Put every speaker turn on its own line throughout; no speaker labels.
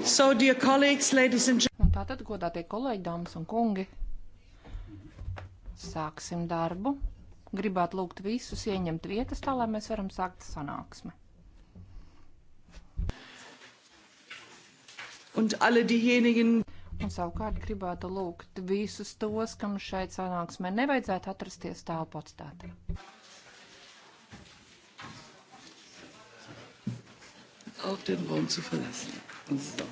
So,
dear colleagues, ladies and gentlemen. Un tātad, godātie kolēģi, dāmas un kungi, sāksim darbu. Gribētu lūgt visus ieņemt vietas tā, lai mēs varam sākt sanāksmi. Un alle diejenigen. Un savukārt gribētu lūgt visus tos, kam šeit sanāksmē nevajadzētu atrasties tālpu atstātā.
Auf den Raum zu verlassen. So.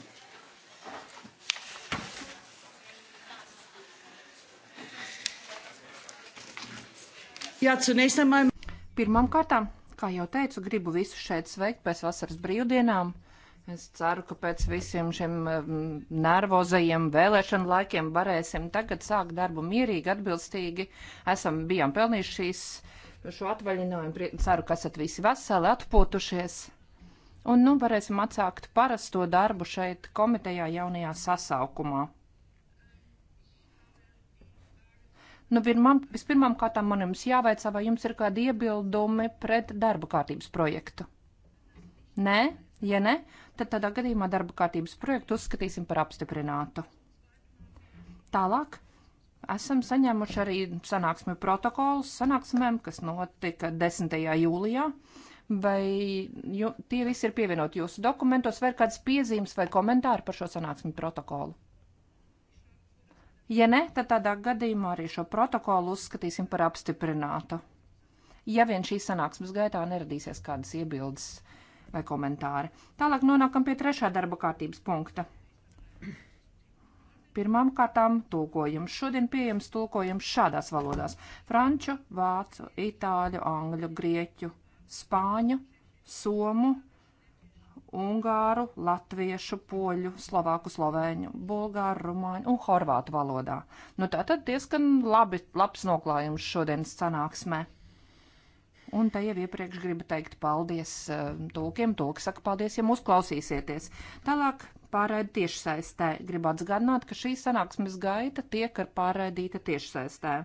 Jā, zunächst einmal. Pirmām kārtām, kā jau teicu, gribu visus šeit sveikt pēc vasaras brīvdienām. Es ceru, ka pēc visiem šiem mm, nervozajiem vēlēšanu laikiem varēsim tagad sākt darbu mierīgi, atbilstīgi. Esam bijām pelnījušies šo atvaļinājumu. Ceru, ka esat visi veseli, atpūtušies un nu varēsim atsākt parasto darbu šeit komitejā jaunajā sasaukumā. Nu, pirmam, vispirmām kārtām man jums jāvaicā, vai jums ir kādi iebildumi pret darba kārtības projektu? Nē? Ja ne, tad tādā gadījumā darba kārtības projektu uzskatīsim par apstiprinātu. Tālāk esam saņēmuši arī sanāksmi protokolus sanāksmēm, kas notika 10. jūlijā. Uh, vai jo, tie visi ir pievienoti jūsu dokumentos, vai ir kādas piezīmes vai komentāri par šo sanāksmi protokolu? Ja ne, tad tādā gadījumā arī šo protokolu uzskatīsim par apstiprinātu. Ja vien šīs sanāksmes gaitā neradīsies kādas iebildes vai komentāri. Tālāk nonākam pie trešā darba kārtības punkta. Pirmām kārtām tulkojums. Šodien pieejams tulkojums šādās valodās - franču, vācu, itāļu, angļu, grieķu, spāņu, somu, ungāru, latviešu, poļu, slovāku, slovēņu, bulgāru, rumāņu un horvātu valodā. Nu, tā tad diezgan labi, labs noklājums šodienas sanāksmē. Un te jau iepriekš gribu teikt paldies eh, tulkiem, tulki saka paldies, ja mūs klausīsieties. Tālāk pārraida tiešsaistē. Gribu atgādināt, ka šī sanāksmes gaita tiek pārraidīta tiešsaistē.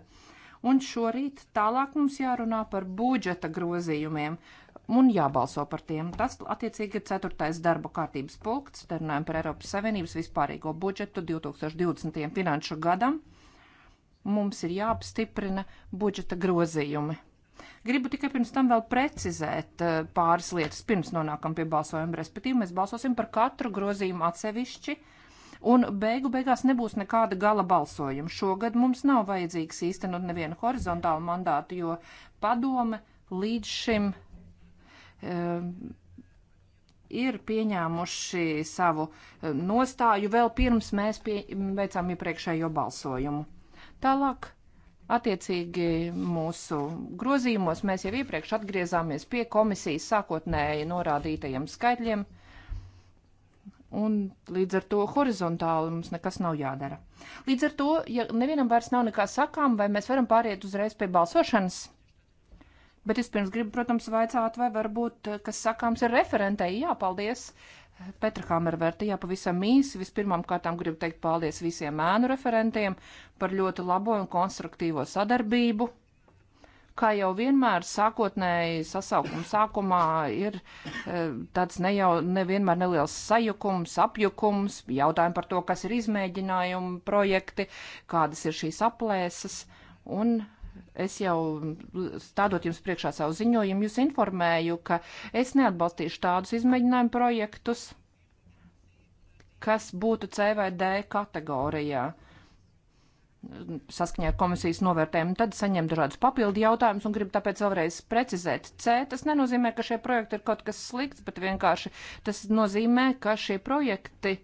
Un šorīt tālāk mums jārunā par budžeta grozījumiem un jābalso par tiem. Tas, attiecīgi, ir ceturtais darba kārtības punkts, te runājam par Eiropas Savienības vispārīgo budžetu 2020. finanšu gadam. Mums ir jāapstiprina budžeta grozījumi. Gribu tikai pirms tam vēl precizēt eh, pāris lietas, pirms nonākam pie balsojuma, respektīvi mēs balsosim par katru grozījumu atsevišķi. Uh, un beigu beigās nebūs nekāda gala balsojuma. Šogad mums nav vajadzīgs īstenot nevienu horizontālu mandātu, jo padome līdz šim um, ir pieņēmuši savu ehm, nostāju vēl pirms mēs pie, veicām iepriekšējo balsojumu. Tālāk Attiecīgi mūsu grozījumos mēs jau iepriekš atgriezāmies pie komisijas sākotnēji norādītajiem skaitļiem un līdz ar to horizontāli mums nekas nav jādara. Līdz ar to, ja nevienam vairs nav nekā sakām, vai mēs varam pāriet uzreiz pie balsošanas, bet es pirms gribu, protams, vaicāt, vai varbūt, eh, kas sakāms, ir referentei. Jā, paldies! Petra Hamerverta, jā, pavisam īsi. Vispirmām kārtām gribu teikt paldies visiem ēnu referentiem par ļoti labo un konstruktīvo sadarbību kā jau vienmēr sākotnēji sasaukuma sākumā ir e, tāds ne jau nevienmēr neliels sajukums, apjukums, jautājumi par to, kas ir izmēģinājumi projekti, kādas ir šīs aplēses. Un es jau stādot jums priekšā savu ziņojumu, jūs informēju, ka es neatbalstīšu tādus izmēģinājumu projektus, kas būtu C vai D kategorijā saskaņā ar komisijas novērtējumu, tad saņem dažādus papildu jautājumus un gribu tāpēc vēlreiz precizēt. C, tas nenozīmē, ka šie projekti ir kaut kas slikts, bet vienkārši tas nozīmē, ka šie projekti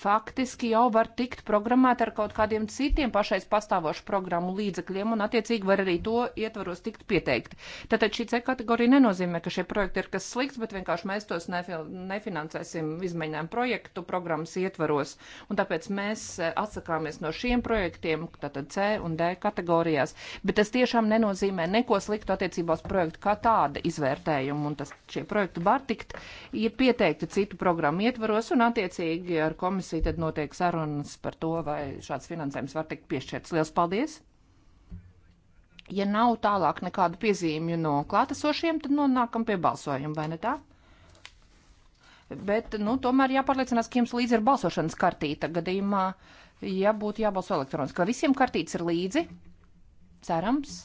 faktiski jau var tikt programmēta ar kaut kādiem citiem pašais pastāvošu programmu līdzekļiem un attiecīgi var arī to ietvaros tikt pieteikti. Tātad šī C kategorija nenozīmē, ka šie projekti ir kas slikts, bet vienkārši mēs tos nefi nefinansēsim izmaiņām projektu programmas ietvaros. Un tāpēc mēs e, atsakāmies no šiem projektiem, tātad C un D kategorijās, bet tas tiešām nenozīmē neko sliktu attiecībā uz projektu kā tāda izvērtējumu un tas šie projekti var tikt ja pieteikti citu programmu ietvaros un attiecīgi ar komisiju mēnesī tad notiek sarunas par to, vai šāds finansējums var tikt piešķirts. Lielas paldies! Ja nav tālāk nekādu piezīmju no klātesošiem, tad nonākam pie balsojuma, vai ne tā? Bet, nu, tomēr jāpārliecinās, ka jums līdzi ir balsošanas kartīta gadījumā, ja būtu jābalso elektroniski. Vai visiem kartītes ir līdzi? Cerams.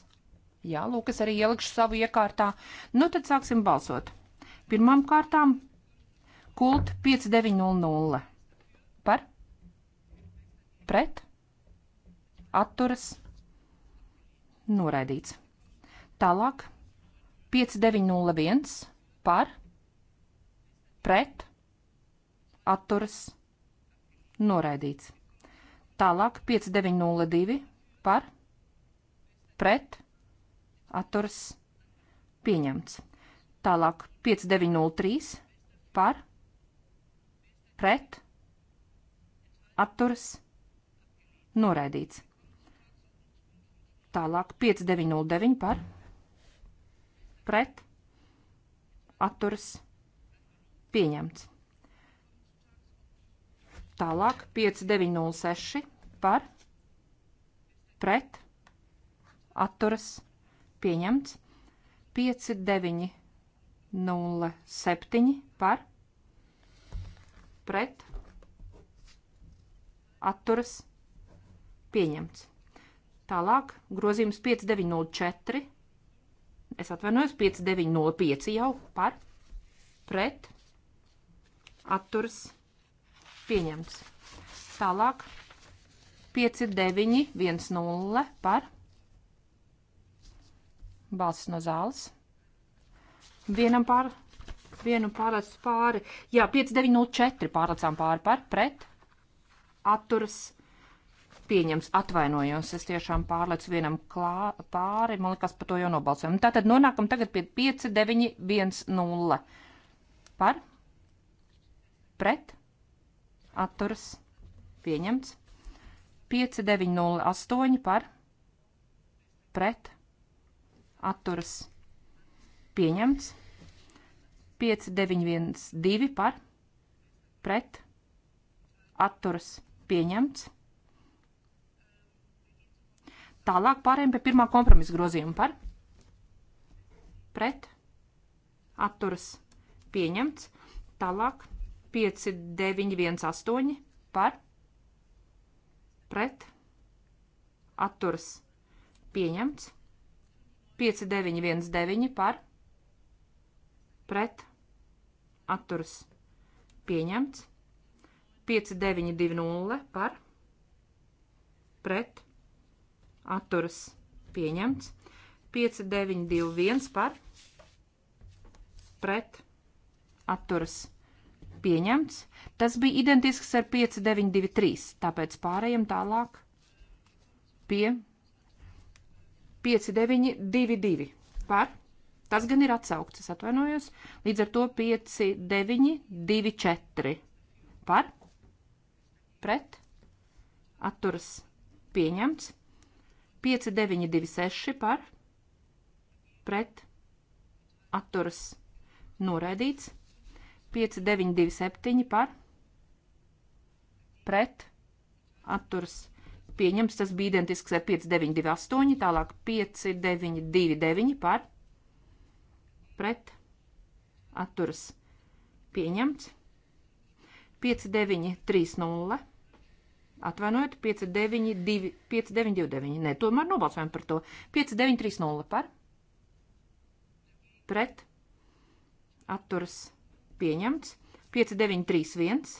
Jā, lūk, es arī ielikšu savu iekārtā. Nu, tad sāksim balsot. Pirmām kārtām kult 5900 par, pret, atturas, noraidīts. Tālāk 5901 par, pret, atturas, noraidīts. Tālāk 5902 par, pret, atturas, pieņemts. Tālāk 5903 par, pret, atturas atturas noraidīts. Tālāk 5909 par pret atturas pieņemts. Tālāk 5906 par pret atturas pieņemts. 5907 par pret atturas pieņemts. Tālāk grozījums 5904. Es atvainojos, 5905 jau par pret atturas pieņemts. Tālāk 5910 par balsis no zāles. Vienam par, vienu pārēc pāri, jā, 5904 pārlecām pāri par pret atturas pieņems, atvainojos, es tiešām pārlecu vienam klā, pāri, man liekas, par to jau nobalsojam. Tātad nonākam tagad pie 5, 9, 1, 0. Par, pret, atturas, pieņemts. 5, 9, 0, 8 par, pret, atturas, pieņemts. 5, 9, 1, 2 par, pret, atturas, pieņemts Pieņemts. Tālāk pārējiem pie pirmā kompromisa grozījuma par pret atturas pieņemts. Tālāk 5, 9, 1, 8 par pret atturas pieņemts. 5, 9, 1, 9 par pret atturas pieņemts. 5920 par pret atturas pieņemts. 5921 par pret atturas pieņemts. Tas bija identisks ar 5923, tāpēc pārējiem tālāk pie 5922 par. Tas gan ir atsaukts, es atvainojos. Līdz ar to 5924 par pret, atturas pieņemts. 5926 par, pret, atturas noraidīts. 5927 par, pret, atturas pieņemts. Tas bija identisks ar 5928, tālāk 5929 par, pret, atturas pieņemts. 5930 Atvainojiet, 5929. Nē, tomēr nobalsojam par to. 5930 par. Pret. Atturas pieņemts. 5931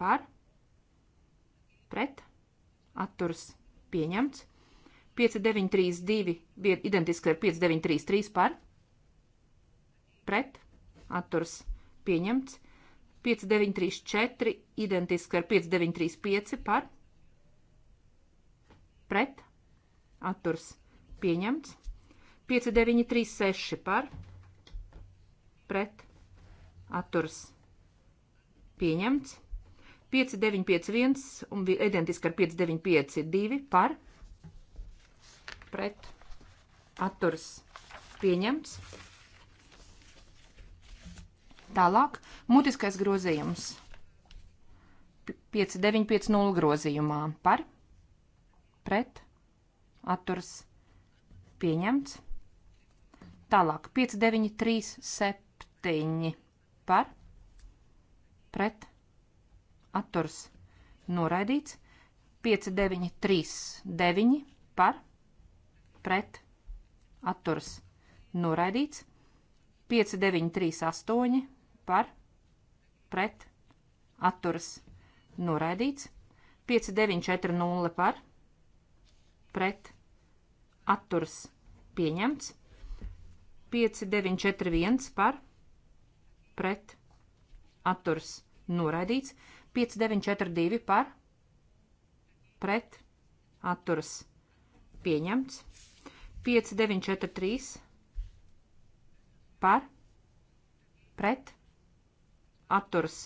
par. Pret. Atturas pieņemts. 5932 bija identiski ar 5933 par. Pret. Atturas pieņemts. 5934 identiski ar 5935 par pret atturs pieņemts. 5936 par pret atturs pieņemts. 5951 un identiski ar 5952 par pret atturs pieņemts. Tālāk, mutiskais grozījums 5950 grozījumā par, pret, atturs, pieņemts. Tālāk, 5937 par, pret, atturs, noraidīts. 5939 par, pret, atturs, noraidīts. 5938 par pret atturas noraidīts. 5940 par pret atturas pieņemts. 5941 par pret atturas noraidīts. 5942 par pret atturas pieņemts. 5943 par pret atturas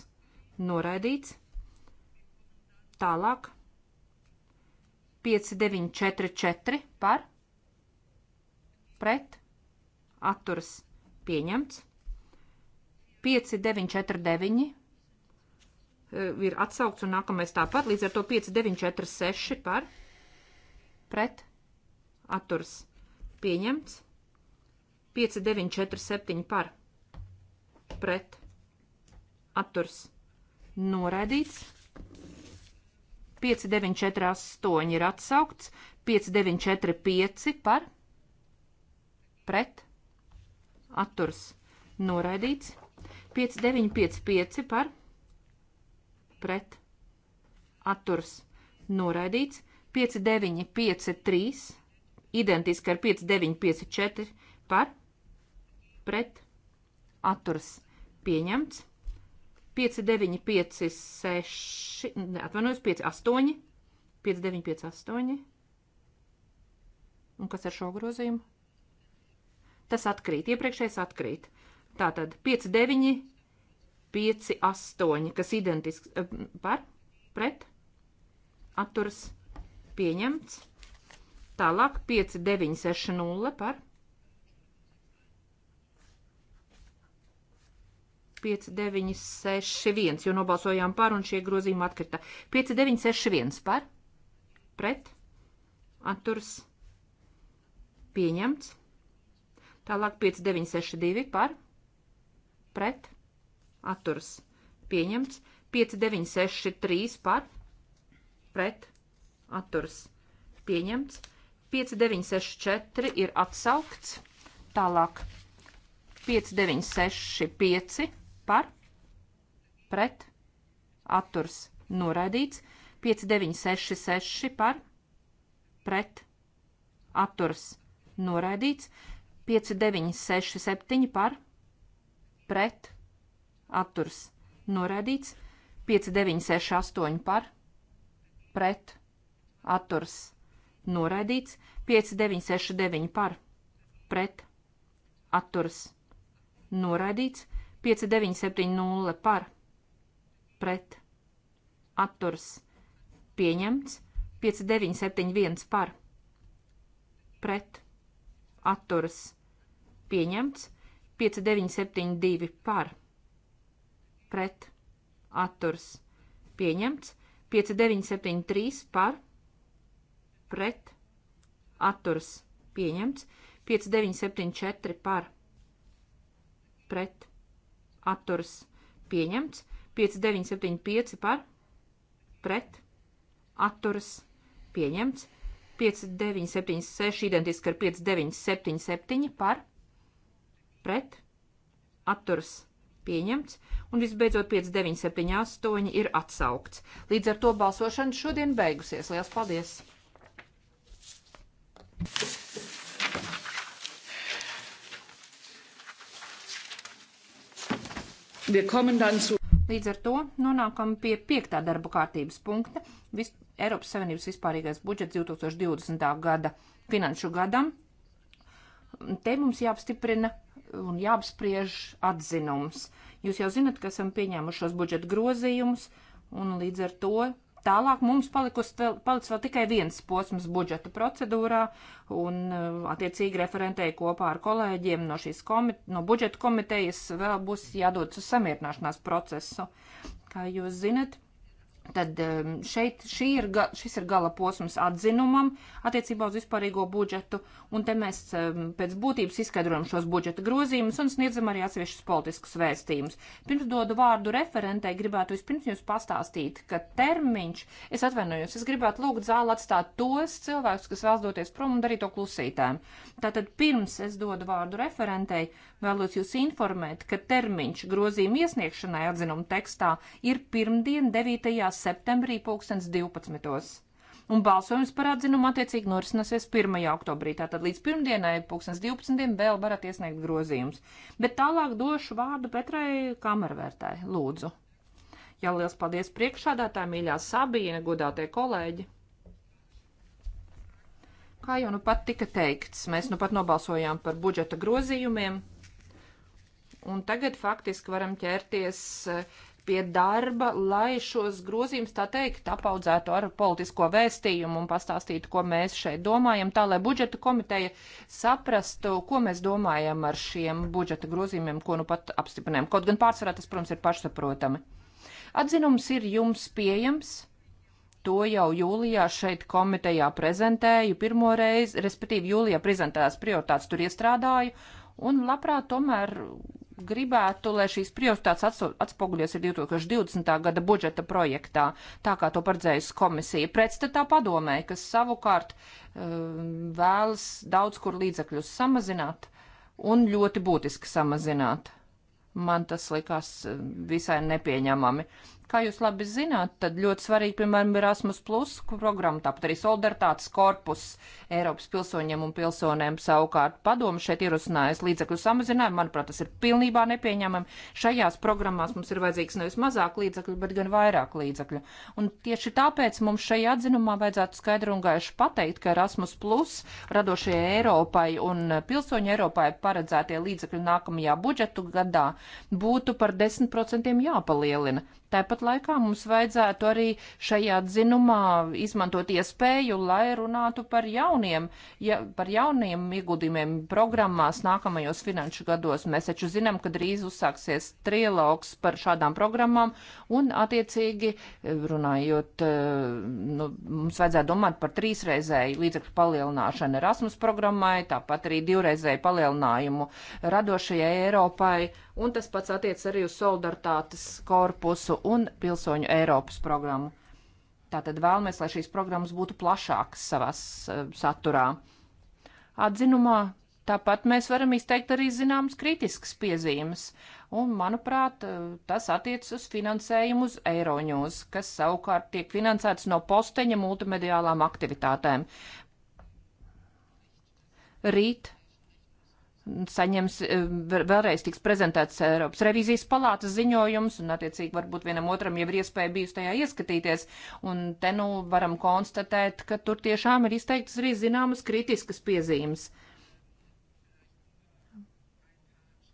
noraidīts. Tālāk 5944 par pret atturas pieņemts. 5949 eh, ir atsaukts un nākamais tāpat, līdz ar to 5946 par pret atturas pieņemts. 5947 par pret atturs noraidīts. 5948 ir atsaukts, 5945 par pret atturs noraidīts, 5955 par pret atturs noraidīts, 5953 identiski ar 5954 par pret atturs pieņemts. 5, 9, 5, 6, atvainojos, 5, 8, 5, 9, 5, 8. Un kas ar šo grozījumu? Tas atkrīt, iepriekšējais atkrīt. Tātad 5, 9, 5, 8, kas identisks eh, par, pret, atturas pieņemts. Tālāk 5, 9, 6, 0 par, 5961, jo nobalsojām par un šie grozījumi atkrita. 5961 par, pret, atturs, pieņemts. Tālāk 5962 par, pret, atturs, pieņemts. 5963 par, pret, atturs, pieņemts. 5964 ir atsaukts. Tālāk 5965 par, pret, atturs noraidīts, 5966 par, pret, atturs noraidīts, 5967 par, pret, atturs noraidīts, 5968 par, pret, atturs noraidīts, 5969 par, pret, atturs noraidīts, 5970 par pret atturs pieņemts. 5971 par pret atturs pieņemts. 5972 par pret atturs pieņemts. 5973 par pret atturs pieņemts. 5974 par pret atturs pieņemts. 5974 par pret atturas pieņemts. 5975 par pret atturas pieņemts. 5976 identiski ar 5977 par pret atturas pieņemts. Un visbeidzot 5978 ir atsaukts. Līdz ar to balsošana šodien beigusies. Lielas paldies! Thank you. Līdz ar to nonākam pie piektā darba kārtības punkta vis, - Eiropas Savienības vispārīgais budžets 2020. gada finanšu gadam. Te mums jāapstiprina un jāapspriež atzinums. Jūs jau zinat, ka esam pieņēmušos budžeta grozījumus, un līdz ar to Tālāk mums vēl, palicis vēl tikai viens posms budžeta procedūrā, un uh, attiecīgi referentēji kopā ar kolēģiem no, komit no budžeta komitejas vēl būs jādod uz samierināšanās procesu. Kā jūs zinat, Tad ehm, šeit ir, šis ir gala posms atzinumam attiecībā uz vispārīgo budžetu, un te mēs ehm, pēc būtības izskaidrojam šos budžeta grozījumus un sniedzam arī atsevišķus politiskus vēstījumus. Pirms dodu vārdu referentei, gribētu vispirms jums pastāstīt, ka termiņš, es atvainojos, es gribētu lūgt zāli atstāt tos cilvēkus, kas vēlas doties prom un darīt to klusītēm. Tātad pirms es dodu vārdu referentei, vēlos jūs informēt, ka termiņš grozījuma iesniegšanai atzinuma tekstā ir pirmdien 9 septembrī 2012. Un balsojums par atzinumu attiecīgi norisināsies 1. oktobrī. Tātad līdz pirmdienai, 2012. vēl varat iesniegt grozījumus. Bet tālāk došu vārdu Petrai Kamervērtai. Lūdzu. Jā, liels paldies priekšādātāji, mīļā Sabīne, godātie kolēģi. Kā jau nu pat tika teikts, mēs nu pat nobalsojām par budžeta grozījumiem. Un tagad faktiski varam ķerties eh, pie darba, lai šos grozījumus, tā teikt, apaudzētu ar politisko vēstījumu un pastāstītu, ko mēs šeit domājam, tā lai budžeta komiteja saprastu, ko mēs domājam ar šiem budžeta grozījumiem, ko nu pat apstiprinām. Kaut gan pārsvarā tas, protams, ir pašsaprotami. Atzinums ir jums pieejams. To jau jūlijā šeit komitejā prezentēju pirmo reizi, respektīvi jūlijā prezentētās prioritātes tur iestrādāju, un labprāt tomēr gribētu, lai šīs prioritātes atspoguļos ir 2020. gada budžeta projektā, tā kā to paredzējusi komisija, pretstatā padomē, kas savukārt um, vēlas daudz kur līdzekļus samazināt un ļoti būtiski samazināt. Man tas likās um, visai nepieņemami. Kā jūs labi zināt, tad ļoti svarīgi, piemēram, ir Erasmus Plus programma, tāpat arī solidaritātes korpus Eiropas pilsoņiem un pilsonēm savukārt padomu šeit ierosinājas līdzekļu samazinājumu. Manuprāt, tas ir pilnībā nepieņemami. Šajās programmās mums ir vajadzīgs nevis mazāk līdzekļu, bet gan vairāk līdzekļu. Un tieši tāpēc mums šajā atzinumā vajadzētu skaidri un gaiši pateikt, ka Erasmus Plus radošajai Eiropai un pilsoņu Eiropai paredzētie līdzekļi nākamajā budžetu gadā būtu par 10% jāpalielina. Tāpat laikā mums vajadzētu arī šajā atzinumā izmantot iespēju, lai runātu par jauniem, ja, par jauniem ieguldījumiem programmās nākamajos finanšu gados. Mēs taču zinām, ka drīz uzsāksies trialogs par šādām programmām un, attiecīgi, runājot, eh, nu, mums vajadzētu domāt par trīsreizēju līdzekļu palielināšanu Erasmus programmai, tāpat arī divreizēju palielinājumu radošajai Eiropai un tas pats attiec arī uz solidaritātes korpusu un pilsoņu Eiropas programmu. Tātad vēlamies, lai šīs programmas būtu plašākas savās eh, saturā. Atzinumā tāpat mēs varam izteikt arī zināmas kritiskas piezīmes, un, manuprāt, eh, tas attiecas uz finansējumu uz eiroņos, kas savukārt tiek finansēts no posteņa multimediālām aktivitātēm. Rīt saņems, eh, vēlreiz tiks prezentēts Eiropas revīzijas palātas ziņojums, un attiecīgi varbūt vienam otram jau ir iespēja bijusi tajā ieskatīties, un te nu varam konstatēt, ka tur tiešām ir izteiktas arī zināmas kritiskas piezīmes.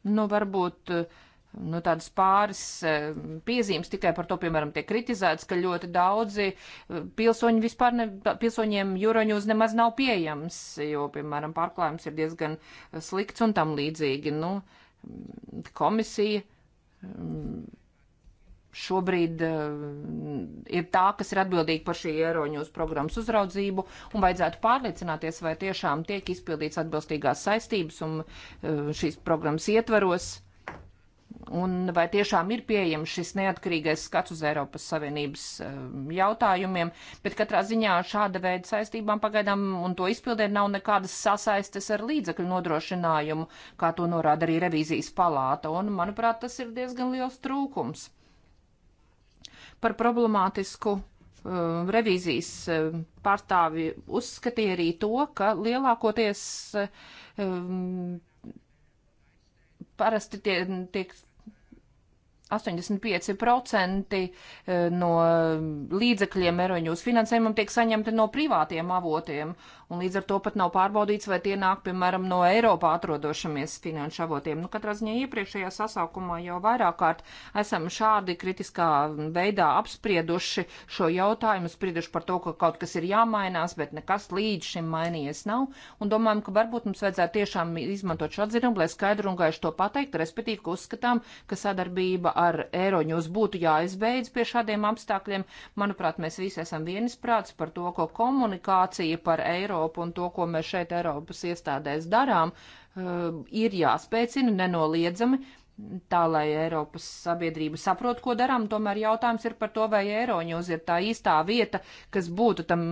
Nu, varbūt uh, nu, tādas pāris eh, piezīmes tikai par to, piemēram, tiek kritizēts, ka ļoti daudzi eh, pilsoņi vispār ne, pilsoņiem Euronews nemaz nav pieejams, jo, piemēram, pārklājums ir diezgan eh, slikts un tam līdzīgi. Nu, mm, komisija mm, šobrīd ir tā, kas ir atbildīga par šī Euronews programmas uzraudzību un vajadzētu pārliecināties, vai tiešām tiek izpildīts atbilstīgās saistības un šīs programmas ietveros Un vai tiešām ir pieejams šis neatkarīgais skats uz Eiropas Savienības um, jautājumiem, bet katrā ziņā šāda veida saistībām pagaidām un to izpildē nav nekādas sasaistes ar līdzekļu nodrošinājumu, kā to norāda arī revīzijas palāta, un manuprāt tas ir diezgan liels trūkums. Par problemātisku um, revīzijas um, pārstāvi uzskatīja arī to, ka lielākoties parasti tie, tiek 85% eh, no eh, līdzekļiem eroņos finansējumam tiek saņemti no privātiem avotiem, un līdz ar to pat nav pārbaudīts, vai tie nāk, piemēram, no Eiropā atrodošamies finanšu avotiem. Nu, katrā ziņā iepriekšējā sasaukumā jau vairāk kārt esam šādi kritiskā veidā apsprieduši šo jautājumu, sprieduši par to, ka kaut kas ir jāmainās, bet nekas līdz šim mainījies nav, un domājam, ka varbūt mums vajadzētu tiešām izmantot šo atzinumu, lai skaidru un gaišu to pateikt, respektīvi, ka uzskatām, ka sadarbība ar Eiroņus būtu jāizbeidz pie šādiem apstākļiem. Manuprāt, mēs visi esam vienisprāts par to, ko komunikācija par Eiro Eiropu un to, ko mēs šeit Eiropas iestādēs darām, eh, ir jāspēcina nenoliedzami. Tā lai Eiropas sabiedrība saprot, ko darām, tomēr jautājums ir par to, vai Eiroņos ir tā īstā vieta, kas būtu tam,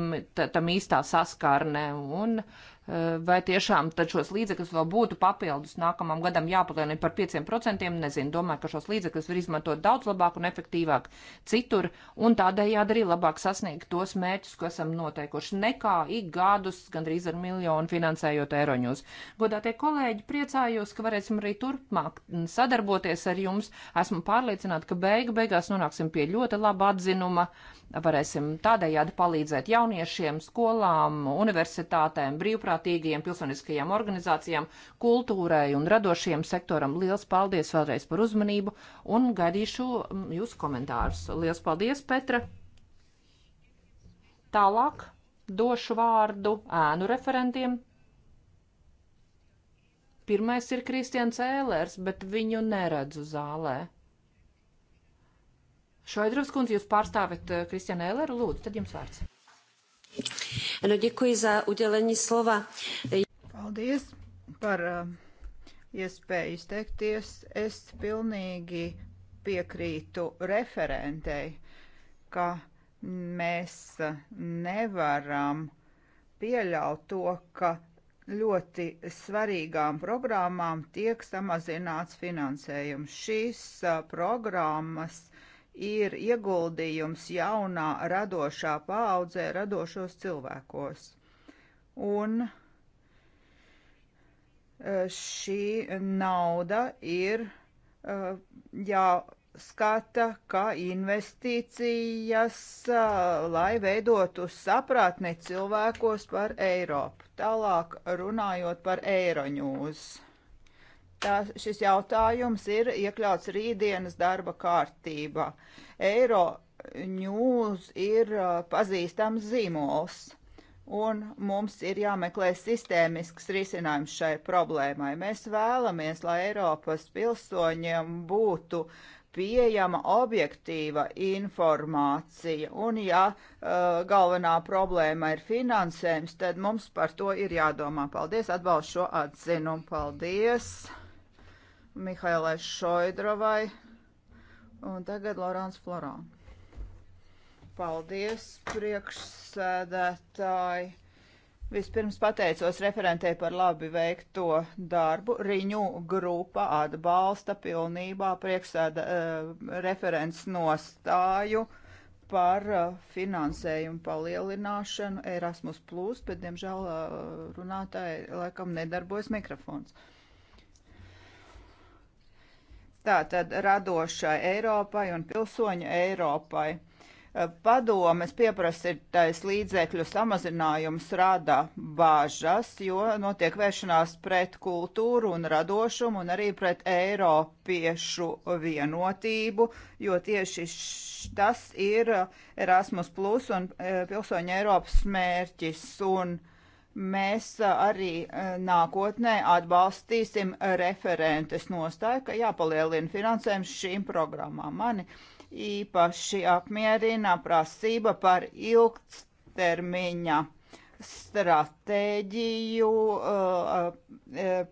tam īstā saskarnē. Un uh, Eh, vai tiešām tad šos līdzekļus vēl būtu papildus nākamam gadam jāpalielina par 5%, nezinu, domāju, ka šos līdzekļus var izmantot daudz labāk un efektīvāk citur, un tādējādi arī labāk sasniegt tos mērķus, ko esam noteikuši, nekā ik gadus gandrīz ar miljonu finansējot eiroņus. Godātie kolēģi, priecājos, ka varēsim arī turpmāk sadarboties ar jums. Esmu pārliecināta, ka beigu beigās nonāksim pie ļoti laba atzinuma, varēsim tādējādi palīdzēt jauniešiem, skolām, universitātēm, brīvprāt brīvprātīgajiem, pilsoniskajām organizācijām, kultūrai un radošajam sektoram. Lielas paldies vēlreiz par uzmanību un gaidīšu mm, jūsu komentārus. Lielas paldies, Petra! Tālāk došu vārdu ēnu referentiem. Pirmais ir Kristians Ēlers, bet viņu neredzu zālē. Šoidrovs kundze, jūs pārstāvat eh, Kristiānu Ēleru, lūdzu, tad jums vārds. No, děkuji za udělení slova. Paldies par eh, iespēju izteikties. Es
pilnīgi piekrītu referentei, ka mēs eh, nevaram pieļaut to, ka ļoti svarīgām programmām tiek samazināts finansējums. Šīs eh, programmas ir ieguldījums jaunā radošā paaudzē radošos cilvēkos. Un e, šī nauda ir e, jāskata kā investīcijas, e, lai veidotu saprātni cilvēkos par Eiropu. Tālāk runājot par Eiroņūzu. Tā, šis jautājums ir iekļauts rītdienas darba kārtībā. Eiro ņūs ir uh, pazīstams zīmols, un mums ir jāmeklē sistēmisks risinājums šai problēmai. Mēs vēlamies, lai Eiropas pilsoņiem būtu uh, pieejama objektīva informācija, un ja uh, galvenā problēma ir finansējums, tad mums par to ir jādomā. Paldies, atbalstu šo atzinumu. Paldies! Mihailai Šoidrovai un tagad Lorāns Florāns. Paldies, priekšsēdētāji! Vispirms pateicos referentē par labi veikto darbu. Riņu grupa atbalsta pilnībā priekšsēda uh, eh, referents nostāju par uh, finansējumu palielināšanu Erasmus, bet, diemžēl, uh, runātāji laikam nedarbojas mikrofons. Uh, Tātad radošai Eiropai un pilsoņu Eiropai. Eh, padomes pieprasītais līdzekļu samazinājums rada bāžas, jo notiek vēršanās pret kultūru un radošumu un arī pret Eiropiešu vienotību, jo tieši tas ir Erasmus Plus un eh, Pilsoņu Eiropas mērķis. Un, uh, mēs arī nākotnē atbalstīsim referentes nostāju, ka jāpalielina finansējums šīm programmām. Mani īpaši apmierina prasība par ilgtermiņa stratēģiju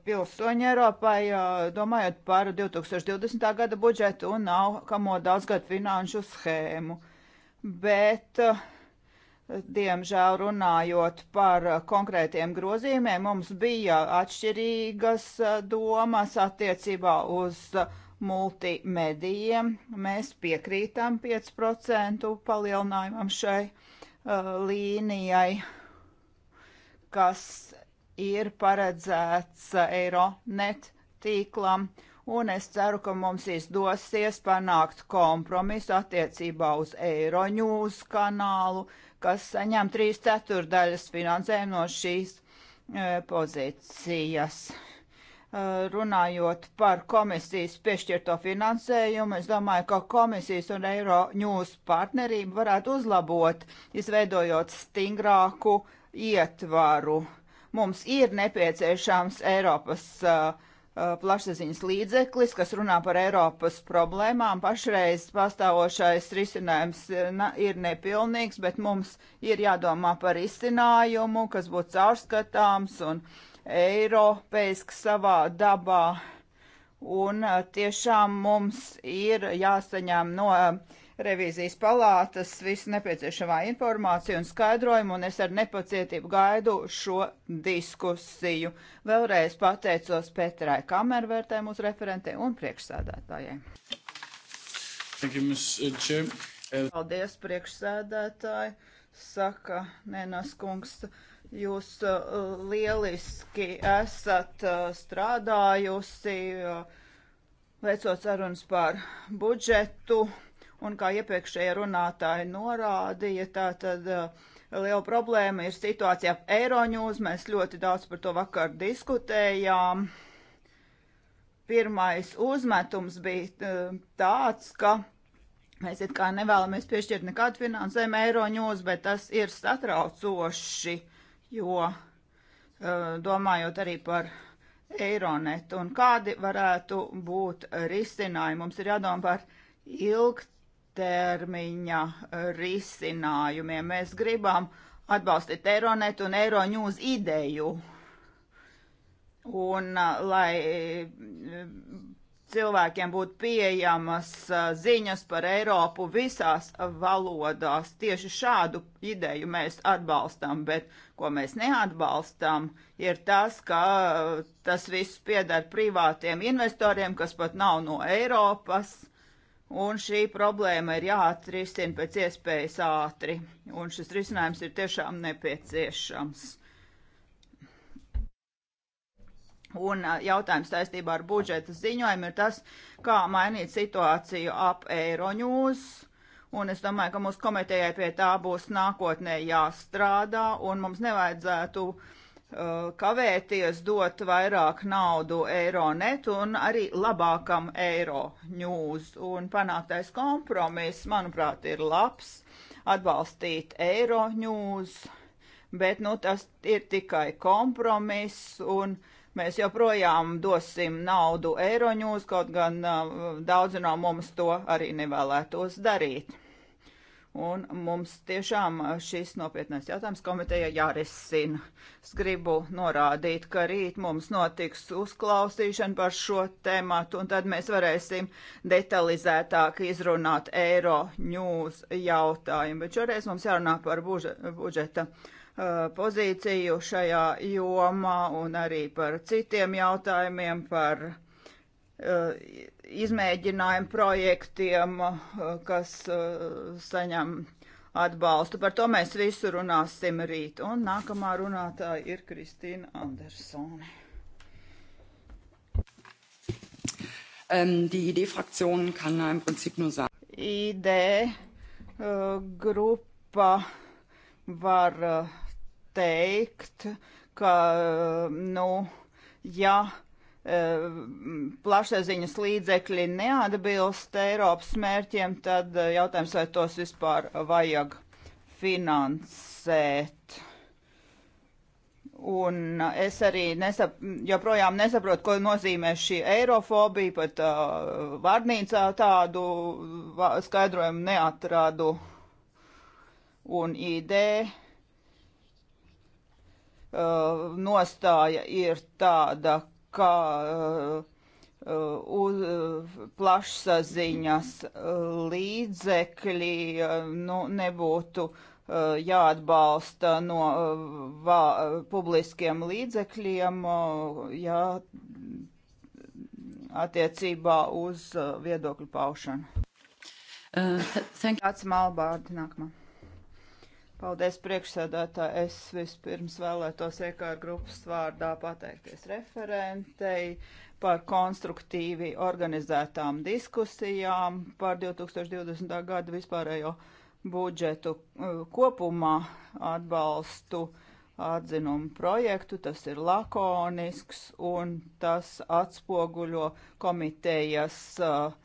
pilsoņu Eiropai, domājot par 2020. gada budžetu un nākamo daudzgadu finanšu schēmu. Bet uh, Diemžēl runājot par konkrētiem grozījumiem, mums bija atšķirīgas eh, domas attiecībā uz multimedijiem. Mēs piekrītam 5% palielinājumam šai uh, līnijai, kas ir paredzēts eh, Eironet tīklam. Un es ceru, ka mums izdosies panākt kompromisu attiecībā uz Eiroņūs kanālu. Uh, kas saņem 3 ceturdaļas finansējumu no šīs e, pozīcijas. E, runājot par komisijas piešķirto finansējumu, es domāju, ka komisijas un Eiro ņūs partnerību varētu uzlabot, izveidojot stingrāku ietvaru. Mums ir nepieciešams Eiropas uh, Uh, plašsaziņas līdzeklis, kas runā par Eiropas problēmām. Pašreiz pastāvošais risinājums uh, ir nepilnīgs, bet mums ir jādomā par risinājumu, kas būtu caurskatāms un eiropeisks savā dabā. Un uh, tiešām mums ir jāsaņem no uh, revīzijas palātas visu nepieciešamā informāciju un skaidrojumu, un es ar nepacietību gaidu šo diskusiju. Vēlreiz pateicos Petrai Kamervērtē, mūsu referentē un priekšsēdētājai.
Uh, uh,
Paldies, priekšsēdētāji, saka Nenas kungs. Jūs uh, lieliski esat uh, strādājusi, uh, veicot sarunas par budžetu Un kā iepriekšējā runātāja norādīja, tā tad uh, liela problēma ir situācija ap Eiroņūz. Mēs ļoti daudz par to vakar diskutējām. Pirmais uzmetums bija uh, tāds, ka mēs it kā nevēlamies piešķirt nekādu finansējumu Eiroņūz, bet tas ir satraucoši, jo uh, domājot arī par Eironetu un kādi varētu būt risinājumi. Mums ir jādomā par ilgt ilgtermiņa eh, risinājumiem. Mēs gribam atbalstīt Eironet un Eiroņūz ideju. Un eh, lai eh, cilvēkiem būtu pieejamas ziņas par Eiropu visās valodās, tieši šādu ideju mēs atbalstam, bet ko mēs neatbalstam, ir tas, ka tas viss piedara privātiem investoriem, kas pat nav no Eiropas. Uh, Un šī problēma ir jāatrisina pēc iespējas ātri, un šis risinājums ir tiešām nepieciešams. Un jautājums saistībā ar budžeta ziņojumu ir tas, kā mainīt situāciju ap Eiroņūs. Un es domāju, ka mūsu komitejai pie tā būs nākotnē jāstrādā, un mums nevajadzētu uh, Eh, kavēties dot vairāk naudu Eironet un arī labākam Eiro news. Un panāktais kompromiss, manuprāt, ir labs atbalstīt Eiro news, bet nu, tas ir tikai kompromiss un mēs joprojām dosim naudu Eiro news, kaut gan uh, daudzi no mums to arī nevēlētos darīt. Un mums tiešām šis nopietnais jautājums komiteja jārisina. Es gribu norādīt, ka rīt mums notiks uzklausīšana par šo tēmatu, un tad mēs varēsim detalizētāk izrunāt eiro ņūs jautājumu. Bet šoreiz mums jārunā par budžeta uh, pozīciju šajā jomā un arī par citiem jautājumiem, par Eh, izmēģinājumu projektiem, eh, kas eh, saņem atbalstu. Par to mēs visu runāsim rīt. Un nākamā runātāja ir Kristīna Andersone. Um, die ID-Fraktion kann im Prinzip nur sagen. ID-Grupa äh, uh, var äh, teikt, ka, äh, nu, ja Eh, plašsaziņas līdzekļi neatbilst Eiropas mērķiem, tad eh, jautājums, vai tos vispār vajag finansēt. Un eh, es arī nesap, joprojām nesaprotu, ko nozīmē šī eirofobija, pat uh, vārnīcā tādu skaidrojumu neatrādu. Un ideja uh, nostāja ir tāda, kā uh, uh, uz uh, plašsaziņas līdzekļi nu, nebūtu jāatbalsta no vā, publiskiem līdzekļiem, jā, attiecībā uz viedokļu paušanu. Uh, Tāds malbārdi nākamā. Paldies priekšsēdētā. Es vispirms vēlētos iekārt grupas vārdā pateikties referentei par konstruktīvi organizētām diskusijām par 2020. gada vispārējo budžetu uh, kopumā atbalstu atzinumu projektu. Tas ir lakonisks un tas atspoguļo komitejas uh,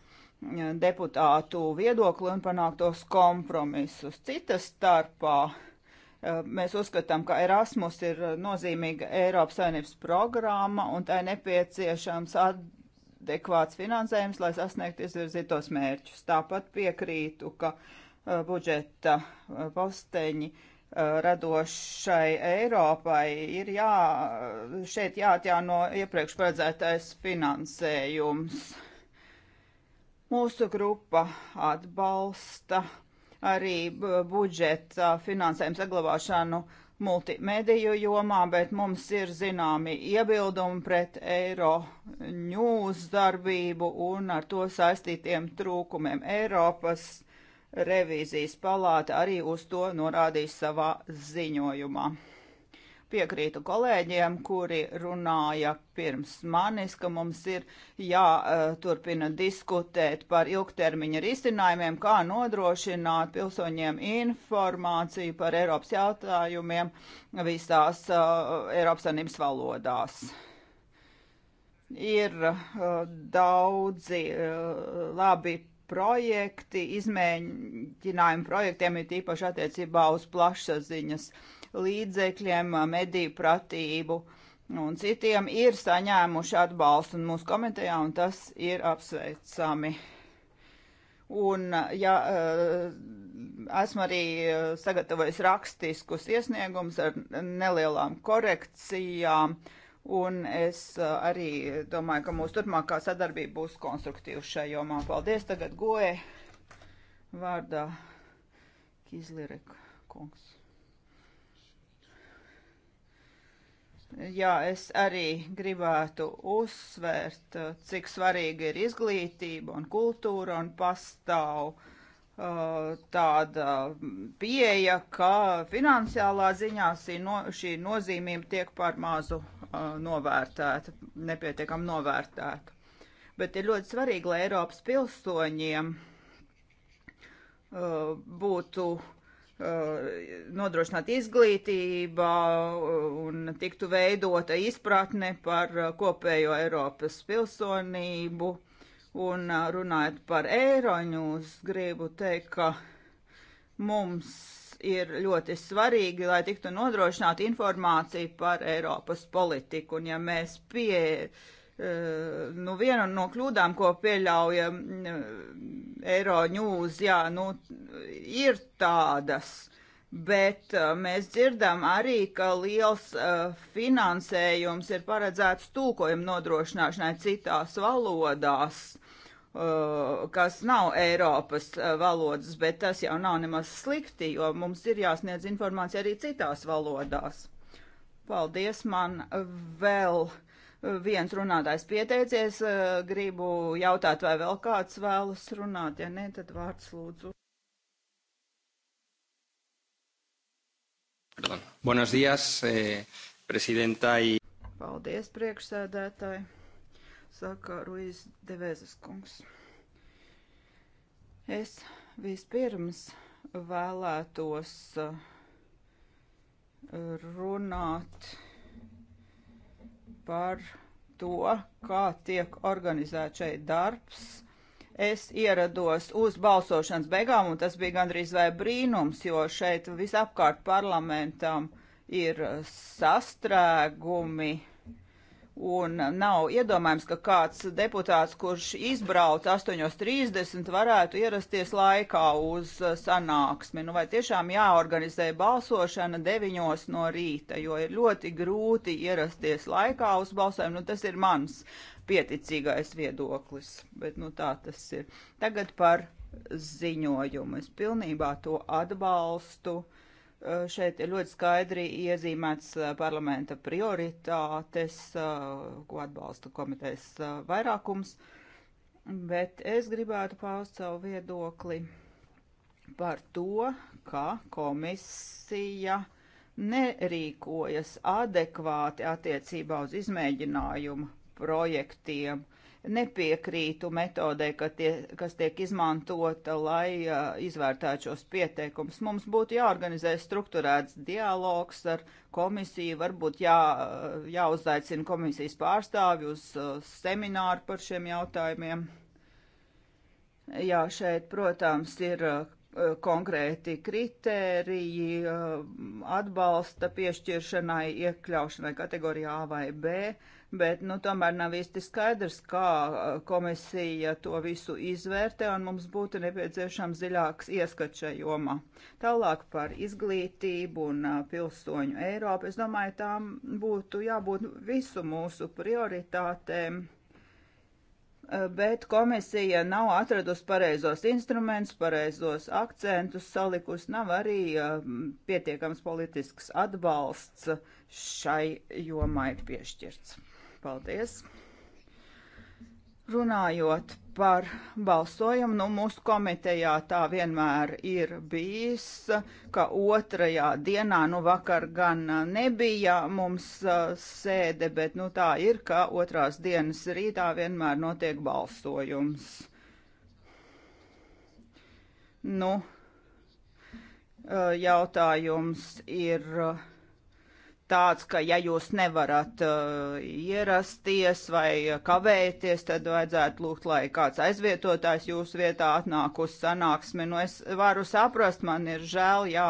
deputātu viedokli un panāktos kompromisus. Citas starpā mēs uzskatām, ka Erasmus ir nozīmīga Eiropas Savienības programma un tai nepieciešams adekvāts finansējums, lai sasniegtu izvirzītos mērķus. Tāpat piekrītu, ka budžeta posteņi radošai Eiropai ir jā, šeit jāatjāno iepriekš paredzētais finansējums. Mūsu grupa atbalsta arī budžeta finansējumu saglabāšanu multimediju jomā, bet mums ir zināmi iebildumi pret eiro ņūs darbību un ar to saistītiem trūkumiem Eiropas revīzijas palāta arī uz to norādīja savā ziņojumā piekrītu kolēģiem, kuri runāja pirms manis, ka mums ir jāturpina diskutēt par ilgtermiņa risinājumiem, kā nodrošināt pilsoņiem informāciju par Eiropas jautājumiem visās uh, Eiropas Sanības valodās. Ir uh, daudzi uh, labi projekti, izmēģinājumi projektiem ir tīpaši attiecībā uz plašsaziņas ziņas līdzekļiem, mediju pratību un citiem ir saņēmuši atbalstu mūsu komitejā, un tas ir apsveicami. Un, ja esmu arī sagatavojis rakstiskus iesniegumus ar nelielām korekcijām, un es arī domāju, ka mūsu turpmākā sadarbība būs konstruktīva šajā jomā. Paldies tagad goē vārdā Kizlirek kungs. Jā, es arī gribētu uzsvērt, eh, cik svarīga ir izglītība un kultūra un pastāv uh, tāda pieeja, ka finansiālā ziņā no, šī nozīmība tiek par mazu uh, novērtēta, nepietiekam novērtēta. Bet ir ļoti svarīgi, lai Eiropas pilsoņiem uh, būtu Uh, nodrošināt izglītība uh, un tiktu veidota izpratne par uh, kopējo Eiropas pilsonību. Un runājot par eiroņus, gribu teikt, ka mums ir ļoti svarīgi, lai tiktu nodrošināta informācija par Eiropas politiku. Un ja mēs pie, uh, Eh, nu, viena no kļūdām, ko pieļauja mm, eh, Eiro ņūz, jā, nu, ir tādas, bet eh, mēs dzirdam arī, ka liels finansējums ir paredzēts tūkojumu nodrošināšanai citās valodās, kas nav Eiropas valodas, bet tas jau nav nemaz slikti, jo mums ir jāsniedz informācija arī citās valodās. Paldies, man vēl viens runātājs pieteicies. Eh, gribu jautāt, vai vēl kāds vēlas runāt. Ja nē, tad vārds lūdzu.
Pardon. Buenos días, eh, presidenta. Y... Paldies,
priekšsēdētāji, saka Ruiz Devezes kungs. Es vispirms vēlētos eh, runāt par to, kā tiek organizēts šeit darbs. Es ierados uz balsošanas beigām, un tas bija gandrīz vai brīnums, jo šeit visapkārt parlamentam ir sastrēgumi Un nav iedomājams, ka kāds deputāts, kurš izbrauc 8.30, varētu ierasties laikā uz uh, sanāksmi. Nu, vai tiešām jāorganizē balsošana 9.00 no rīta, jo ir ļoti grūti ierasties laikā uz balsojumu. Nu, tas ir mans pieticīgais viedoklis, bet nu, tā tas ir. Tagad par ziņojumu. Es pilnībā to atbalstu. Uh, Eh, šeit ir ļoti skaidri iezīmēts eh, parlamenta prioritātes, eh, ko atbalsta komitejas vairākums, bet es gribētu paust savu viedokli par to, ka komisija nerīkojas adekvāti attiecībā uz izmēģinājumu projektiem nepiekrītu metodē, ka tie, kas tiek izmantota, lai uh, izvērtētu šos pieteikumus. Mums būtu jāorganizē struktūrēts dialogs ar komisiju, varbūt jā, jāuzaicina komisijas pārstāvi uz uh, semināru par šiem jautājumiem. Jā, šeit, protams, ir uh, konkrēti kriteriji atbalsta piešķiršanai, iekļaušanai kategorijā A vai B bet nu, tomēr nav īsti skaidrs, kā komisija to visu izvērtē, un mums būtu nepieciešams dziļāks ieskats šajā jomā. Tālāk par izglītību un pilsoņu Eiropu. Es domāju, tām būtu jābūt visu mūsu prioritātēm. Bet komisija nav atradusi pareizos instrumentus, pareizos akcentus salikusi, nav arī pietiekams politisks atbalsts šai jomai piešķirts. Paldies! Runājot par balsojumu, nu mūsu komitejā tā vienmēr ir bijis, ka otrajā dienā, nu vakar gan nebija mums uh, sēde, bet nu tā ir, ka otrās dienas rītā vienmēr notiek balsojums. Nu, uh, jautājums ir uh, tāds, ka ja jūs nevarat uh, ierasties vai kavēties, tad vajadzētu lūgt, lai kāds aizvietotājs jūsu vietā atnāk uz sanāksmi. Nu, es varu saprast, man ir žēl, jā,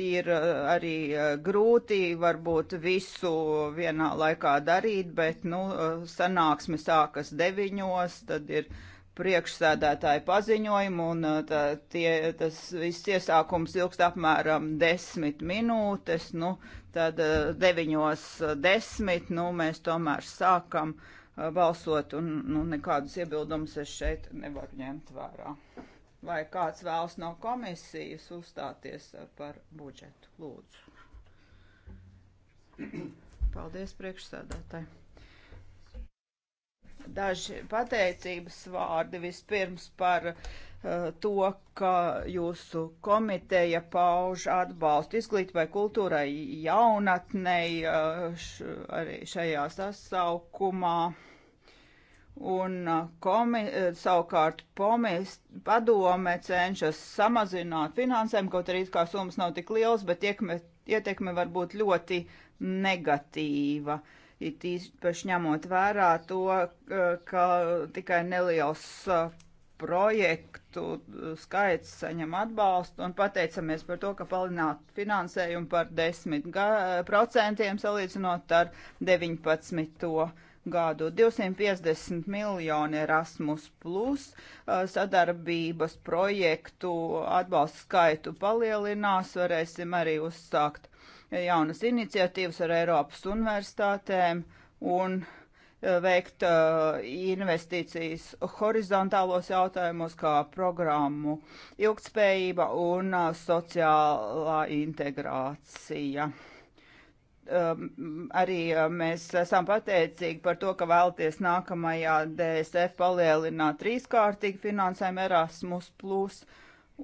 ir uh, arī uh, grūti varbūt visu vienā laikā darīt, bet, nu, uh, sanāksme sākas deviņos, tad ir priekšsēdētāja paziņojumu, un tā, tie, tas viss iesākums ilgst apmēram desmit minūtes. Nu, tad 9.10. Eh, eh, nu, mēs tomēr sākam eh, balsot, un nu, nekādus iebildumus es šeit nevaru ņemt vērā. Vai kāds vēlas no komisijas uzstāties par budžetu? Lūdzu. Paldies priekšsēdētāji. Daži pateicības vārdi vispirms par uh, Eh, to, ka jūsu komiteja pauž atbalstu izglītībai, kultūrai, jaunatnei eh, arī šajā sasaukumā. Un eh, komi, savukārt pomis, padome cenšas samazināt finansēm, kaut arī kā summas nav tik liels, bet iekme, ietekme var būt ļoti negatīva. It īpaši ņemot vērā to, ka tikai neliels projektu uh, skaits saņem atbalstu un pateicamies par to, ka palielināt finansējumu par 10% uh, salīdzinot ar 19. gadu. 250 miljoni Erasmus plus uh, sadarbības projektu atbalstu skaitu palielinās, varēsim arī uzsākt jaunas iniciatīvas ar Eiropas universitātēm un uh, veikt eh, investīcijas horizontālos jautājumos, kā programmu ilgtspējība un eh, sociālā integrācija. Um, arī mēs esam pateicīgi par to, ka vēlaties nākamajā DSF palielināt trīskārtīgi finansējumu Erasmus,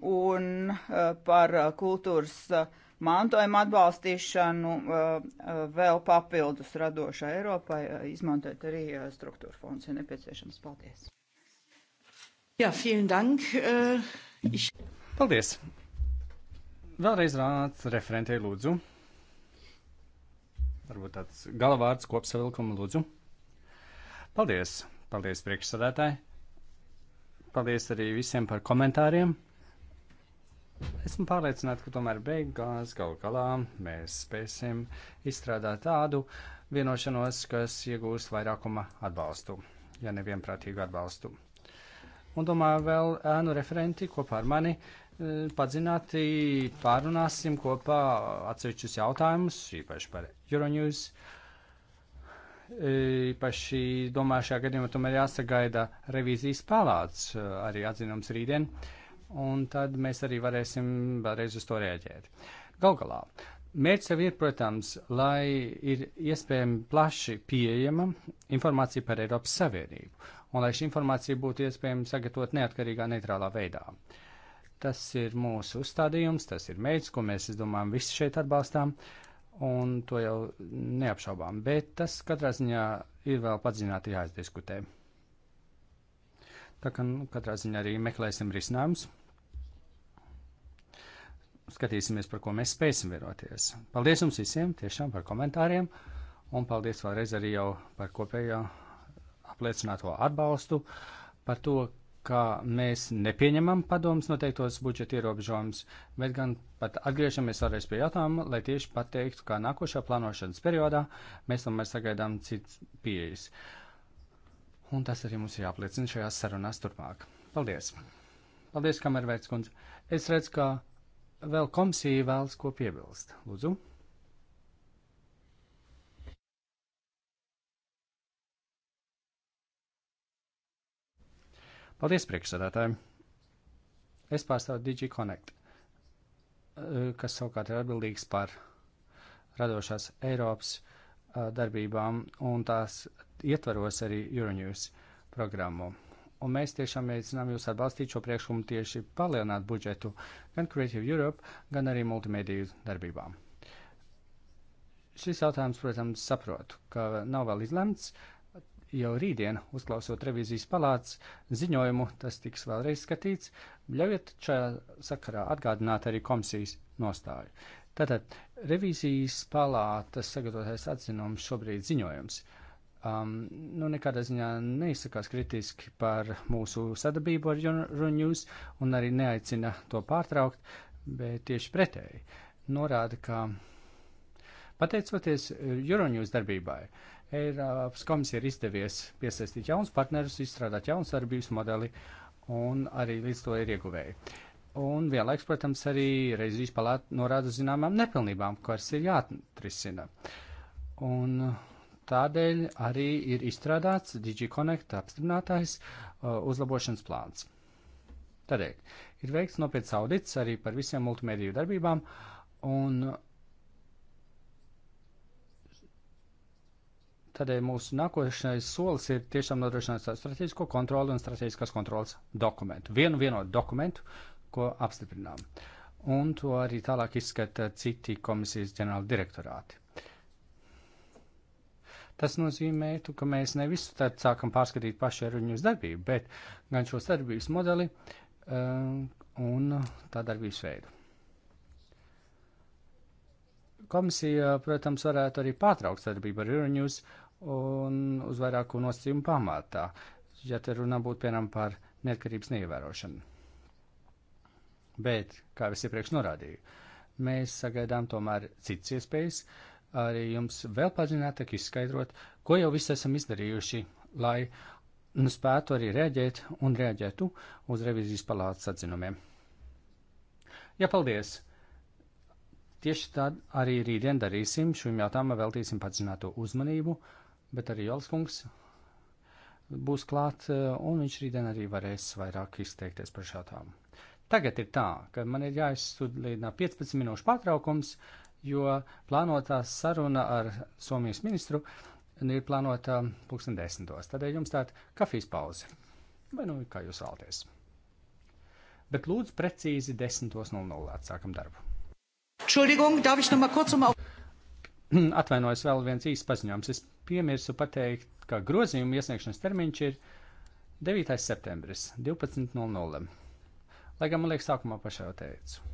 un uh, par kultūras uh, mantojuma atbalstīšanu uh, uh, vēl papildus radošai Eiropai, uh, izmantot arī struktūra fonds, ja nepieciešams. Paldies!
Jā, ja, vielen dank! Ich... Paldies! Vēlreiz rāds referentei lūdzu. Varbūt tāds galvārds kopsavilkuma lūdzu. Paldies! Paldies priekšsadētāji! Paldies arī visiem par komentāriem! Esmu pārliecināta, ka tomēr beigās gal galā mēs spēsim izstrādāt tādu vienošanos, kas iegūs vairākuma atbalstu, ja nevienprātīgu atbalstu. Un domāju, vēl ēnu referenti kopā ar mani e, padzināti pārunāsim kopā atsevišķus jautājumus, īpaši par Euronews. E, īpaši domāju, šajā gadījumā tomēr jāsagaida revīzijas palāts e, arī atzinums rītdien. Uh, un tad mēs arī varēsim vēlreiz uz to rēģēt. Gal galā, mērķis jau ir, protams, lai ir iespējami plaši pieejama informācija par Eiropas Savienību, un lai šī informācija būtu iespējama sagatavot neatkarīgā, neitrālā veidā. Tas ir mūsu uzstādījums, tas ir mērķis, ko mēs, es domāju, visi šeit atbalstām, un to jau neapšaubām, bet tas katrā ziņā ir vēl padziļināti jāizdiskutē. Tā kā nu, katrā ziņā arī meklēsim risinājumus skatīsimies, par ko mēs spēsim vienoties. Paldies jums visiem tiešām par komentāriem, un paldies vēlreiz arī jau par kopējo apliecināto atbalstu, par to, ka mēs nepieņemam padomus noteiktos budžeta ierobežojumus, bet gan pat atgriežamies vēlreiz pie jautājuma, lai tieši pateiktu, kā nākošā plānošanas periodā mēs tomēr sagaidām cits pieejas. Un tas arī mums ir jāpliecina šajās sarunās turpmāk. Paldies! Paldies, kamervērts kundze! Es redzu, ka vēl komisija vēlas ko piebilst. Lūdzu. Paldies, priekšsēdētāji! Es pārstāvu DigiConnect, eh, kas savukārt ir atbildīgs par radošās Eiropas eh, darbībām un tās ietvaros arī Euronews programmu un mēs tiešām aicinām jūs atbalstīt šo priekšlikumu tieši palielināt budžetu gan Creative Europe, gan arī multimediju darbībām. Šis jautājums, protams, saprotu, ka nav vēl izlemts. Jau rītdien, uzklausot revizijas palātas ziņojumu, tas tiks vēlreiz skatīts. Ļaujiet šajā sakarā atgādināt arī komisijas nostāju. Tātad revīzijas palātas sagatavotais atzinums šobrīd ziņojums. Uh, um, nu, nekādā ziņā neizsakās kritiski par mūsu sadarbību ar Runjūs un arī neaicina to pārtraukt, bet tieši pretēji norāda, ka pateicoties Runjūs darbībai, Eiropas komisija ir izdevies piesaistīt jaunus partnerus, izstrādāt jaunu sadarbības modeli un arī līdz to ir ieguvēji. Un vienlaiks, protams, arī reizes palāta norāda zināmām nepilnībām, kas ir jāatrisina. Un uh, Tādēļ arī ir izstrādāts DigiConnect apstiprinātais uh, uzlabošanas plāns. Tādēļ ir veikts nopietns audits arī par visiem multimediju darbībām un Tādēļ mūsu nākošais solis ir tiešām nodrošināt strateģisko kontroli un strateģiskās kontrolas dokumentu. Vienu vienotu dokumentu, ko apstiprinām. Un to arī tālāk izskata citi komisijas ģenerāli direktorāti. Tas nozīmē, ka mēs nevis tad sākam pārskatīt pašu eruņus darbību, bet gan šo sadarbības modeli um, un tā darbības veidu. Komisija, protams, varētu arī pārtraukt sadarbību ar eruņus un uz vairāku nosacījumu pamatā, ja te runā būtu piemēram par neatkarības neievērošanu. Bet, kā jau es iepriekš norādīju, mēs sagaidām tomēr citas iespējas, uh, arī jums vēl padziļinātāk izskaidrot, ko jau viss esam izdarījuši, lai nu, spētu arī rēģēt un rēģētu uz revizijas palātas atzinumiem. Jā, paldies! Tieši tad arī rītdien darīsim, šim jautājumam veltīsim padziļināto uzmanību, bet arī Jolskungs būs klāt, eh, un viņš rītdien arī varēs vairāk izteikties par šādām. Tagad ir tā, ka man ir jāizsludina 15 minūšu pārtraukums. Uh, jo plānotā saruna ar Somijas ministru ir plānota pulksten desmitos. Tādēļ jums tāda kafijas pauze. Vai nu kā jūs vēlaties. Bet lūdzu precīzi 10.00 atsākam darbu. Entschuldigung, darf ich noch mal kurz um Atvainojos, vēl viens īsts paziņojums. Es piemirsu pateikt, ka grozījuma iesniegšanas termiņš ir 9. septembris 12.00. Lai gan man liekas, sākumā pašā jau teicu.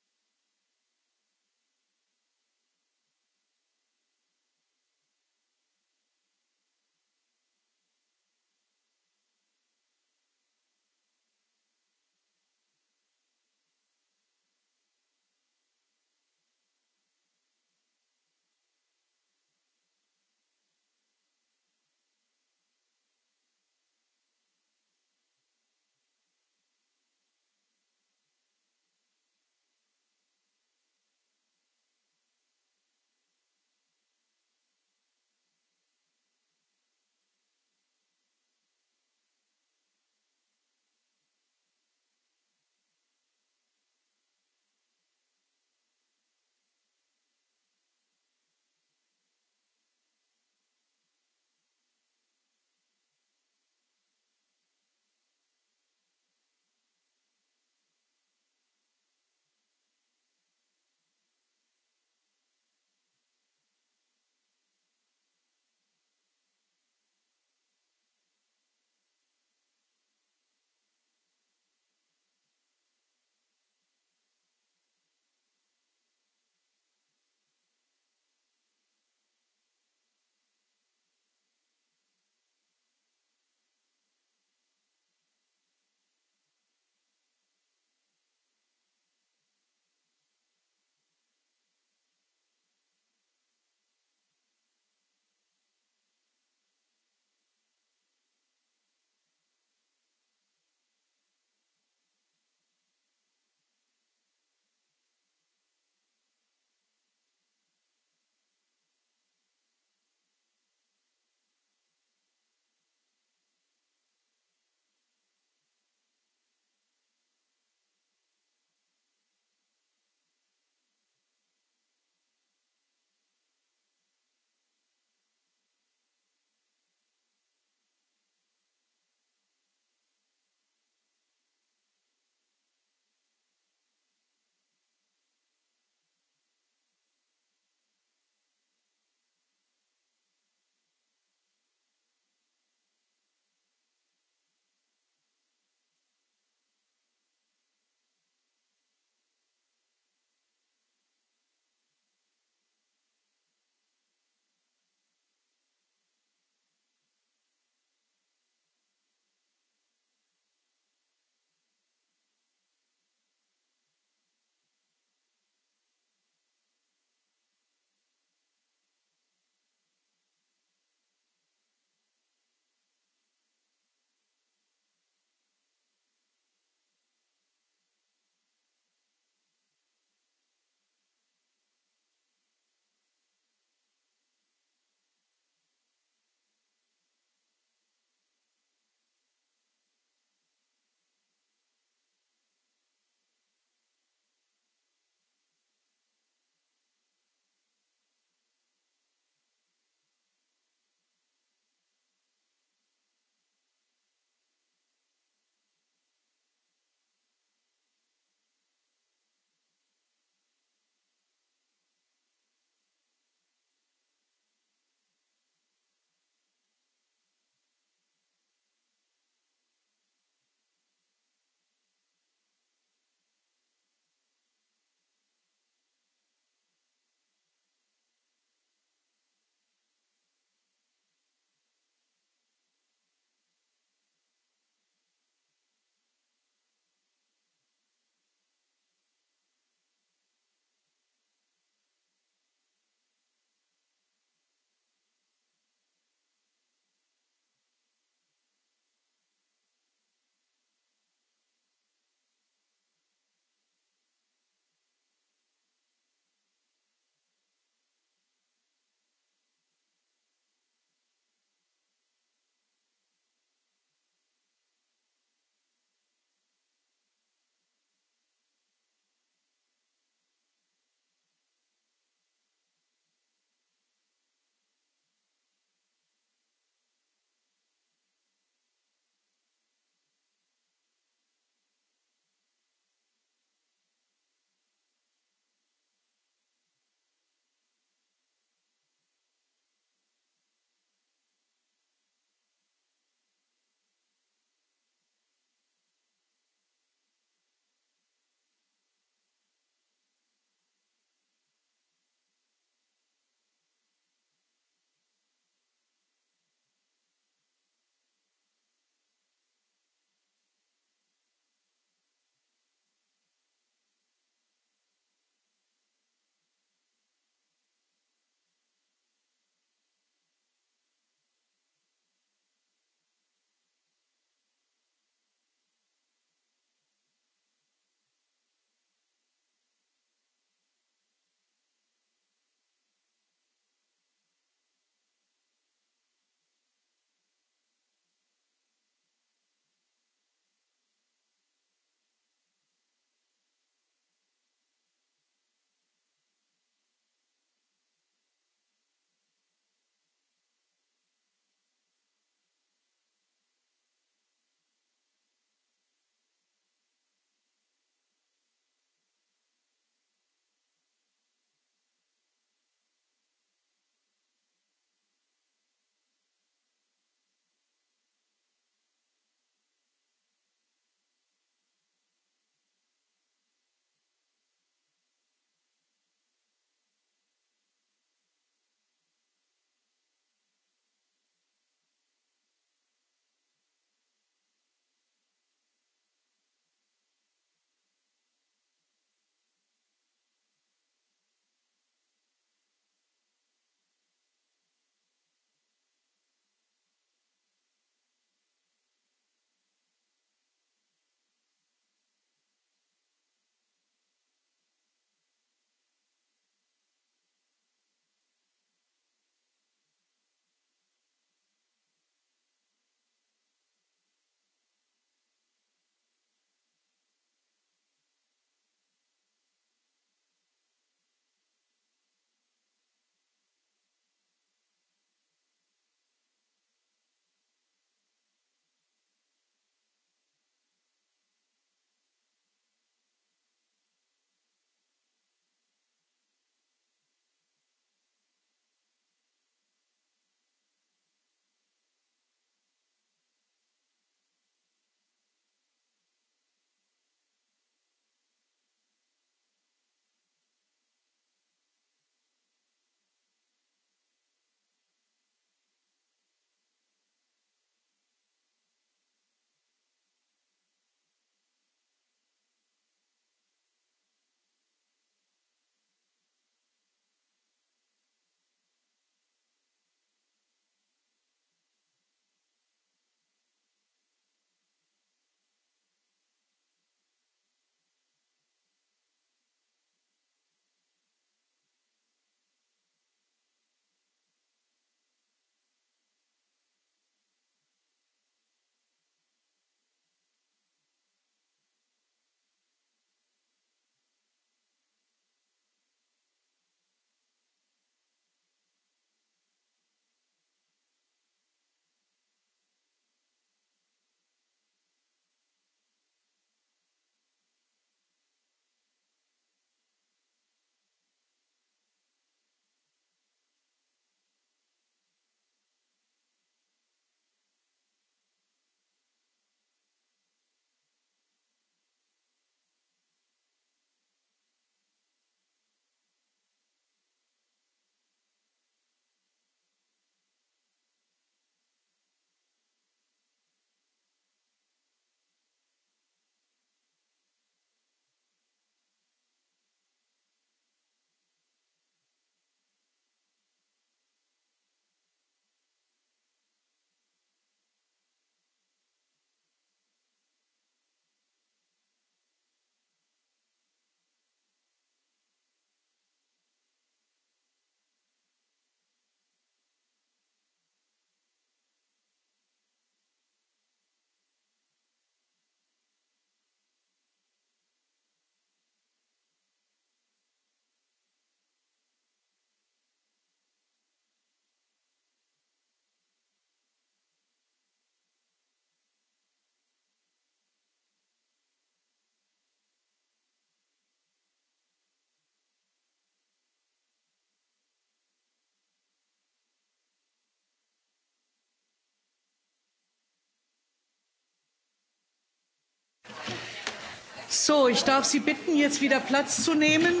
So, ich darf Sie bitten, jetzt wieder Platz zu nehmen.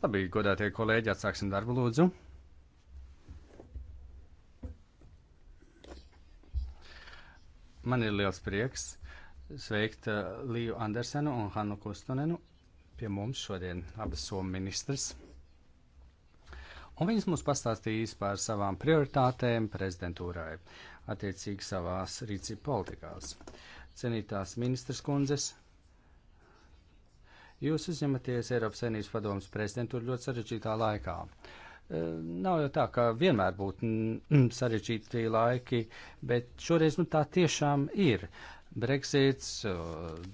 Labi, godātie kolēģi, atsāksim darbu lūdzu. Man ir liels prieks sveikt uh, Līju Andersenu un Hannu Kustonenu pie mums šodien, abas somu ministrs. Un viņas mums pastāstīs par savām prioritātēm prezidentūrai, attiecīgi savās rīcību politikās. Cenītās ministrs kundzes, Jūs uzņematies Eiropas Savienības padomus prezidentūru ļoti sarežģītā laikā. E, nav jau tā, ka vienmēr būtu sarežģīti laiki, bet šoreiz nu, tā tiešām ir. Brexits,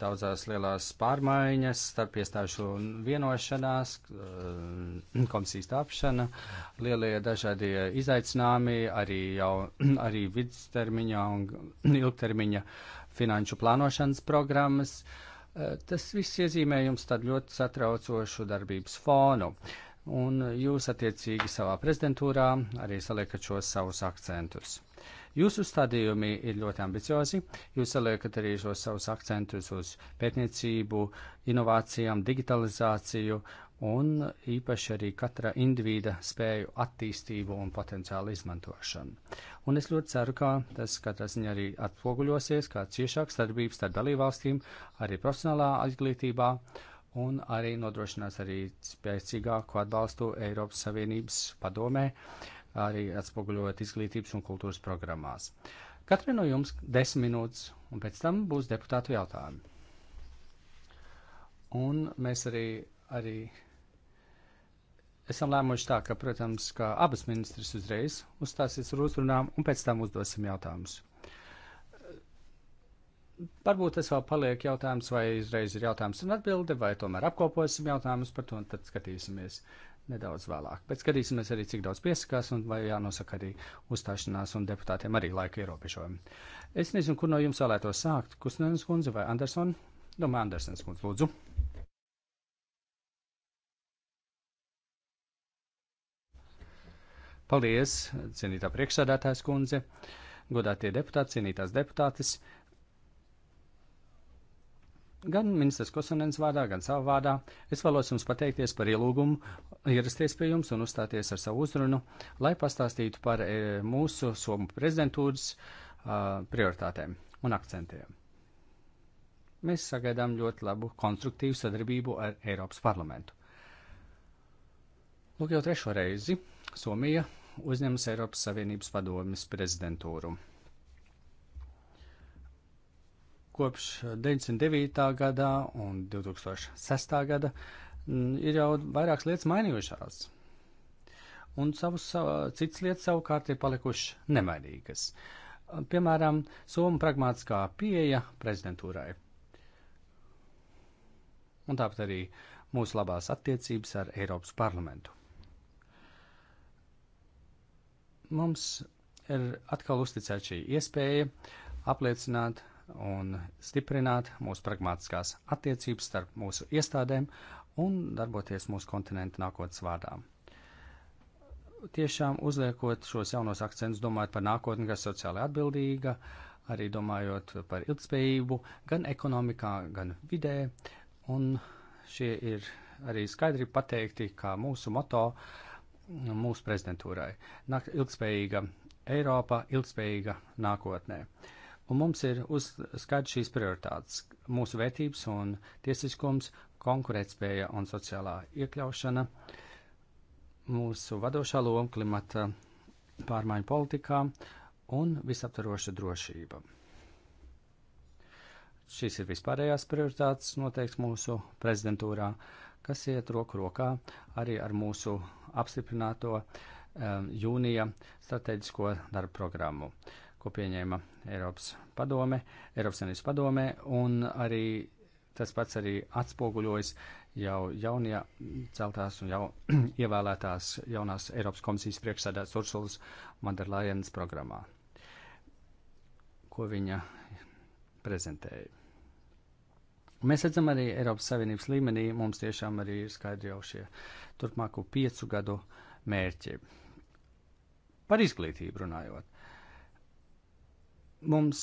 daudzās lielās pārmaiņas, starp iestāžu vienošanās, e, komisijas tapšana, lielie dažādie izaicinājumi arī jau arī vidustermiņā un ilgtermiņa finanšu plānošanas programmas. Uh, Tas viss iezīmējums tad ļoti satraucošu darbības fonu. Un jūs attiecīgi savā prezidentūrā arī saliekat šos savus akcentus. Jūsu stādījumi ir ļoti ambiciozi. Jūs saliekat arī šos savus akcentus uz pētniecību, inovācijām, digitalizāciju un īpaši arī katra individa spēju attīstību un potenciālu izmantošanu. Un es ļoti ceru, ka tas katrā ziņā arī atpoguļosies kā ciešāk sadarbības starp dalībvalstīm, arī profesionālā izglītībā, un arī nodrošinās arī spēcīgāku atbalstu Eiropas Savienības padomē, arī atspoguļot izglītības un kultūras programmās. Katrai no jums desmit minūtes, un pēc tam būs deputātu jautājumi. Un mēs arī, arī esam lēmuši tā, ka, protams, ka abas ministrs uzreiz uzstāsies ar uzrunām un pēc tam uzdosim jautājumus. Varbūt tas vēl paliek jautājums, vai izreiz ir jautājums un atbilde, vai tomēr apkoposim jautājumus par to un tad skatīsimies nedaudz vēlāk. Bet skatīsimies arī, cik daudz piesakās un vai jānosaka arī uzstāšanās un deputātiem arī laika ierobežojumi. Es nezinu, kur no jums vēlētos sākt. Kusnenes kundze vai Anderson? Domāju, Andersens kundze, lūdzu. Paldies, cienītā priekšsādātājs kundze, godātie deputāti, cienītās deputātes. Gan ministrs Kosonens vārdā, gan savā vārdā es vēlos jums pateikties par ielūgumu ierasties pie jums un uzstāties ar savu uzrunu, lai pastāstītu par e, mūsu Somu prezidentūras a, prioritātēm un akcentiem. Mēs sagaidām ļoti labu konstruktīvu sadarbību ar Eiropas parlamentu. Lūk, jau trešo reizi Somija uzņemas Eiropas Savienības padomjas prezidentūru. Kopš 99. gada un 2006. gada ir jau vairākas lietas mainījušās, un savus, citas lietas savukārt ir palikušas nemainīgas. Piemēram, Somu pragmātiskā pieeja prezidentūrai. Un tāpat arī mūsu labās attiecības ar Eiropas parlamentu. mums ir atkal uzticēta šī iespēja apliecināt un stiprināt mūsu pragmatiskās attiecības starp mūsu iestādēm un darboties mūsu kontinentu nākotnes vārdā. Tiešām uzliekot šos jaunos akcentus, domājot par nākotni, kas sociāli atbildīga, arī domājot par ilgspējību gan ekonomikā, gan vidē. Un šie ir arī skaidri pateikti, kā mūsu moto uh, mūsu prezidentūrai. Nāk ilgspējīga Eiropa, ilgspējīga nākotnē. Un mums ir uzskaidrs šīs prioritātes - mūsu vērtības un tiesiskums, konkurētspēja un sociālā iekļaušana, mūsu vadošā loma klimata pārmaiņu politikā un visaptaroša drošība. Šīs ir vispārējās prioritātes noteikts mūsu prezidentūrā, kas iet roku rokā arī ar mūsu apstiprināto um, jūnija strateģisko darbu programmu, ko pieņēma Eiropas padome, Eiropas Savienības padome, un arī tas pats arī atspoguļojas jau jaunajā celtās un jau ievēlētās jaunās Eiropas komisijas priekšsēdētas Ursulas Manderlajenas programmā, ko viņa prezentēja. Mēs redzam arī Eiropas Savienības līmenī, mums tiešām arī ir skaidri jau šie turpmāko piecu gadu mērķi. Par izglītību runājot. Mums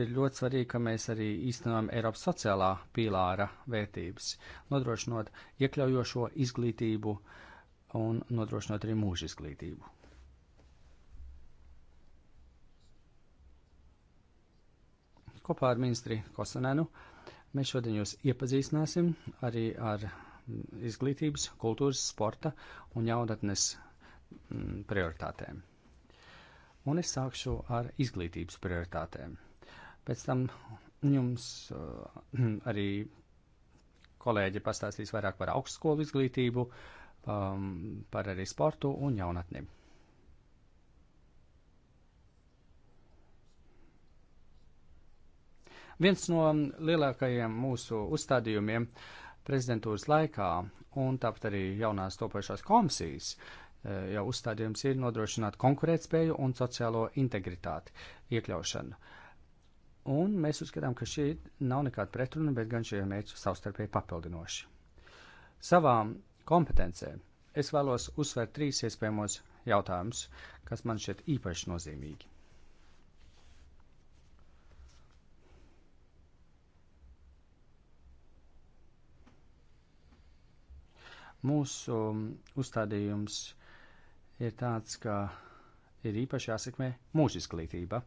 ir ļoti svarīgi, ka mēs arī īstenojam Eiropas sociālā pīlāra vērtības, nodrošinot iekļaujošo izglītību un nodrošinot arī mūža izglītību. Kopā ar ministri Kosanenu uh, Mēs šodien jūs iepazīstināsim arī ar mm, izglītības, kultūras, sporta un jaudatnes mm, prioritātēm. Un es sākšu ar izglītības prioritātēm. Pēc tam jums uh, arī kolēģi pastāstīs vairāk par augstskolu izglītību, um, par arī sportu un jaunatnību. viens no lielākajiem mūsu uzstādījumiem prezidentūras laikā, un tāpat arī jaunās topošās komisijas e, jau uzstādījums ir nodrošināt konkurētspēju un sociālo integritāti, iekļaušanu. Un mēs uzskatām, ka šī nav nekāda pretruna, bet gan šie mērķi savstarpēji papildinoši. Savām kompetencēm es vēlos uzsvērt trīs iespējamos jautājumus, kas man šķiet īpaši nozīmīgi. Mūsu um, uzstādījums ir tāds, ka ir īpaši jāsekmē mūsu izglītība,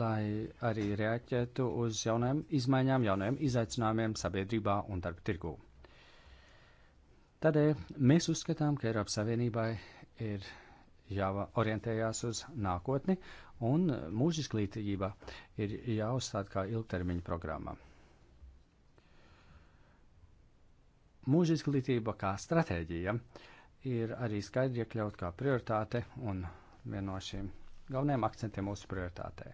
lai arī reaģētu uz jaunajām izmaiņām, jaunajiem izaicinājumiem sabiedrībā un darba tirgū. Tādēļ mēs uzskatām, ka Eiropas Savienībai ir jāorientējās uz nākotni, un mūža izglītība ir jāuzstāda kā ilgtermiņa programma. mūža izglītība kā stratēģija ir arī skaidri iekļaut kā prioritāte un viena no šīm galvenajiem akcentiem mūsu prioritātē.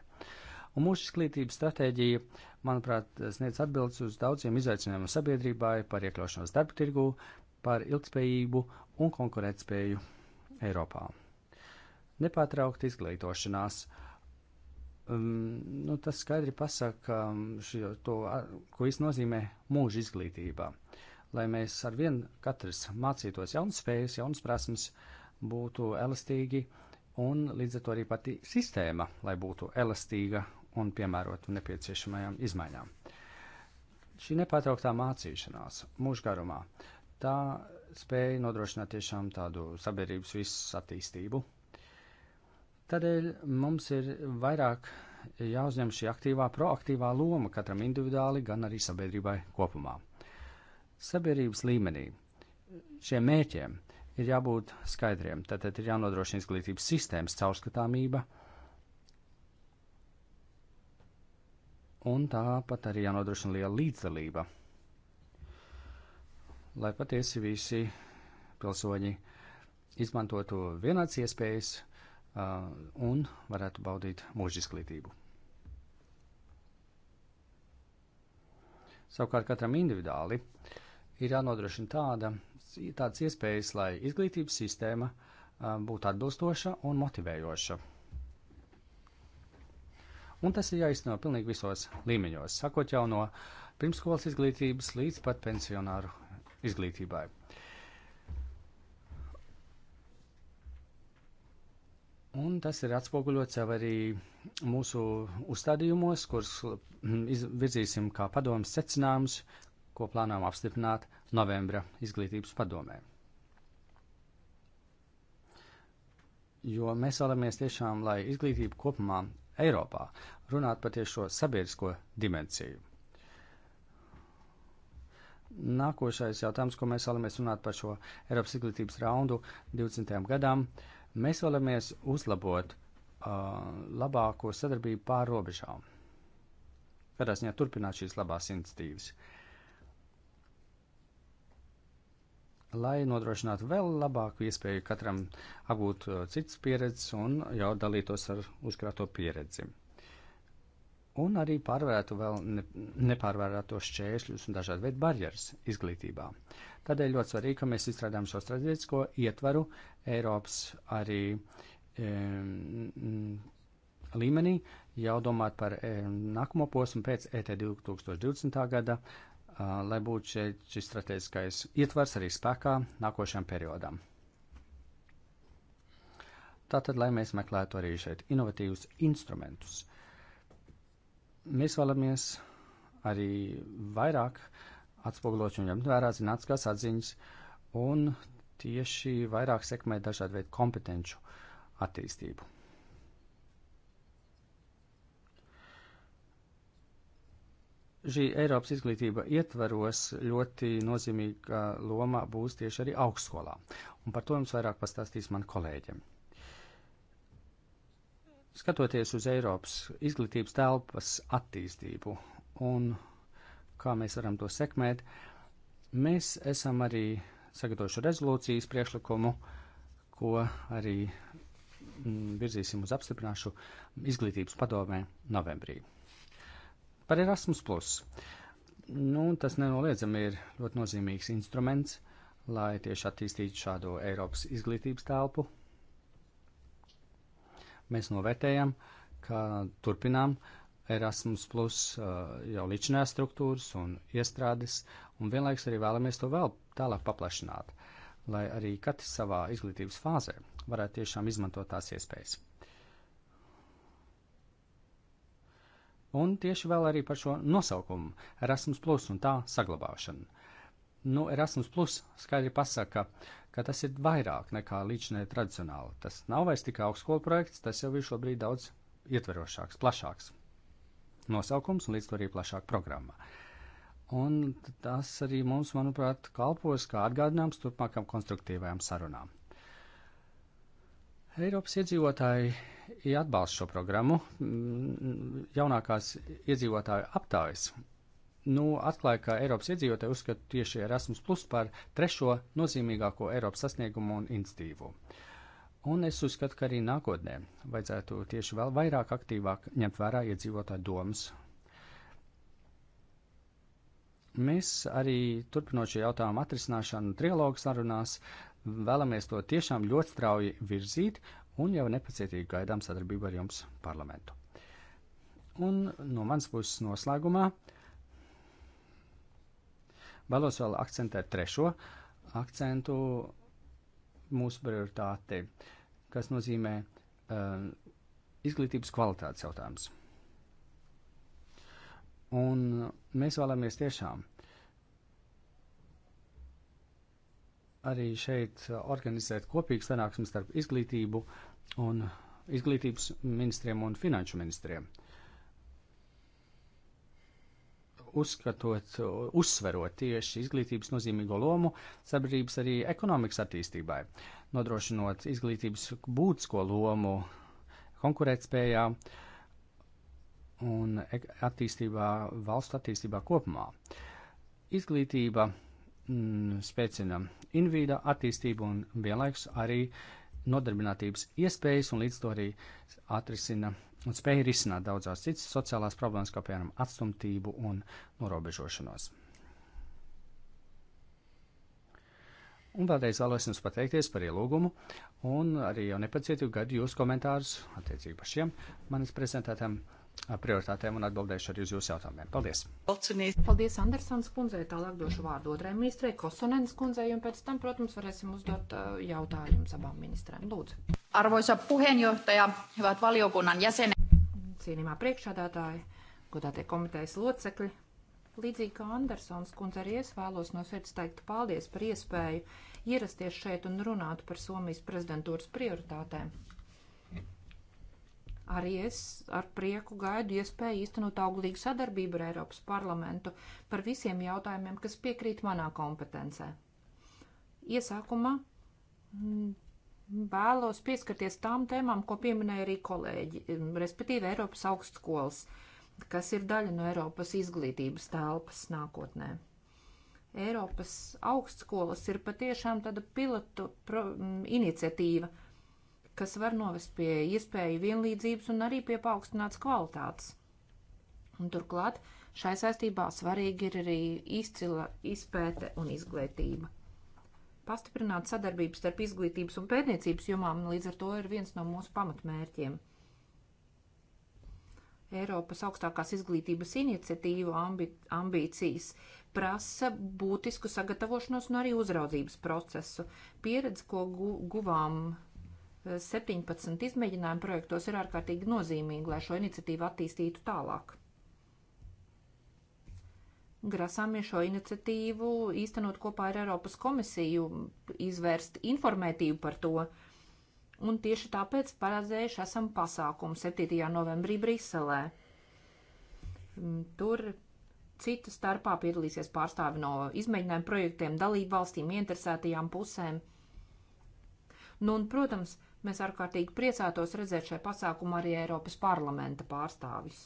Un mūsu izglītības stratēģija, manuprāt, sniedz atbildes uz daudziem izaicinājumiem sabiedrībai par iekļaušanos darba tirgū, par ilgspējību un konkurētspēju Eiropā. Nepārtraukt izglītošanās. Um, nu, tas skaidri pasaka, um, šo, to, ko īstenībā nozīmē mūža izglītība. Uh, lai mēs ar vienu katrs mācītos jaunas spējas, jaunas prasmes, būtu elastīgi un līdz ar to arī pati sistēma, lai būtu elastīga un piemērota nepieciešamajām izmaiņām. Šī nepārtrauktā mācīšanās mūža garumā tā spēja nodrošināt tiešām tādu sabiedrības visu attīstību. Tādēļ mums ir vairāk jāuzņem šī aktīvā, proaktīvā loma katram individuāli, gan arī sabiedrībai kopumā. Sabiedrības līmenī šiem mērķiem ir jābūt skaidriem. Tātad ir jānodrošina izglītības sistēmas caurskatāmība. Un tāpat arī jānodrošina liela līdzdalība, lai patiesi visi pilsoņi izmantotu vienāds iespējas uh, un varētu baudīt mūža izglītību. Savukārt katram individuāli uh, ir jānodrošina tāda, tādas iespējas, lai izglītības sistēma būtu atbilstoša un motivējoša. Un tas ir jāizsno pilnīgi visos līmeņos, sakot jau no pirmskolas izglītības līdz pat pensionāru izglītībai. Un tas ir atspoguļots jau arī mūsu uzstādījumos, kurus virzīsim kā padomus secinājumus ko plānojam apstiprināt novembra izglītības padomē. Jo mēs vēlamies tiešām, lai izglītība kopumā Eiropā runātu par tiešo sabiedrisko dimensiju. Nākošais jautājums, ko mēs vēlamies runāt par šo Eiropas izglītības raundu 20. gadam, mēs vēlamies uzlabot uh, labāko sadarbību pār robežām. Kādā ziņā turpināt šīs labās iniciatīvas. Uh, lai nodrošinātu vēl labāku iespēju katram apgūt uh, citas pieredzes un jau dalītos ar uzkrāto pieredzi. Un arī pārvarētu vēl ne, nepārvarētos šķēršļus un dažādu veidu barjeras izglītībā. Tādēļ ļoti svarīgi, ka mēs izstrādājam šo strateģisko ietvaru Eiropas arī e, līmenī, jau domāt par e, nākamo posmu pēc ET 2020. gada Uh, lai būtu šeit šis strateģiskais ietvars arī spēkā nākošajam periodam. Tātad, lai mēs meklētu arī šeit inovatīvus instrumentus, mēs vēlamies arī vairāk atspoguļot un ņemt vērā zinātniskās atziņas un tieši vairāk sekmēt dažādu veidu kompetenču attīstību. šī Eiropas izglītība ietveros ļoti nozīmīga loma būs tieši arī augstskolā. Un par to jums vairāk pastāstīs man kolēģiem. Skatoties uz Eiropas izglītības telpas attīstību un kā mēs varam to sekmēt, mēs esam arī sagatavojuši rezolūcijas priekšlikumu, ko arī mm, virzīsim uz apstiprināšu izglītības padomē novembrī. Par Erasmus. Nu, tas nenoliedzami ir ļoti nozīmīgs instruments, lai tieši attīstītu šādu Eiropas izglītības telpu. Mēs novērtējam, ka turpinām Erasmus, plus, uh, jau līdzinājās struktūras un iestrādes, un vienlaikus arī vēlamies to vēl tālāk paplašināt, lai arī katrs savā izglītības fāzē varētu tiešām izmantot tās iespējas. Un tieši vēl arī par šo nosaukumu Erasmus Plus un tā saglabāšanu. Nu, Erasmus Plus skaidri pasaka, ka tas ir vairāk nekā līdšanai tradicionāli. Tas nav vairs tikai augstskolu projekts, tas jau ir šobrīd daudz ietverošāks, plašāks nosaukums un līdz to arī plašāka programma. Un tas arī mums, manuprāt, kalpos kā atgādinājums turpmākam konstruktīvajām sarunām. Eiropas iedzīvotāji atbalsta šo programmu. Jaunākās iedzīvotāju aptājas nu, atklāja, ka Eiropas iedzīvotāji uzskata tieši Erasmus Plus par trešo nozīmīgāko Eiropas sasniegumu un institīvu. Un es uzskatu, ka arī nākotnē vajadzētu tieši vēl vairāk aktīvāk ņemt vērā iedzīvotāju domas. Mēs arī turpinot šo jautājumu atrisināšanu trilogu sarunās vēlamies to tiešām ļoti strauji virzīt un jau nepacietīgi gaidām sadarbību ar jums parlamentu. Un no manas puses noslēgumā vēlos vēl akcentēt trešo akcentu mūsu prioritāti, kas nozīmē uh, izglītības kvalitātes jautājums. Un mēs vēlamies tiešām uh, arī šeit uh, organizēt kopīgu sanāksmi starp izglītību un izglītības ministriem un finanšu ministriem. Uzskatot, uh, uzsverot tieši izglītības nozīmīgo lomu sabiedrības arī ekonomikas attīstībai, nodrošinot izglītības būtisko lomu konkurētspējā un attīstībā, valstu attīstībā kopumā. Izglītība mm, spēcina individu attīstību un vienlaikus arī nodarbinātības iespējas un līdz to arī atrisina un spēja risināt daudzās citas sociālās problēmas, kā piemēram atstumtību un norobežošanos. Un vēlreiz vēlos jums pateikties par ielūgumu un arī jau nepacietību gadu jūsu komentārus attiecībā šiem manis prezentētām prioritātēm un atbildēšu arī uz jūsu jautājumiem. Paldies!
Paldies, Andersons kundzei, tālāk došu vārdu otrai ministrei, Kosonenes kundzei, un pēc tam, protams, varēsim uzdot uh, jautājumus abām ministrēm. Lūdzu! Arvoisa puheenjohtaja, hyvät valiokunnan jäsenet! Cienījumā priekšādātāji, godātie komitejas locekļi, Līdzīgi kā Andersons kundze arī es vēlos no sirds teikt paldies par iespēju ierasties šeit un runāt par Somijas prezidentūras prioritātēm. Arī es ar prieku gaidu iespēju īstenot auglīgu sadarbību ar Eiropas parlamentu par visiem jautājumiem, kas piekrīt manā kompetencē. Iesākumā mm, vēlos pieskarties tām tēmām, ko pieminēja arī kolēģi, mm, respektīvi Eiropas augstskolas, kas ir daļa no Eiropas izglītības telpas nākotnē. Eiropas augstskolas ir patiešām tāda pilotu pro, mm, iniciatīva, uh, kas var novest pie iespēju vienlīdzības un arī pie paaugstināts kvalitātes. Un turklāt šai saistībā svarīgi ir arī izcila izpēte un izglītība. Pastiprināt sadarbības starp izglītības un pētniecības jomām līdz ar to ir viens no mūsu pamatmērķiem. Eiropas augstākās izglītības iniciatīva ambi ambīcijas prasa būtisku sagatavošanos un arī uzraudzības procesu. Pieredze, ko gu guvām 17 izmēģinājumu projektos ir ārkārtīgi nozīmīgi, lai šo iniciatīvu attīstītu tālāk. Grasāmies šo iniciatīvu īstenot kopā ar Eiropas komisiju, izvērst informētību par to. Un tieši tāpēc paredzējuši esam pasākumu 7. novembrī Briselē. Mm, tur cita starpā piedalīsies pārstāvi no izmēģinājumu projektiem, dalību valstīm, interesētajām pusēm. Nu, un, protams, Mēs ārkārtīgi priecātos redzēt šai pasākumā arī Eiropas parlamenta pārstāvis.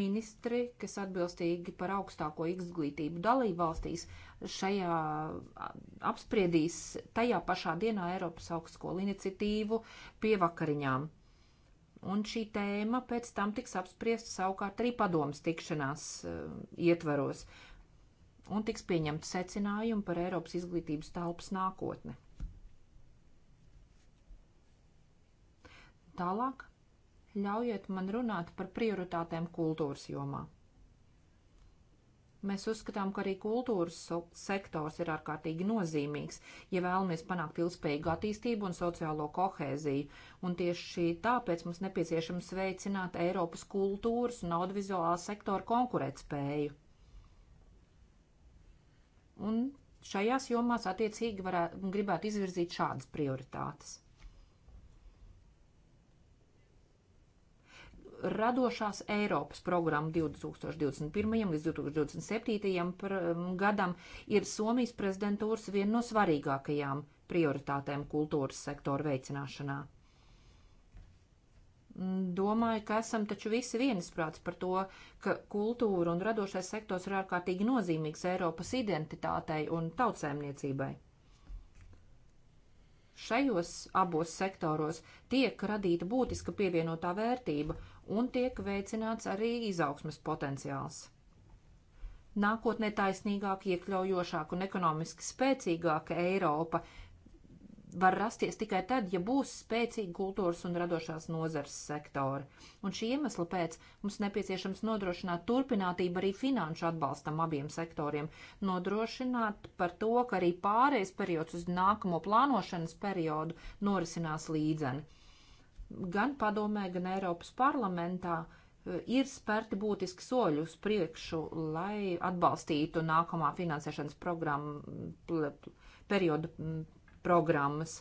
Ministri, kas atbilstīgi par augstāko izglītību dalību valstīs, šajā apspriedīs tajā pašā dienā Eiropas augstskolu iniciatīvu pie vakariņām un šī tēma pēc tam tiks apspriesta savukārt arī padomas tikšanās uh, ietvaros un tiks pieņemti secinājumi par Eiropas izglītības telpas nākotni. Tālāk ļaujiet man runāt par prioritātēm kultūras jomā. Mēs uzskatām, ka arī kultūras sektors ir ārkārtīgi nozīmīgs, ja vēlamies panākt ilgspējīgu attīstību un sociālo kohēziju, un tieši tāpēc mums nepieciešams veicināt Eiropas kultūras un audiovizuālā sektora konkurētspēju. Un šajās jomās attiecīgi varētu, gribētu izvirzīt šādas prioritātes. radošās Eiropas programma 2021. līdz 2027. Um, gadam ir Somijas prezidentūras viena no svarīgākajām prioritātēm kultūras sektora veicināšanā. Mm, domāju, ka esam taču visi viensprāts par to, ka kultūra un radošais sektors ir ārkārtīgi nozīmīgs Eiropas identitātei un tautsēmniecībai. Šajos abos sektoros tiek radīta būtiska pievienotā vērtība un tiek veicināts arī izaugsmas potenciāls. Nākotnē taisnīgāka, iekļaujošāka un ekonomiski spēcīgāka Eiropa var rasties tikai tad, ja būs spēcīgi kultūras un radošās nozars sektori. Un šī iemesla pēc mums nepieciešams nodrošināt turpinātību arī finanšu atbalstam abiem sektoriem, nodrošināt par to, ka arī pārējais periods uz nākamo plānošanas periodu norisinās līdzeni. Gan padomē, gan Eiropas parlamentā eh, ir spērti būtiski soļi uz priekšu, lai atbalstītu nākamā finansēšanas programmu periodu programmas.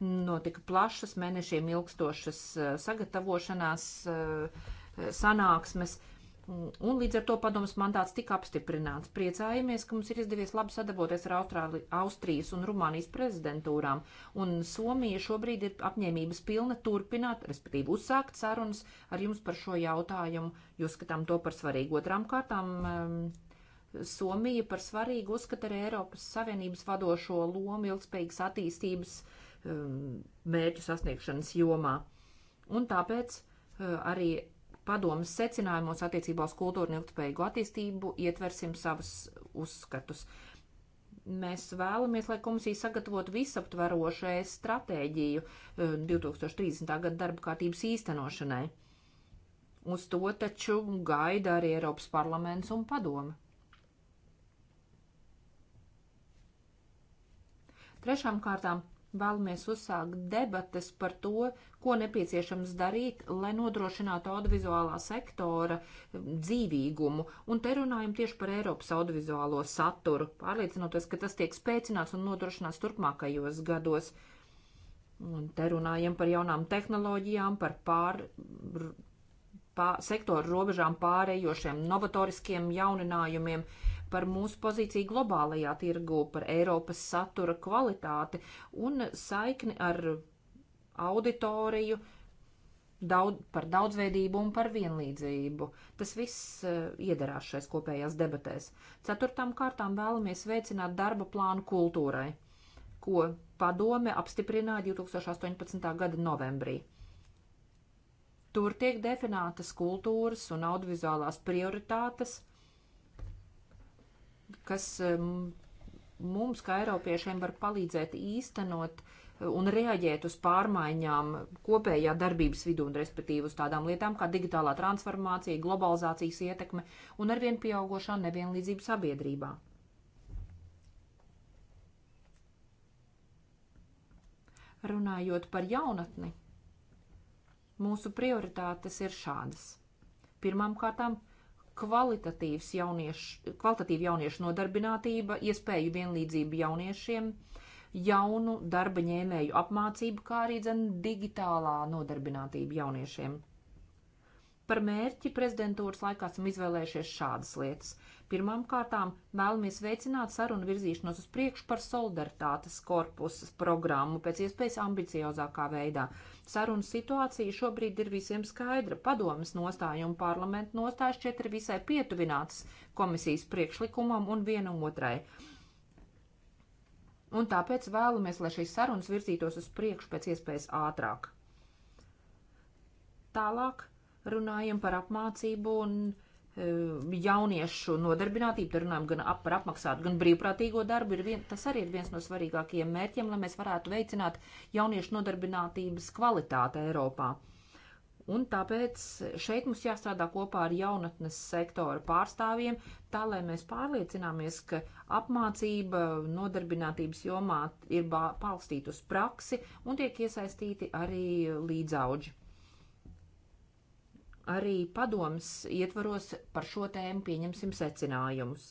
Notika plašas, mēnešiem ilgstošas eh, sagatavošanās eh, sanāksmes. Un līdz ar to padomus mandāts tika apstiprināts. Priecājamies, ka mums ir izdevies labi sadarboties ar Austrāli, Austrijas un Rumānijas prezidentūrām, un Somija šobrīd ir apņēmības pilna turpināt, respektīvi uzsākt sarunas ar jums par šo jautājumu, jo skatām to par svarīgu. Otrām kārtām ehm, Somija par svarīgu uzskata arī Eiropas Savienības vadošo lomu ilgspējīgas attīstības um, mērķu sasniegšanas jomā. Un tāpēc uh, arī padomas secinājumos attiecībā uz kultūru un ilgspējīgu attīstību ietversim savus uzskatus. Mēs vēlamies, lai komisija sagatavotu visaptverošai stratēģiju 2030. Uh, gada darba kārtības īstenošanai. Uz to taču gaida arī Eiropas parlaments un padome. Trešām kārtām vēlamies uzsākt debates par to, ko nepieciešams darīt, lai nodrošinātu audiovizuālā sektora um, dzīvīgumu. Un te runājam tieši par Eiropas audiovizuālo saturu, pārliecinoties, ka tas tiek spēcināts un nodrošināts turpmākajos gados. Un te runājam par jaunām tehnoloģijām, par pār, pār sektoru robežām pārējošiem novatoriskiem jauninājumiem. Uh, par mūsu pozīciju globālajā tirgu, par Eiropas satura kvalitāti un saikni ar auditoriju, daudz, par daudzveidību un par vienlīdzību. Tas viss uh, iedarās šais kopējās debatēs. Ceturtām kārtām vēlamies veicināt darba plānu kultūrai, ko padome apstiprināja 2018. gada novembrī. Tur tiek definētas kultūras un audiovizuālās prioritātes, kas um, mums, kā Eiropiešiem, var palīdzēt īstenot uh, un reaģēt uz pārmaiņām kopējā darbības vidū un respektīvi uz tādām lietām kā digitālā transformācija, globalizācijas ietekme un arvien pieaugošā nevienlīdzība sabiedrībā. Runājot par jaunatni, mūsu prioritātes ir šādas. Pirmām kārtām kvalitatīvs jauniešu, kvalitatīva jauniešu nodarbinātība, iespēju vienlīdzību jauniešiem, jaunu darba ņēmēju apmācību, kā arī dzen digitālā nodarbinātība jauniešiem. Par mērķi prezidentūras laikā esam izvēlējušies šādas lietas. Pirmām kārtām vēlamies veicināt sarunu virzīšanos uz priekšu par solidaritātes korpusas programmu pēc iespējas ambiciozākā veidā. Sarunu situācija šobrīd ir visiem skaidra. Padomas nostāja un parlamenta nostāja šķiet ir visai pietuvinātas komisijas priekšlikumam un viena otrai un tāpēc vēlamies, lai šīs sarunas virzītos uz priekšu pēc iespējas ātrāk. Tālāk runājam par apmācību un e, jauniešu nodarbinātību, tad runājam gan ap, par apmaksātu, gan brīvprātīgo darbu, ir vien, tas arī ir viens no svarīgākajiem mērķiem, lai mēs varētu veicināt jauniešu nodarbinātības kvalitāti Eiropā. Un tāpēc šeit mums jāstrādā kopā ar jaunatnes sektora pārstāvjiem, tā lai mēs pārliecināmies, ka apmācība nodarbinātības jomā ir balstīta uz praksi un tiek iesaistīti arī līdzauģi arī padoms ietvaros par šo tēmu pieņemsim secinājumus.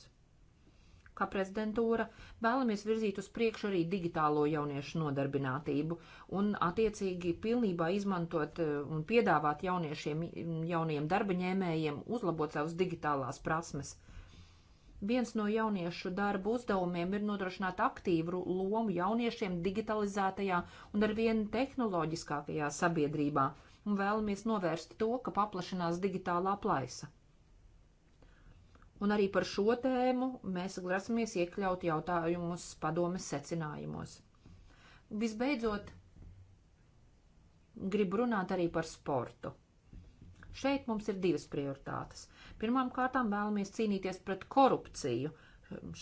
Kā prezidentūra vēlamies virzīt uz priekšu arī digitālo jauniešu nodarbinātību un attiecīgi pilnībā izmantot e, un piedāvāt jauniešiem, jauniem darbaņēmējiem uzlabot savas digitālās prasmes. Viens no jauniešu darba uzdevumiem ir nodrošināt aktīvu lomu jauniešiem digitalizētajā un arvien tehnoloģiskākajā sabiedrībā un vēlamies novērst to, ka paplašinās digitāla plaisa. Un arī par šo tēmu mēs grasamies iekļaut jautājumus padomes secinājumos. Visbeidzot, gribu runāt arī par sportu. Šeit mums ir divas prioritātes. Pirmām kārtām vēlamies cīnīties pret korupciju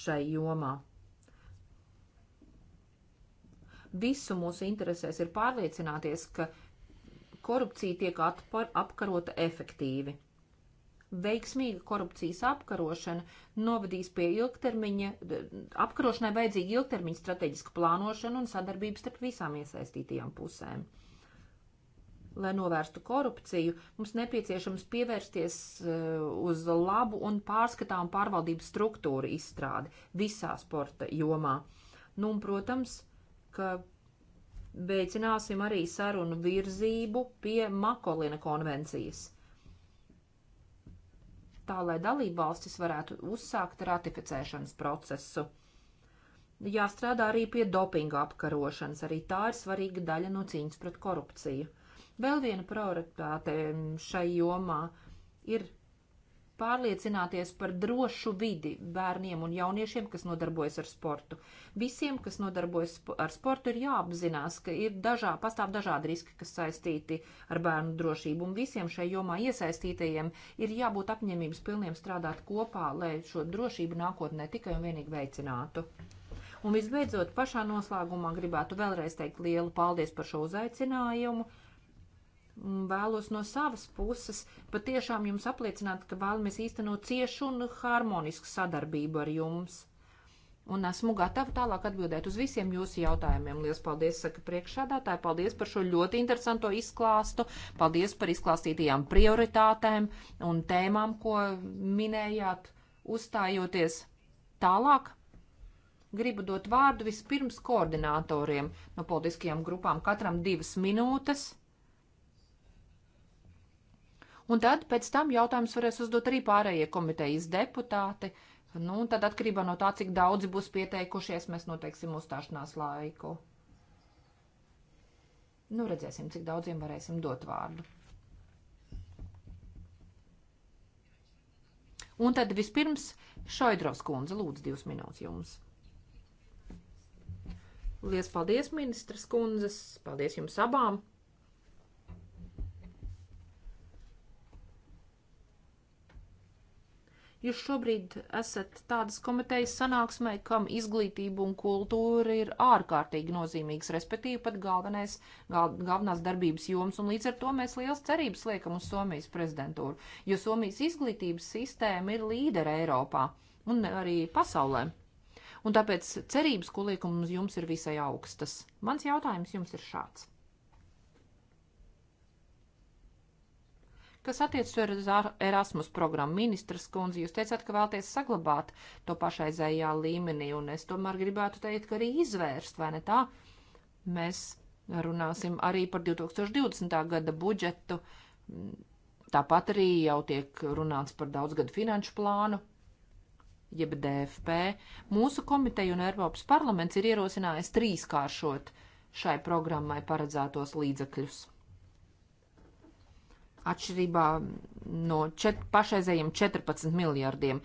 šai jomā. Visu mūsu interesēs ir pārliecināties, ka korupcija tiek atpar, apkarota efektīvi. Veiksmīga korupcijas apkarošana novadīs pie ilgtermiņa, apkarošanai vajadzīga ilgtermiņa strateģiska plānošana un sadarbības starp visām iesaistītajām pusēm. Lai novērstu korupciju, mums nepieciešams pievērsties e, uz labu un pārskatām pārvaldības struktūru izstrādi visā sporta jomā. Nu, un, protams, ka veicināsim arī sarunu virzību pie Makolina konvencijas, tā lai dalībvalstis varētu uzsākt ratificēšanas procesu. Jāstrādā arī pie dopinga apkarošanas, arī tā ir svarīga daļa no cīņas pret korupciju. Vēl viena prioritāte šai jomā ir pārliecināties par drošu vidi bērniem un jauniešiem, kas nodarbojas ar sportu. Visiem, kas nodarbojas ar sportu, ir jāapzinās, ka ir dažā, pastāv dažādi riski, kas saistīti ar bērnu drošību, un visiem šai jomā iesaistītajiem ir jābūt apņemības pilniem strādāt kopā, lai šo drošību nākotnē tikai un vienīgi veicinātu. Un visbeidzot, pašā noslēgumā gribētu vēlreiz teikt lielu paldies par šo uzaicinājumu. Mm, vēlos no savas puses patiešām jums apliecināt, ka vēlamies īstenot ciešu un harmonisku sadarbību ar jums. Un esmu gatava tālāk atbildēt uz visiem jūsu jautājumiem. Lielas paldies, saka priekšādātāji, paldies par šo ļoti interesanto izklāstu, paldies par izklāstītajām prioritātēm un tēmām, ko minējāt uzstājoties tālāk. Gribu dot vārdu vispirms koordinātoriem no politiskajām grupām, katram divas minūtes. Un tad pēc tam jautājums varēs uzdot arī pārējie komitejas deputāti. Nu, tad atkarībā no tā, cik daudzi būs pieteikušies, mēs noteiksim uzstāšanās laiku. Nu, redzēsim, cik daudziem varēsim dot vārdu. Un tad vispirms Šaidrovs kundze lūdz divas minūtes jums. Lies paldies ministras kundzes, paldies jums abām! Jūs šobrīd esat tādas komitejas sanāksmē, kam izglītība un kultūra ir ārkārtīgi nozīmīgs, respektīvi pat galvenais, gal, galvenās darbības joms, un līdz ar to mēs liels cerības liekam uz Somijas prezidentūru, jo Somijas izglītības sistēma ir līdera Eiropā un arī pasaulē. Un tāpēc cerības, ko liekam uz jums, ir visai augstas. Mans jautājums jums ir šāds. Kas attiecas ar Erasmus programmu, ministras kundze, jūs teicāt, ka vēlties saglabāt to pašaizējā līmenī, un es tomēr gribētu teikt, ka arī izvērst, vai ne tā? Mēs runāsim arī par 2020. gada budžetu, tāpat arī jau tiek runāts par daudzgadu finanšu plānu, jeb DFP. Mūsu komiteja un Eiropas parlaments ir ierosinājis trīskāršot šai programmai paredzētos līdzekļus atšķirībā no čet, pašreizējiem 14 miljardiem,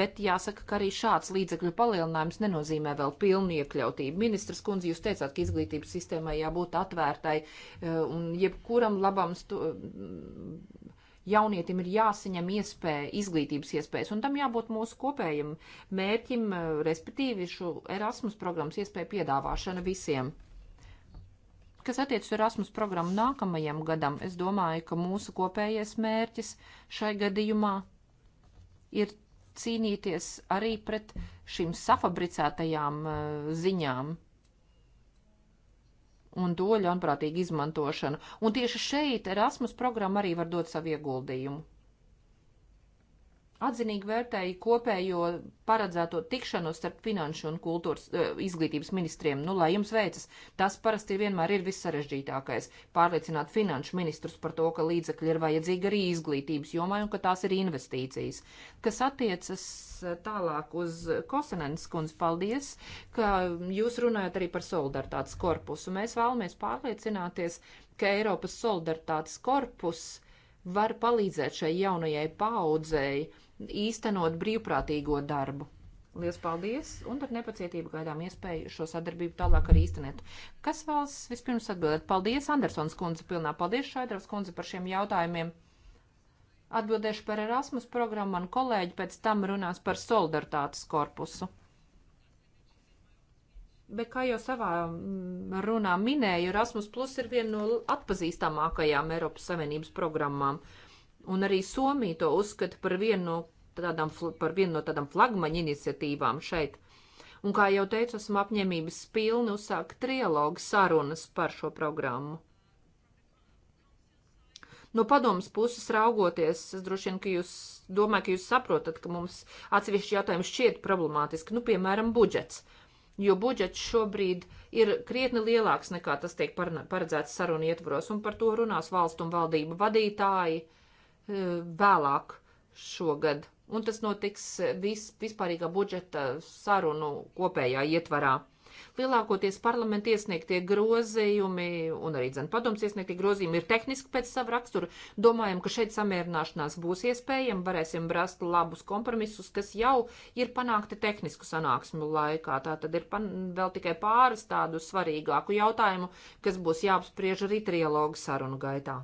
bet jāsaka, ka arī šāds līdzekļu palielinājums nenozīmē vēl pilnu iekļautību. Ministras kundze, jūs teicāt, ka izglītības sistēmai jābūt atvērtai e, un jebkuram labam stu, e, jaunietim ir jāsaņem iespēja, izglītības iespējas, un tam jābūt mūsu kopējam mērķim, e, respektīvi šo Erasmus programmas iespēju piedāvāšana visiem. Kas attiecas uz Erasmus programmu nākamajam gadam, es domāju, ka mūsu kopējais mērķis šai gadījumā ir cīnīties arī pret šīm safabricētajām eh, ziņām un to ļaunprātīgu izmantošanu. Un tieši šeit Erasmus programma arī var dot savu ieguldījumu atzinīgi vērtēju kopējo paredzēto tikšanos starp finanšu un kultūras uh, izglītības ministriem. Nu, lai jums veicas, tas parasti vienmēr ir vissarežģītākais - pārliecināt finanšu ministrus par to, ka līdzekļi ir vajadzīgi arī izglītības jomai un ka tās ir investīcijas. Kas attiecas eh, tālāk uz Kosenens kundz, paldies, ka jūs runājat arī par solidaritātes korpusu. Mēs vēlamies pārliecināties, ka Eiropas solidaritātes korpus var palīdzēt šai jaunajai paudzei īstenot brīvprātīgo darbu. Lielas paldies, un ar nepacietību gaidām iespēju šo sadarbību tālāk arī īstenēt. Kas vēlas vispirms atbildēt? Paldies, Andersons kundze, pilnā paldies, Šaidravs kundze, par šiem jautājumiem. Atbildēšu par Erasmus programmu, man kolēģi pēc tam runās par solidaritātes korpusu. Bet, kā jau savā mm, runā minēju, Erasmus Plus ir viena no atpazīstamākajām Eiropas Savienības programmām. Uh, Un arī Somija to uzskata par vienu no tādām, par vienu no tādām flagmaņa iniciatīvām šeit. Un, kā jau teicu, esmu apņēmības pilni uzsākt trialogu sarunas par šo programmu. No padomas puses raugoties, es droši vien, ka jūs domāju, ka jūs saprotat, ka mums atsevišķi jautājumi šķiet problemātiski, nu, piemēram, budžets. Jo budžets šobrīd ir krietni lielāks nekā tas tiek paredzēts sarunu ietvaros, un par to runās valstu un valdību vadītāji vēlāk šogad. Un tas notiks vis, vispārīgā budžeta sarunu kopējā ietvarā. Lielākoties parlamenta iesniegtie grozījumi un arī dzen padoms iesniegtie grozījumi ir tehniski pēc savu raksturu. Domājam, ka šeit samierināšanās būs iespējama, varēsim rast labus kompromisus, kas jau ir panākti tehnisku sanāksmu laikā. Tā tad ir vēl tikai pāris tādu svarīgāku jautājumu, kas būs jāapspriež arī trialogu sarunu gaitā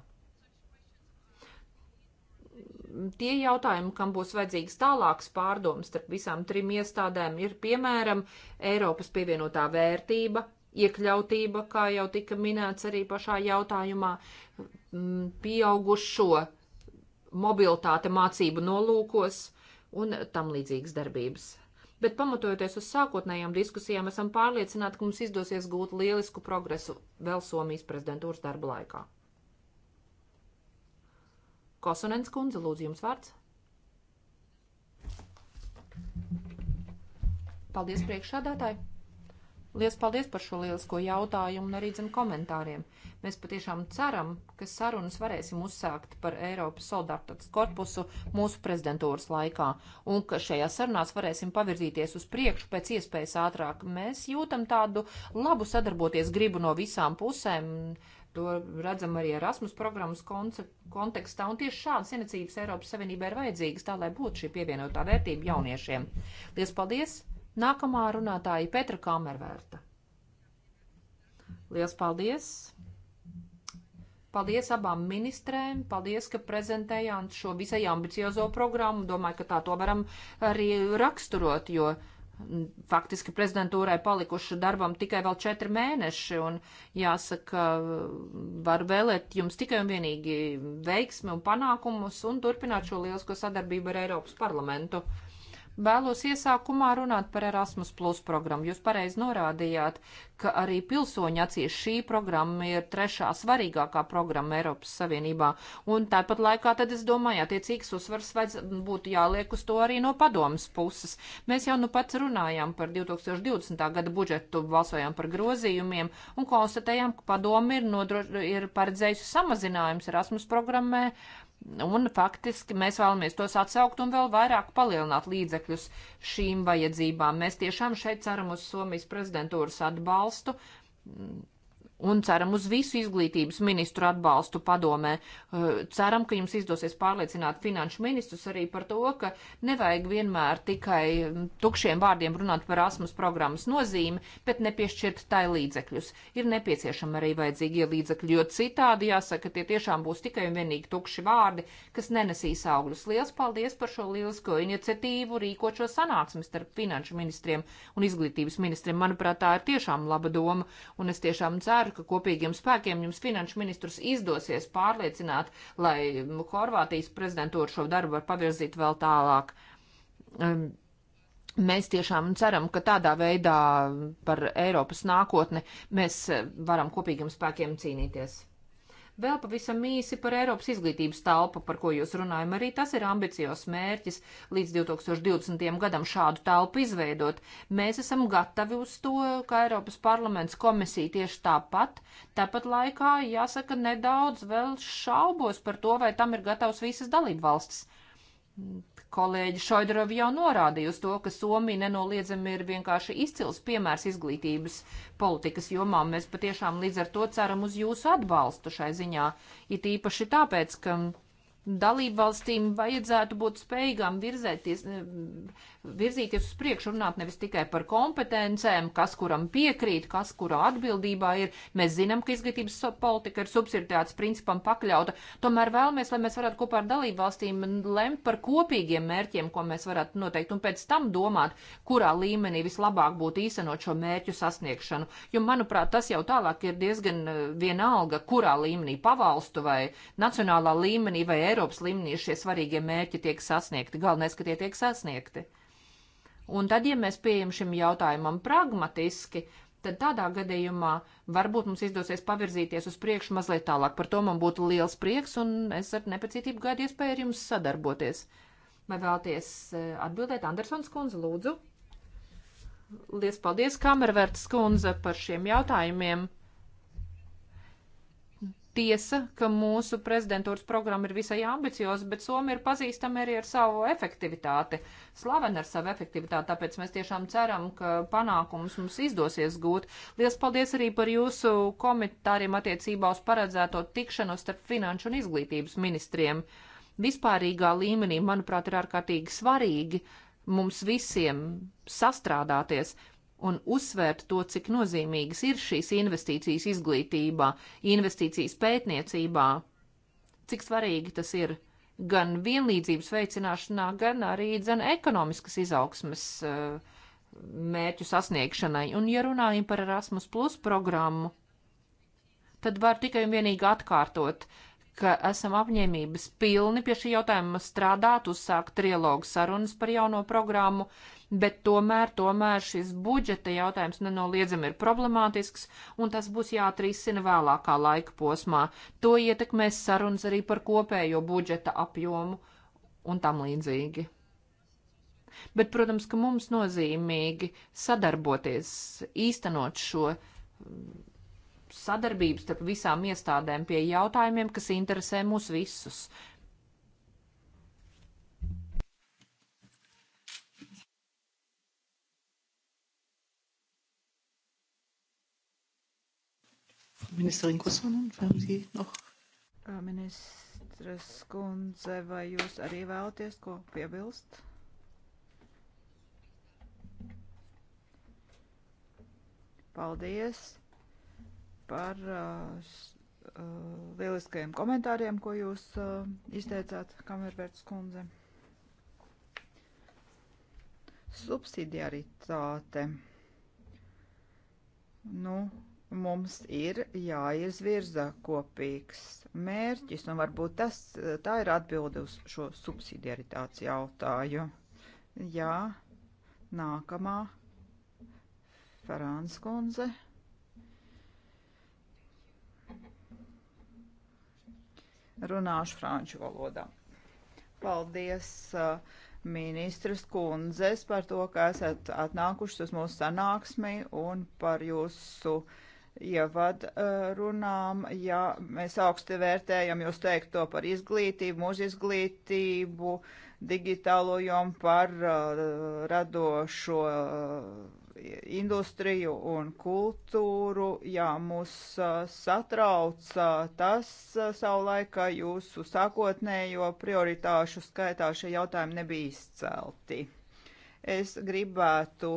tie jautājumi, kam būs vajadzīgs tālāks pārdoms starp visām trim iestādēm, ir piemēram Eiropas pievienotā vērtība, iekļautība, kā jau tika minēts arī pašā jautājumā, pieaugušo mobilitāte mācību nolūkos un tam līdzīgas darbības bet pamatojoties uz sākotnējām diskusijām, esam pārliecināti, ka mums izdosies gūt lielisku progresu vēl Somijas prezidentūras darba laikā. Kosonens kundze, lūdzu jums vārds. Paldies priekšādātāji! Lielas paldies par šo lielisko jautājumu un arī dzim komentāriem. Mēs patiešām ceram, ka sarunas varēsim uzsākt par Eiropas solidaritātes korpusu mūsu prezidentūras laikā un ka šajā sarunās varēsim pavirzīties uz priekšu pēc iespējas ātrāk. Mēs jūtam tādu labu sadarboties gribu no visām pusēm To redzam arī Erasmus programmas kontekstā, un tieši šādas inicijas Eiropas Savienībā ir vajadzīgas, tā lai būtu šī pievienotā vērtība jauniešiem. Lies paldies! Nākamā runātāja Petra Kamervērta. Liels paldies! Paldies abām ministrēm, paldies, ka prezentējāt šo visai ambiciozo programmu. Domāju, ka tā to varam arī raksturot, jo Faktiski prezidentūrai palikuši darbam tikai vēl četri mēneši, un jāsaka, var vēlēt jums tikai un vienīgi veiksmi un panākumus un turpināt šo lielisko sadarbību ar Eiropas parlamentu. Vēlos iesākumā runāt par Erasmus Plus programmu. Jūs pareizi norādījāt, ka arī pilsoņu acīs šī programma ir trešā svarīgākā programma Eiropas Savienībā. Un tāpat laikā tad es domāju, attiecīgs uzsvars vajadz būtu jāliek uz to arī no padomas puses. Mēs jau nu pats runājām par 2020. gada budžetu, balsojām par grozījumiem un konstatējām, ka padomi ir, nodrož, ir paredzējusi samazinājums Erasmus programmai Un faktiski mēs vēlamies tos atsaukt un vēl vairāk palielināt līdzekļus šīm vajadzībām. Mēs tiešām šeit ceram uz Somijas prezidentūras atbalstu un ceram uz visu izglītības ministru atbalstu padomē. Eh, ceram, ka jums izdosies pārliecināt finanšu ministrus arī par to, ka nevajag vienmēr tikai mm, tukšiem vārdiem runāt par Asmus programmas nozīmi, bet nepiešķirt tai līdzekļus. Ir nepieciešama arī vajadzīgie līdzekļi, jo citādi jāsaka, tie tiešām būs tikai un vienīgi tukši vārdi, kas nenesīs augļus. Liels paldies par šo lielisko iniciatīvu rīkot šo sanāksmi starp finanšu ministriem un izglītības ministriem. Manuprāt, tā ir tiešām laba doma, un es tiešām ceru, ceru, ka kopīgiem spēkiem jums finanšu ministrus izdosies pārliecināt, lai Horvātijas prezidentūra šo darbu var pavirzīt vēl tālāk. Mēs tiešām ceram, ka tādā veidā par Eiropas nākotni mēs eh, varam kopīgiem spēkiem cīnīties. Vēl pavisam īsi par Eiropas izglītības telpu, par ko jūs runājam. Arī tas ir ambiciozs mērķis līdz 2020. gadam šādu telpu izveidot. Mēs esam gatavi uz to, ka Eiropas parlaments komisija tieši tāpat. Tāpat laikā, jāsaka, nedaudz vēl šaubos par to, vai tam ir gatavs visas dalību valstis. Kolēģi Šoidrovi jau norādīja uz to, ka Somija nenoliedzami ir vienkārši izcils piemērs izglītības politikas jomā. Mēs patiešām līdz ar to ceram uz jūsu atbalstu šai ziņā, it īpaši tāpēc, ka dalībvalstīm vajadzētu būt spējīgām virzēties, virzīties uz priekšu, runāt nevis tikai par kompetencēm, kas kuram piekrīt, kas kurā atbildībā ir. Mēs zinām, ka izglītības politika ir subsidiāts principam pakļauta, tomēr vēlamies, lai mēs varētu kopā ar dalību valstīm lemt par kopīgiem mērķiem, ko mēs varētu noteikt, un pēc tam domāt, kurā līmenī vislabāk būtu īstenot šo mērķu sasniegšanu. Jo, manuprāt, tas jau tālāk ir diezgan eh, vienalga, kurā līmenī pavalstu vai nacionālā līmenī vai Eiropas līmenī šie svarīgie mērķi tiek sasniegti. Galvenais, ka tie tiek sasniegti. Un tad, ja mēs pieejam šim jautājumam pragmatiski, tad tādā gadījumā varbūt mums izdosies pavirzīties uz priekšu mazliet tālāk. Par to man būtu liels prieks, un es ar nepacietību gaidu iespēju ar jums sadarboties. Vai vēlties eh, atbildēt, Andersons kundze, lūdzu? Lies paldies, Kamervērts kundze, par šiem jautājumiem. Tiesa, ka mūsu prezidentūras programma ir visai ambicioza, bet Somija ir pazīstama arī ar savu efektivitāti, slavena ar savu efektivitāti, tāpēc mēs tiešām ceram, ka panākums mums izdosies gūt. Lielas paldies arī par jūsu komentāriem attiecībā uz paredzēto tikšanos starp finanšu un izglītības ministriem. Vispārīgā līmenī, manuprāt, ir ārkārtīgi svarīgi mums visiem sastrādāties, un uzsvērt to, cik nozīmīgas ir šīs investīcijas izglītībā, investīcijas pētniecībā, cik svarīgi tas ir gan vienlīdzības veicināšanā, gan arī dzen ekonomiskas izaugsmas eh, mērķu sasniegšanai. Un, ja runājam par Erasmus Plus programmu, tad var tikai un vienīgi atkārtot uh, ka esam apņēmības pilni pie šī jautājuma strādāt, uzsākt trilogu sarunas par jauno programmu, bet tomēr, tomēr šis budžeta jautājums nenoliedzami ir problemātisks, un tas būs jāatrisina vēlākā laika posmā. To ietekmēs sarunas arī par kopējo budžeta apjomu un tam līdzīgi. Bet, protams, ka mums nozīmīgi sadarboties, īstenot šo sadarbības starp visām iestādēm pie jautājumiem, kas interesē mūs visus.
Ministerin
Kusmanen, haben Sie noch? Ministres kundze, vai jūs arī vēlaties ko piebilst? Paldies! par uh, uh, lieliskajiem komentāriem, ko jūs uh, izteicāt, Kamervērts kundze. Subsidiaritāte. Nu, mums ir jāizvirza kopīgs mērķis, un varbūt tas, tā ir atbilde uz šo subsidiaritātes jautāju. Jā, nākamā Ferāns kundze. runāšu franču valodā. Paldies, uh, ministras kundzes, par to, ka esat atnākušas uz mūsu sanāksmi un par jūsu ievad uh, runām. Ja mēs augsti vērtējam jūs teikt to par izglītību, mūsu izglītību, digitālo jomu par uh, radošo industriju un kultūru. Jā, mūs satrauc tas savulaik, ka jūsu sākotnējo prioritāšu skaitā šie jautājumi nebija izcelti. Es gribētu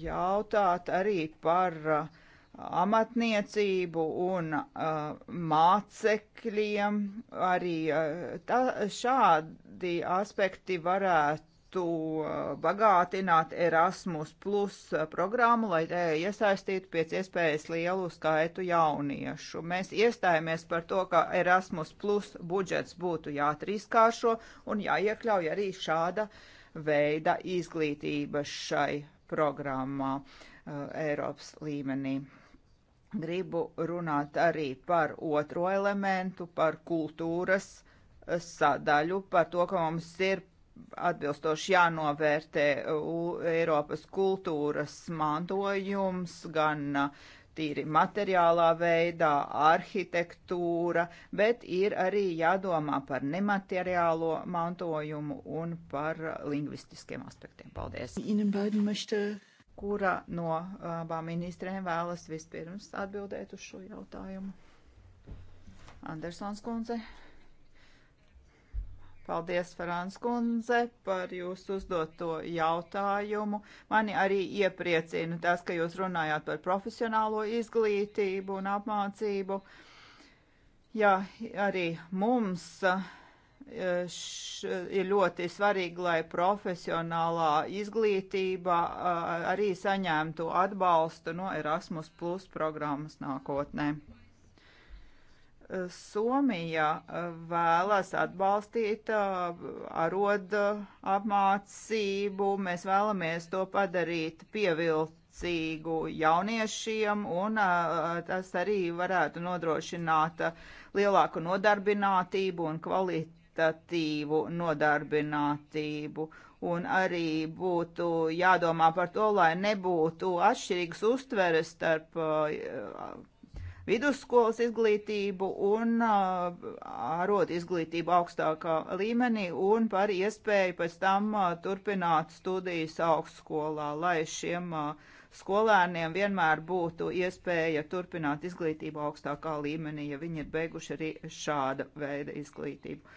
jautāt arī par amatniecību un uh, mācekļiem. Arī uh, tā, šādi aspekti varētu varētu uh, bagātināt Erasmus Plus uh, programmu, lai te uh, iesaistītu pēc iespējas lielu skaitu jauniešu. Mēs iestājāmies par to, ka Erasmus Plus budžets būtu jātrīskāršo un jāiekļauj arī šāda veida izglītība šai programmā uh, Eiropas līmenī. Gribu runāt arī par otro elementu, par kultūras sadaļu, par to, ka mums ir atbilstoši jānovērtē Eiropas kultūras mantojums, gan tīri materiālā veidā, arhitektūra, bet ir arī jādomā par nemateriālo mantojumu un par lingvistiskiem aspektiem. Paldies! Kura no abām ministrēm vēlas vispirms atbildēt uz šo jautājumu? Andersons kundze. Paldies, Frāns Kundze, par jūsu uzdoto jautājumu. Mani arī iepriecina tas, ka jūs runājāt par profesionālo izglītību un apmācību. Jā, arī mums eh, š, ir ļoti svarīgi, lai profesionālā izglītība eh, arī saņemtu atbalstu no Erasmus Plus programmas nākotnē. Somija eh, vēlas atbalstīt eh, arodu apmācību. Mēs vēlamies to padarīt pievilcīgu jauniešiem, un eh, tas arī varētu nodrošināt lielāku nodarbinātību un kvalitatīvu nodarbinātību. Un arī būtu jādomā par to, lai nebūtu atšķirīgas uztveres starp vidusskolas izglītību un ārot izglītību augstākā līmenī un par iespēju pēc tam turpināt studijas augstskolā, lai šiem skolēniem vienmēr būtu iespēja turpināt izglītību augstākā līmenī, ja viņi ir beiguši arī šāda veida izglītību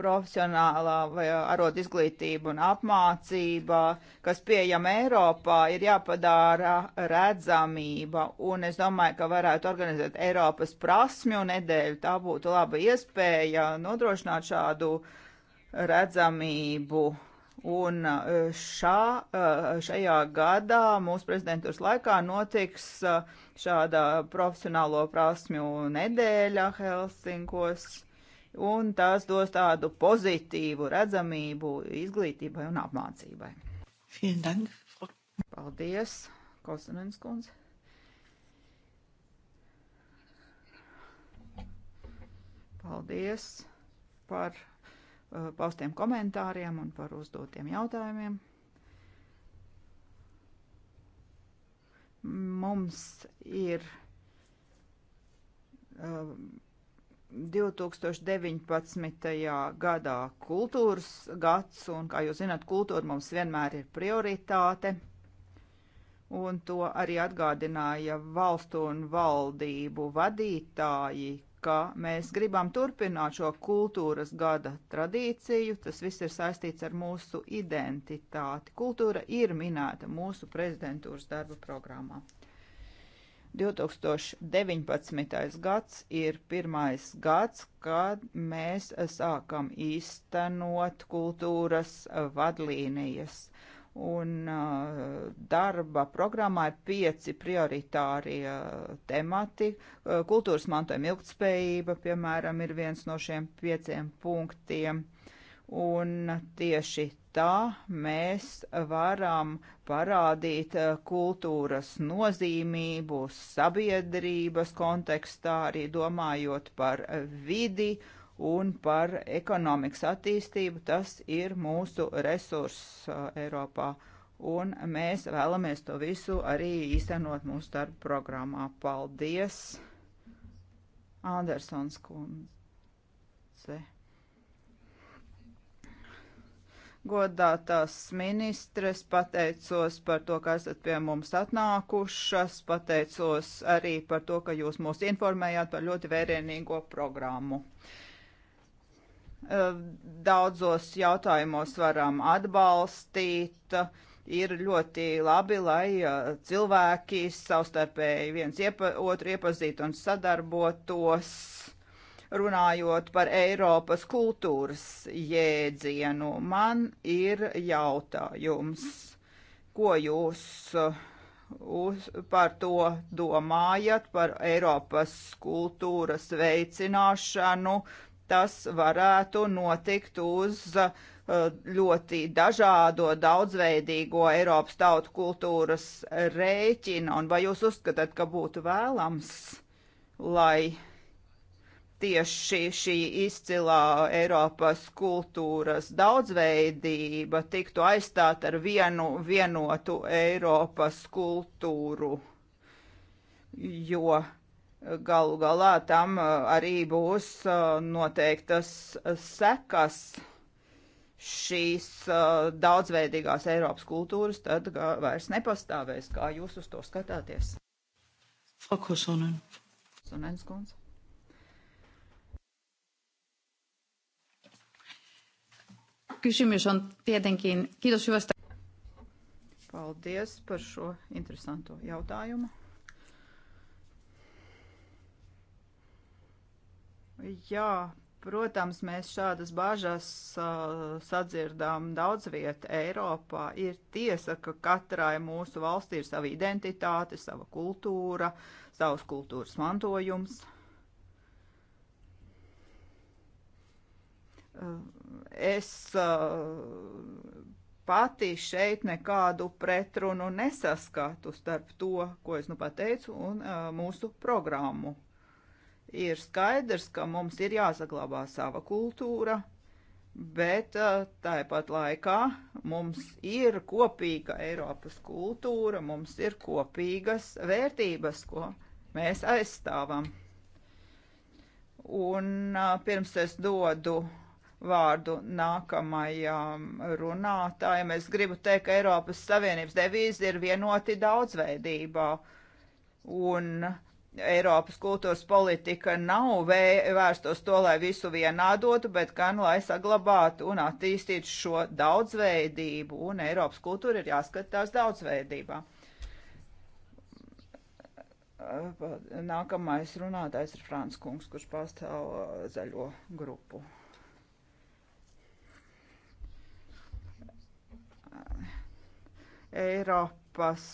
profesionālā vai arot izglītība un apmācība, kas pieejama Eiropā, ir jāpadara redzamība. Un es domāju, ka varētu organizēt Eiropas prasmju nedēļu. Tā būtu laba iespēja nodrošināt šādu redzamību. Un eh, šā, eh, šajā gadā mūsu prezidentūras laikā notiks eh, šāda profesionālo prasmju nedēļa Helsinkos un tās dos tādu pozitīvu redzamību izglītībai un apmācībai. Paldies, Kostanens kundze. Paldies par uh, paustiem komentāriem un par uzdotiem jautājumiem. Mums ir um, 2019. gadā kultūras gads, un, kā jūs zināt, kultūra mums vienmēr ir prioritāte, un to arī atgādināja valstu un valdību vadītāji, ka mēs gribam turpināt šo kultūras gada tradīciju, tas viss ir saistīts ar mūsu identitāti. Kultūra ir minēta mūsu prezidentūras darba programmā. 2019. gads ir pirmais gads, kad mēs sākam īstenot kultūras vadlīnijas. Un uh, darba programmā ir pieci prioritārie uh, temati. Uh, kultūras mantojuma ilgtspējība, piemēram, ir viens no šiem pieciem punktiem. Un tieši tā mēs varam parādīt eh, kultūras nozīmību sabiedrības kontekstā, arī domājot par vidi un par ekonomikas attīstību. Tas ir mūsu resurss eh, Eiropā, un mēs vēlamies to visu arī īstenot mūsu darba programmā. Paldies, Andersons kundze! Godātās ministres, pateicos par to, ka esat pie mums atnākušas, pateicos arī par to, ka jūs mūs informējāt par ļoti vērienīgo programmu. Eh, daudzos jautājumos varam atbalstīt. Ir ļoti labi, lai eh, cilvēki savstarpēji viens iepa otru iepazītu un sadarbotos runājot par Eiropas kultūras jēdzienu, man ir jautājums, ko jūs uh, uz, par to domājat, par Eiropas kultūras veicināšanu. Tas varētu notikt uz uh, ļoti dažādo, daudzveidīgo Eiropas tautu kultūras rēķina, un vai jūs uzskatāt, ka būtu vēlams, lai tieši šī izcilā Eiropas kultūras daudzveidība tiktu aizstāta ar vienu vienotu Eiropas kultūru, jo galu galā tam uh, arī būs uh, noteiktas sekas šīs uh, daudzveidīgās Eiropas kultūras, tad vairs nepastāvēs. Kā jūs uz to skatāties? Frau Kosonen. Sonenskundze. kysymys on tietenkin, kiitos hyvästä. Paldies par šo interesanto jautājumu. Jā, protams, mēs šādas bažas uh, sadzirdām daudz viet Eiropā. Ir tiesa, ka katrai mūsu valstī ir sava identitāte, sava kultūra, savs kultūras mantojums. Uh, es uh, pati šeit nekādu pretrunu nesaskatu starp to, ko es nu pateicu, un uh, mūsu programmu. Ir skaidrs, ka mums ir jāsaglabā sava kultūra, bet uh, tāpat laikā mums ir kopīga Eiropas kultūra, mums ir kopīgas vērtības, ko mēs aizstāvam. Un pirms es dodu uh, vārdu nākamajam runātājam. Es gribu teikt, ka Eiropas Savienības devīze ir vienoti daudzveidībā. Un Eiropas kultūras politika nav vērsta uz to, lai visu vienādotu, bet gan lai saglabātu un attīstītu šo daudzveidību. Un Eiropas kultūra ir jāskatās daudzveidībā. Nākamais runātājs ir Frāns Kungs, kurš pārstāv zaļo grupu. Eiropas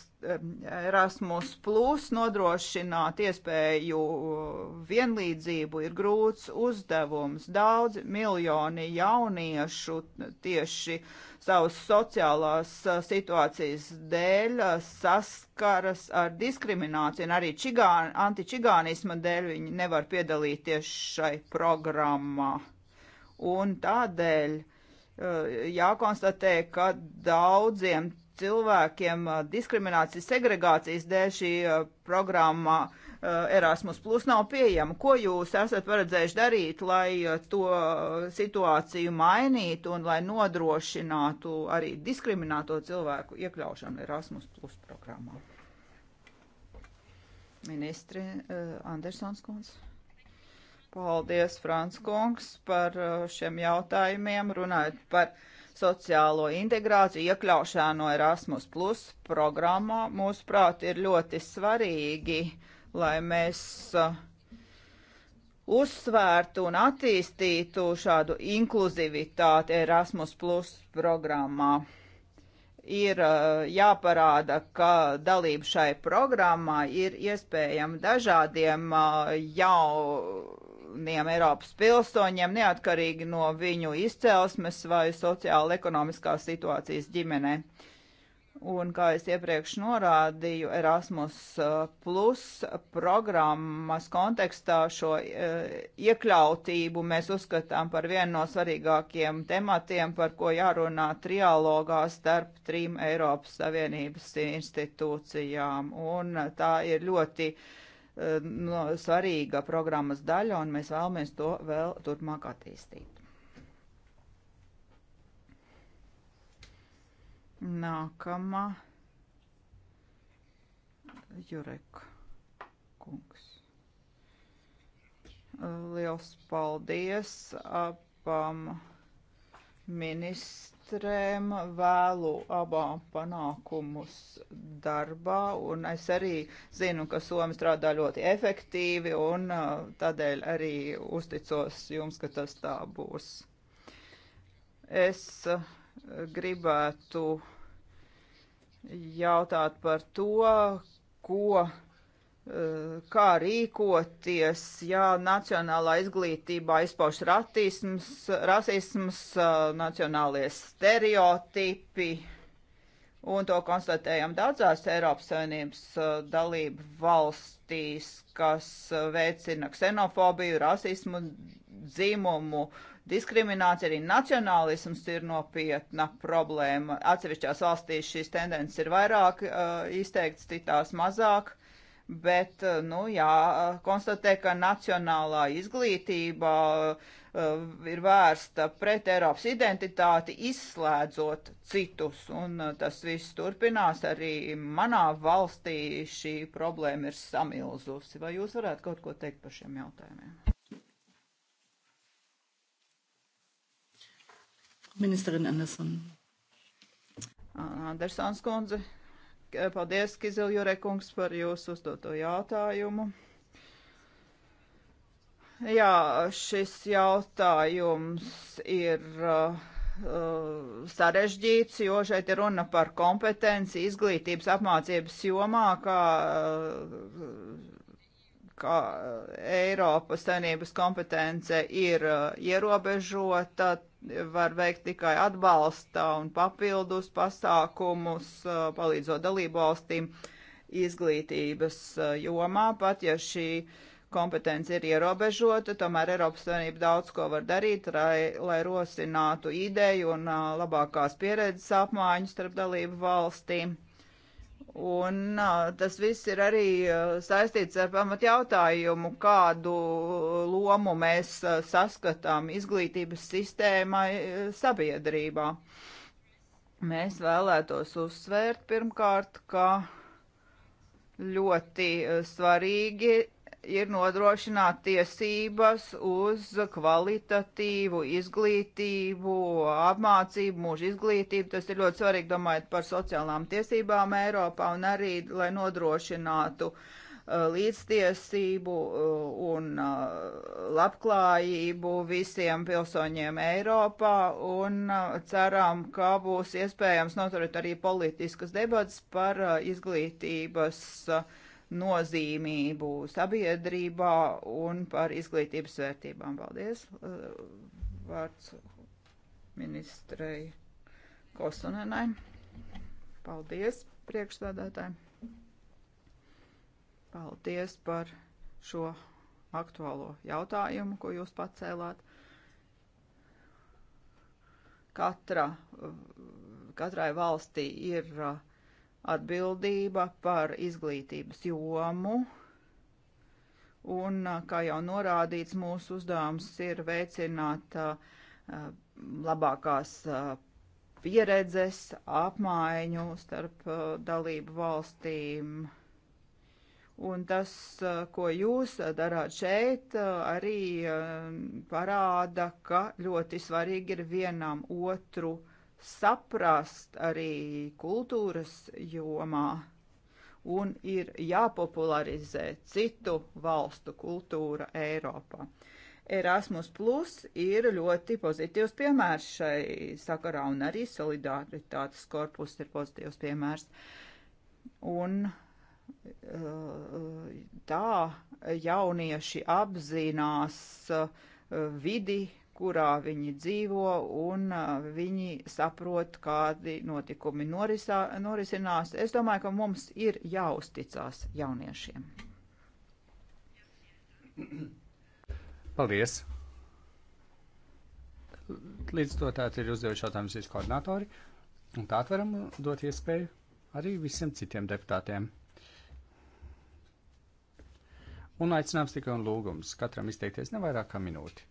Erasmus Plus nodrošināt iespēju vienlīdzību ir grūts uzdevums. Daudz miljoni jauniešu tieši savas sociālās situācijas dēļ saskaras ar diskrimināciju, un arī čigāni, antičigānisma dēļ viņi nevar piedalīties šai programmā. Un tādēļ Eh, jākonstatē, ka daudziem cilvēkiem eh, diskriminācijas, segregācijas dēļ šī eh, programma Erasmus Plus nav pieejama. Ko jūs esat paredzējuši darīt, lai to situāciju mainītu un lai nodrošinātu arī diskrimināto cilvēku iekļaušanu Erasmus Plus programmā? Ministri Andersons kundze. Paldies, Frans Kungs, par uh, šiem jautājumiem, runājot par sociālo integrāciju, iekļaušanu no Erasmus Plus programmā. Mūsuprāt, ir ļoti svarīgi, lai mēs uh, uzsvērtu un attīstītu šādu inkluzivitāti Erasmus Plus programmā. Ir uh, jāparāda, ka dalība šai programmā ir iespējama dažādiem jau miljoniem Eiropas pilsoņiem, neatkarīgi no viņu izcelsmes vai sociāla ekonomiskās situācijas ģimenē. Un, kā es iepriekš norādīju, Erasmus uh, Plus programmas kontekstā šo uh, iekļautību mēs uzskatām par vienu no svarīgākiem tematiem, par ko jārunā trialogā starp trim Eiropas Savienības institūcijām. Un uh, tā ir ļoti uh, Eh, no, svarīga programmas daļa, un mēs vēlamies to vēl turpmāk attīstīt. Nākamā Jurek kungs. Liels paldies apam ministru ministrēm vēlu abām panākumus darbā, un es arī zinu, ka Somi strādā ļoti efektīvi, un uh, tādēļ arī uzticos jums, ka tas tā būs. Es uh, gribētu jautāt par to, ko Eh, kā rīkoties, ja nacionālā izglītībā izpauž ratisms, rasisms, eh, nacionālie stereotipi, un to konstatējam daudzās Eiropas Savienības eh, dalību valstīs, kas veicina ksenofobiju, rasismu, dzimumu, diskriminācija, arī nacionālisms ir nopietna problēma. Atsevišķās valstīs šīs tendences ir vairāk uh, izteikts, citās mazāk bet, eh, nu, jā, eh, konstatē, ka nacionālā izglītība eh, ir vērsta pret Eiropas identitāti, izslēdzot citus, un tas viss turpinās arī manā valstī šī problēma ir samilzusi. Vai jūs varētu kaut ko teikt par šiem jautājumiem?
Ministerin Anderson.
Andersons kundze. Paldies, Kizeljurekungs, par jūsu uzdoto jautājumu. Jā, šis jautājums ir uh, sarežģīts, jo šeit ir runa par kompetenci izglītības apmācības jomā, kā, kā Eiropas saimnības kompetence ir ierobežota, var veikt tikai atbalsta un papildus pasākumus, palīdzot dalību valstīm izglītības jomā, pat ja šī kompetence ir ierobežota, tomēr Eiropas Savienība daudz ko var darīt, lai, lai rosinātu ideju un labākās pieredzes apmaiņu starp dalību valstīm. Un tas viss ir arī saistīts ar pamatjautājumu, kādu lomu mēs saskatām izglītības sistēmai sabiedrībā. Mēs vēlētos uzsvērt pirmkārt, ka ļoti svarīgi ir nodrošināt tiesības uz kvalitatīvu izglītību, apmācību, mūža izglītību. Tas ir ļoti svarīgi domājot par sociālām tiesībām Eiropā un arī, lai nodrošinātu uh, līdztiesību uh, un uh, labklājību visiem pilsoņiem Eiropā un uh, ceram, ka būs iespējams noturēt arī politiskas debatas par izglītības uh, nozīmību sabiedrībā un par izglītības vērtībām. Paldies! Eh, vārds ministrei Kostunenai. Paldies priekšstādātājiem! Paldies par šo aktuālo jautājumu, ko jūs pacēlāt. Katra, eh, katrai valstī ir uh, atbildība par izglītības jomu. Un, kā jau norādīts, mūsu uzdevums ir veicināt labākās pieredzes apmaiņu starp dalību valstīm. Un tas, ko jūs darāt šeit, arī parāda, ka ļoti svarīgi ir vienam otru saprast arī kultūras jomā un ir jāpopularizē citu valstu kultūra Eiropā. Erasmus Plus ir ļoti pozitīvs piemērs šai sakarā, un arī solidaritātes korpus ir pozitīvs piemērs. Un uh, tā jaunieši apzinās uh, vidi, kurā viņi dzīvo, un viņi saprot, kādi notikumi norisā, norisinās. Es domāju, ka mums ir jāuzticās jauniešiem.
Paldies! Līdz to tātad ir uzdevuši jautājumus visi koordinatori, un tā varam dot iespēju arī visiem citiem deputātiem. Un aicinājums tikai un lūgums katram izteikties nevairāk kā minūti.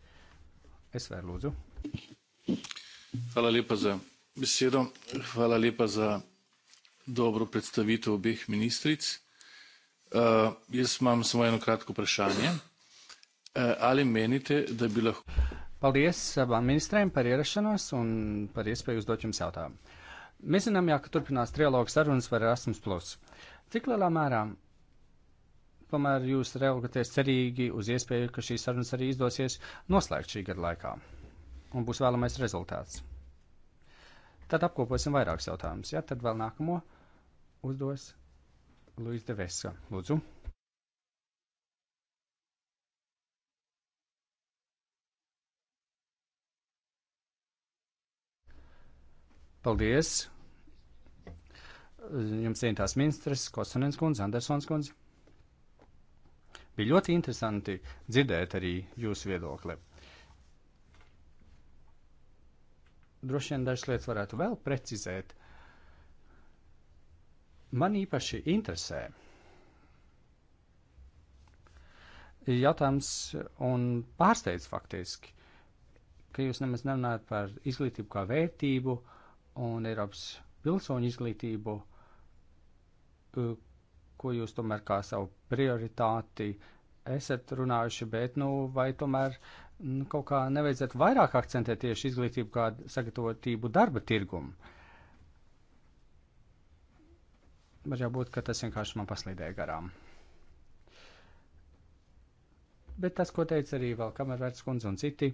SVR, lūdzu.
Hvala lepa za besedo.
Hvala lepa za dobro predstavitev obeh ministric. Uh, jaz imam samo eno kratko vprašanje. Uh, ali menite, da bi lahko. Paldies abām ministrēm par ierašanos un par iespēju uzdot jums jautājumu. Mēs zinām, jā, ka turpinās trialogu sarunas par Erasmus. Cik lielā mērā Tomēr jūs raugaties cerīgi uz iespēju, ka šīs sarunas arī izdosies noslēgt šī gada laikā un būs vēlamais rezultāts. Tad apkoposim vairākus jautājumus. Ja? Tad vēl nākamo uzdos Luis de Vesa. Lūdzu. Paldies! Jums cienītās ministres Kosonens kundze, Andersons kundze. Bija ļoti interesanti dzirdēt arī jūsu viedokli. Droši vien dažas lietas varētu vēl precizēt. Man īpaši interesē jautājums un pārsteidz faktiski, ka jūs nemaz nerunājat par izglītību kā vērtību un Eiropas pilsoņu izglītību, ko jūs tomēr kā savu prioritāti esat runājuši, bet, nu, vai tomēr nu, kaut kā nevajadzētu vairāk akcentēt tieši izglītību kā sagatavotību darba tirgumu? Var jau būt, ka tas vienkārši man paslīdēja garām. Bet tas, ko teica arī vēl kamervērts kundze un citi,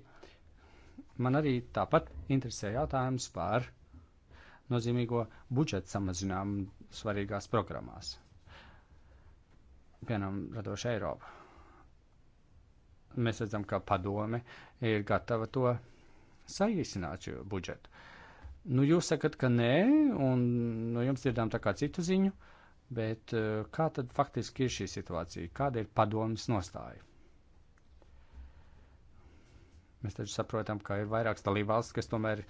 man arī tāpat interesē jautājums par nozīmīgo budžeta samazinājumu svarīgās programmās piemēram, radoša Eiropa. Mēs redzam, ka padome ir gatava to saīsināt šo budžetu. Nu, jūs sakat, ka nē, un no nu, jums dzirdām tā kā citu ziņu, bet eh, kā tad faktiski ir šī situācija? Kāda ir padomas nostāja? Mēs taču saprotam, ka ir vairākas dalībvalstis, kas tomēr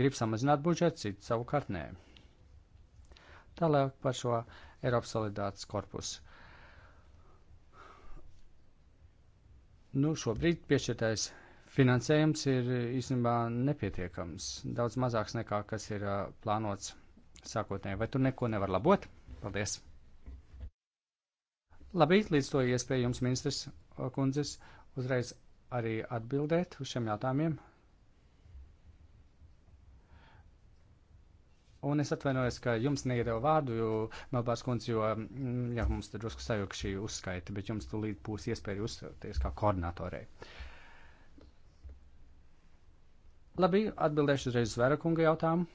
grib samazināt budžetu, citu savukārt nē. Tālāk par šo Eiropas solidātas korpusu. Nu, šobrīd piešķirtais finansējums ir eh, īstenībā nepietiekams, daudz mazāks nekā kas ir eh, plānots sākotnēji. Vai tur neko nevar labot? Paldies! Labi, līdz to iespēju jums, ministrs eh, kundzes, uzreiz arī atbildēt uz šiem jautājumiem. Un es atvainojos, ka jums neiedevu vārdu, jo, Melbārs kundze, jo, mm, jā, mums te drusku sajūg šī uzskaita, bet jums tūlīt būs iespēja uzstāties kā koordinatorei. Labi, atbildēšu uzreiz uz Vera kunga jautājumu.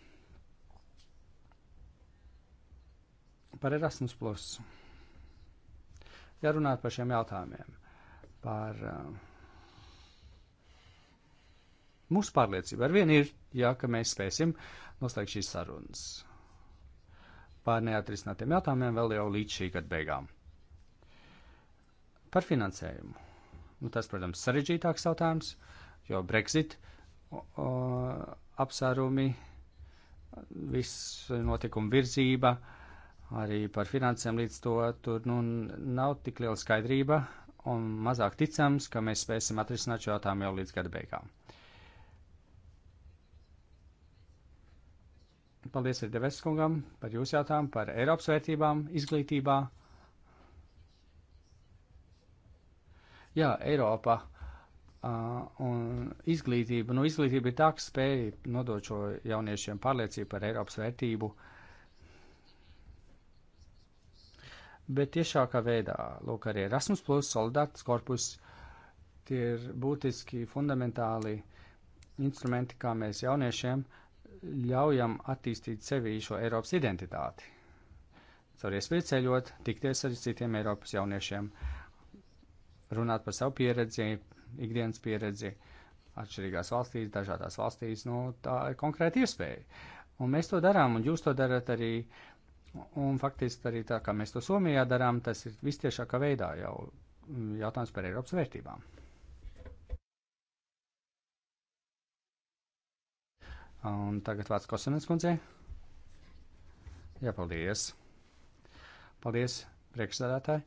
Par Erasmus. Plus. Ja runāt par šiem jautājumiem, par uh, Mūsu pārliecība ar vienu ir, jā, ka mēs spēsim noslēgt šīs sarunas. Pār neatrisinātiem jautājumiem vēl jau līdz šī gada beigām. Par finansējumu. Nu, tas, protams, sarežģītāks jautājums, jo Brexit o, o, apsārumi, viss notikuma virzība, arī par finansēm līdz to tur nu, nav tik liela skaidrība un mazāk ticams, ka mēs spēsim atrisināt šo jautājumu jau līdz gada beigām. Paldies arī Deveskungam par jūsu jautājumu par Eiropas vērtībām, izglītībā. Jā, Eiropa uh, un izglītība. Nu, izglītība ir tā, kas spēja nodot šo jauniešiem pārliecību par Eiropas vērtību. Bet tiešākā veidā, lūk, arī Erasmus, Solidaritātes korpus, tie ir būtiski, fundamentāli instrumenti, kā mēs jauniešiem uh, ļaujam attīstīt sevī šo Eiropas identitāti. Caur iespēju ceļot, tikties ar citiem Eiropas jauniešiem, runāt par savu pieredzi, ikdienas pieredzi, atšķirīgās valstīs, dažādās valstīs, nu, tā ir konkrēta iespēja. Un mēs to darām, un jūs to darat arī, un faktiski arī tā, kā mēs to Somijā darām, tas ir vistiešākā veidā jau jautājums par Eiropas vērtībām. Un tagad vārds Kosenes kundzei. Jā, paldies. Paldies, priekšsēdētāji.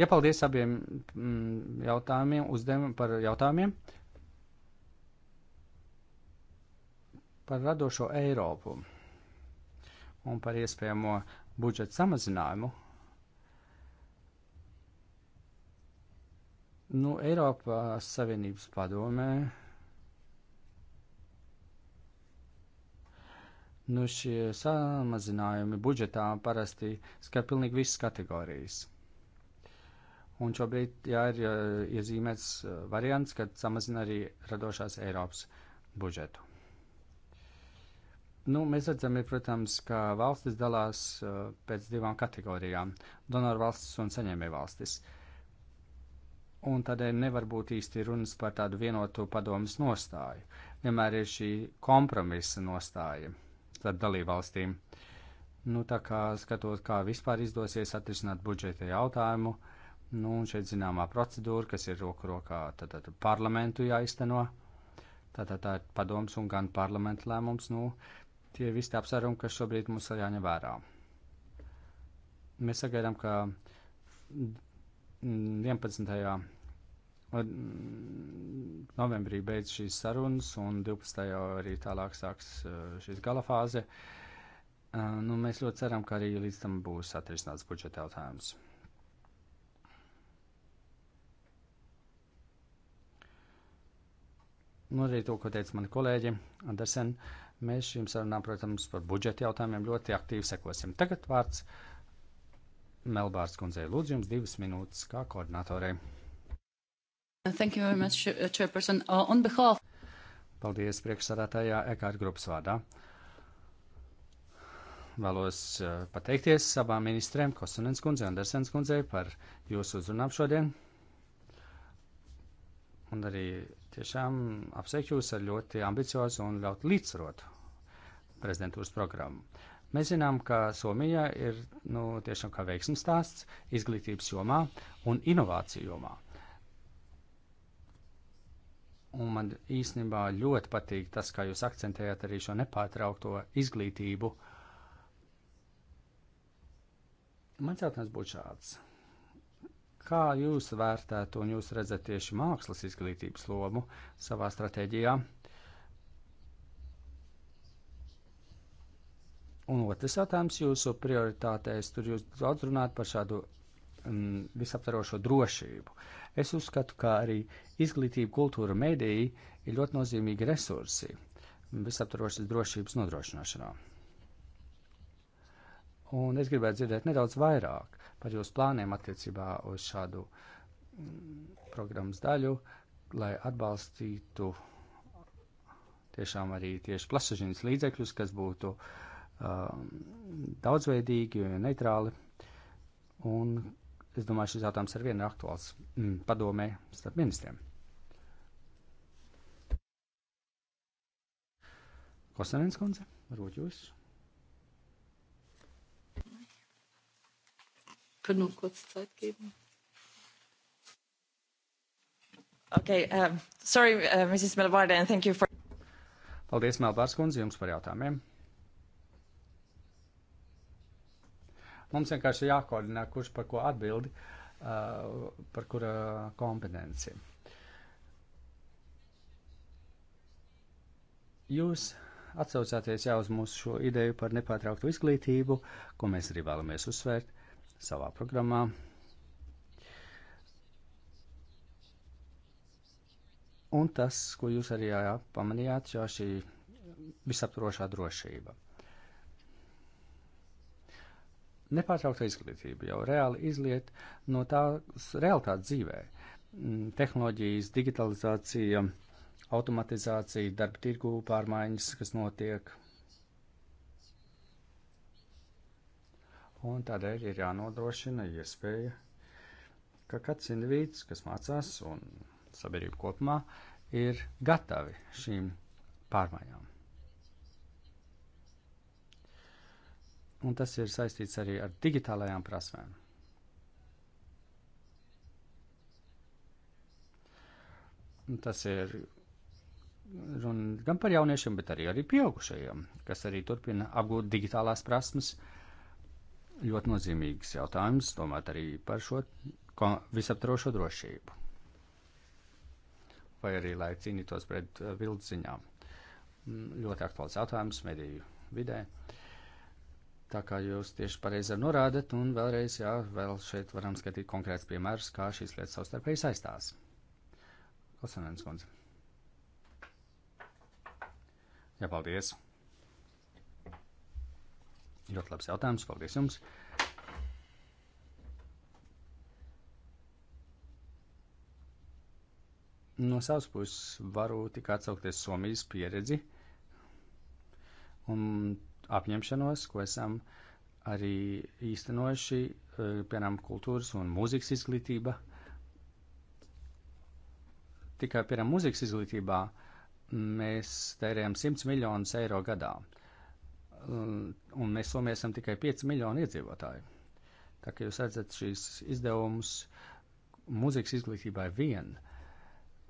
Jā, paldies abiem mm, jautājumiem, uzdevumiem par jautājumiem. Par radošo Eiropu un par iespējamo budžeta samazinājumu. Nu, Eiropas Savienības padomē Nu, šie samazinājumi budžetā parasti skar pilnīgi visas kategorijas. Un šobrīd jā, ir iezīmēts variants, kad samazina arī radošās Eiropas budžetu. Nu, mēs redzam, ir, protams, ka valstis dalās pēc divām kategorijām - donoru valstis un saņēmēju valstis. Un tādēļ nevar būt īsti runas par tādu vienotu padomus nostāju. Vienmēr ir šī kompromisa nostāja starp dalībvalstīm. Nu, tā kā skatot, kā vispār izdosies atrisināt budžeta jautājumu, nu, un šeit zināmā procedūra, kas ir roku rokā, tad, tad parlamentu jāizteno, tad, tad tā ir padoms un gan parlamentu lēmums, nu, tie visi apsvērumi, kas šobrīd mums ir jāņem vērā. Mēs sagaidām, ka 11. Mm, novembrī beidz šīs sarunas, un 12. arī tālāk sāks eh, šīs gala fāze. Eh, nu, mēs ļoti ceram, ka arī līdz tam būs atrisināts budžeta jautājums. Nu, arī to, ko teica mani kolēģi Andersen, mēs šīm sarunām, protams, par budžeta jautājumiem ļoti aktīvi sekosim. Tagad vārds Melbārs kundzei. Lūdzu, jums divas minūtes kā koordinatorei.
Uh, thank you very much, uh, Chairperson. Uh, on behalf.
Paldies priekšsādātājā EKR grupas vārdā. Vēlos uh, pateikties abām ministrēm, Kosunens kundzei un Dersens kundzei, par jūsu uzrunām šodien. Un arī tiešām apsveicu jūs ar ļoti ambiciozu un ļoti līdzsvarotu prezidentūras programmu. Mēs zinām, ka Somija ir nu, tiešām kā veiksmes stāsts izglītības jomā un inovāciju jomā. Un man īstenībā ļoti patīk tas, kā jūs akcentējat arī šo nepārtraukto izglītību. Mans jautājums būtu šāds. Kā jūs vērtētu un jūs redzat tieši mākslas izglītības lomu savā stratēģijā? Un otrs jautājums jūsu prioritātēs, tur jūs daudz runājat par šādu um, mm, visaptvarošo drošību. Uh, Es uzskatu, ka arī izglītība, kultūra, mediji ir ļoti nozīmīgi resursi visaptvarošas drošības nodrošināšanā. Un es gribētu dzirdēt nedaudz vairāk par jūsu plāniem attiecībā uz šādu mm, programmas daļu, lai atbalstītu tiešām arī tieši plašsaziņas līdzekļus, kas būtu um, daudzveidīgi, neitrāli, un Es domāju, šis jautājums ar vienu ir aktuāls mm, padomē starp ministriem. Kosanins kundze, varbūt jūs?
Können wir kurz Zeit geben? Okay, um, sorry, uh, Mrs. Melbarde, and thank you for...
Paldies, Melbārs kundze, jums par jautājumiem. Mums vienkārši jākoordinē, kurš par ko atbildi, uh, par kura kompetenci. Jūs atsaucāties jau uz mūsu šo ideju par nepārtrauktu izglītību, ko mēs arī vēlamies uzsvērt savā programmā, un tas, ko jūs arī jā, pamanījāt, jau šī visaptvarošā drošība nepārtraukta izglītība, jau reāli izliet no tās realitātes dzīvē. Mm, tehnoloģijas, digitalizācija, automatizācija, darba tirgū pārmaiņas, kas notiek. Un tādēļ ir jānodrošina iespēja, ka kāds indivīds, kas mācās un sabiedrība kopumā, ir gatavi šīm pārmaiņām. un tas ir saistīts arī ar digitālajām prasmēm. Tas ir runa gan par jauniešiem, bet arī, arī pieaugušajiem, kas arī turpina apgūt digitālās prasmes. Ļoti nozīmīgs jautājums, domāt arī par šo visaptrošo drošību. Vai arī, lai cīnītos pret uh, vilciņām. Mm, ļoti aktuāls jautājums mediju vidē. Uh, Tā kā jūs tieši pareizi norādat, un vēlreiz, jā, vēl šeit varam skatīt konkrēts piemērs, kā šīs lietas savstarpēji saistās. Kosanēns kundze. Jā, paldies. Ļoti labs jautājums, paldies jums. No savas puses varu tikai atsaukties Somijas pieredzi. Un apņemšanos, ko esam arī īstenojuši, eh, piemēram, kultūras un mūzikas izglītība. Tikai, piemēram, mūzikas izglītībā mēs tērējam 100 miljonus eiro gadā, un mēs Somijā esam tikai 5 miljoni iedzīvotāji. Tā kā jūs redzat šīs izdevumus mūzikas izglītībai vien,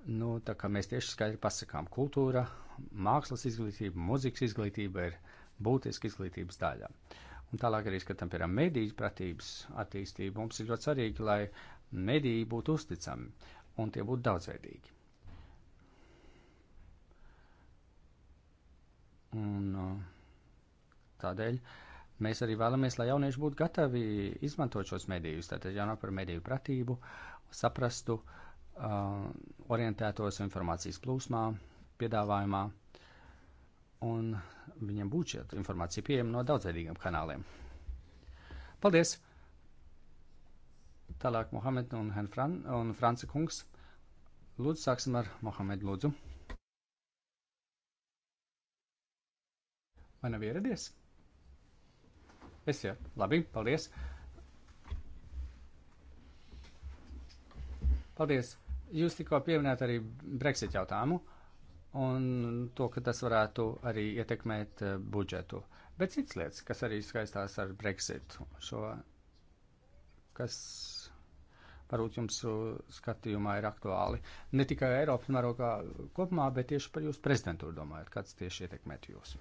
nu, tā kā mēs tieši skaidri pasakām, kultūra, mākslas izglītība, mūzikas izglītība ir būtiska izglītības daļa. Un tālāk arī skatām, piemēram, mediju pratības attīstību. Mums ir ļoti svarīgi, lai mediji būtu uzticami un tie būtu daudzveidīgi. Un uh, tādēļ mēs arī vēlamies, lai jaunieši būtu gatavi izmantot šos medijus. Tātad jau nav par mediju pratību, saprastu, uh, orientētos informācijas plūsmā, piedāvājumā un viņiem būtu šī informācija pieejama no daudzveidīgiem kanāliem. Paldies! Tālāk Mohamed un, Henfran, un Franci kungs. Lūdzu, sāksim ar Mohamedu Lūdzu. Vai nav ieradies? Es jau, labi, paldies. Paldies. Jūs tikko pieminējāt arī Brexit jautājumu un to, ka tas varētu arī ietekmēt eh, budžetu. Bet cits lietas, kas arī skaistās ar Brexitu, šo, kas varbūt jums eh, skatījumā ir aktuāli. Ne tikai Eiropas mērogā kopumā, bet tieši par jūsu prezidentūru domājot, kāds tieši ietekmētu jūs.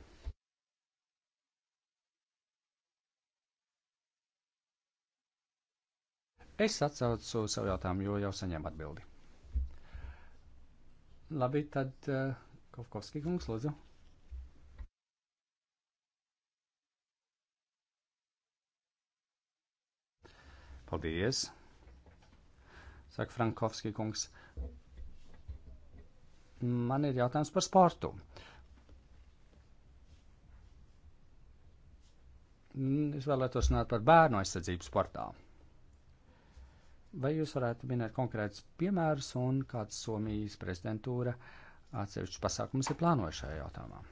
Es atsaucu savu jautājumu, jo jau saņēmu atbildi. Labi, tad uh, Kovkovski kungs, lūdzu. Paldies! Saka Frankovski kungs. Man ir jautājums par sportu. Mm, es vēlētos runāt par bērnu aizsardzību sportā. Vai jūs varētu minēt konkrētus piemērus un kāds Somijas prezidentūra atsevišķus pasākumus ir plānojuši šajā jautājumā?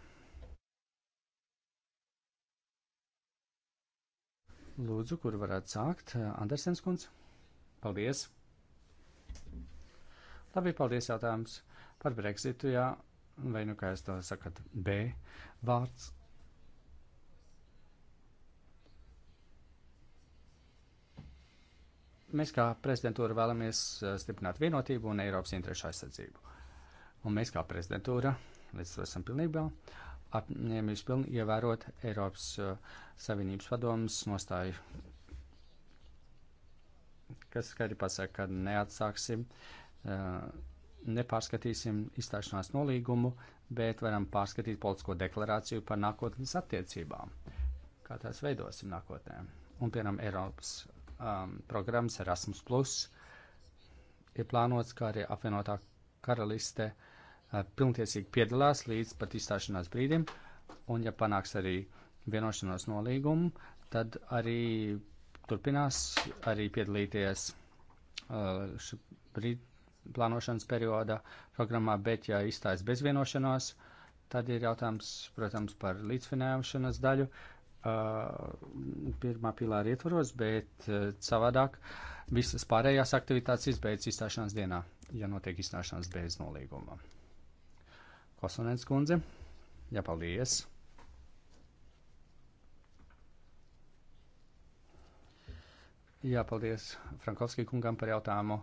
Lūdzu, kur varētu sākt? Andersens kundz. Paldies. Labi, paldies jautājums par Brexitu, jā. Vai nu kā jūs to sakat, B vārds. Mēs kā prezidentūra vēlamies eh, stiprināt vienotību un Eiropas interešu aizsardzību. Un mēs kā prezidentūra, līdz to esam pilnībā, apņēmies pilnībā ievērot Eiropas eh, Savienības padomas nostāju, kas skaidri pasaka, ka neatsāksim, eh, nepārskatīsim izstāšanās nolīgumu, bet varam pārskatīt politisko deklarāciju par nākotnes attiecībām, kā tās veidosim nākotnē. Un, piemēram, Eiropas um, programmas Erasmus. Plus. Ir plānots, ka arī apvienotā karaliste uh, pilntiesīgi piedalās līdz pat izstāšanās brīdim, un ja panāks arī vienošanos nolīgumu, tad arī turpinās arī piedalīties uh, šī brīd, plānošanas perioda programmā, bet ja izstājas bez vienošanās, tad ir jautājums, protams, par līdzfinēšanas daļu. Uh, Uh, pirmā pilāra ietvaros, bet uh, savādāk visas pārējās aktivitātes izbeidz izstāšanās dienā, ja notiek izstāšanās bez nolīguma. Kosonēns kundze, jāpaldies! Jā, paldies Frankovskij kungam par jautājumu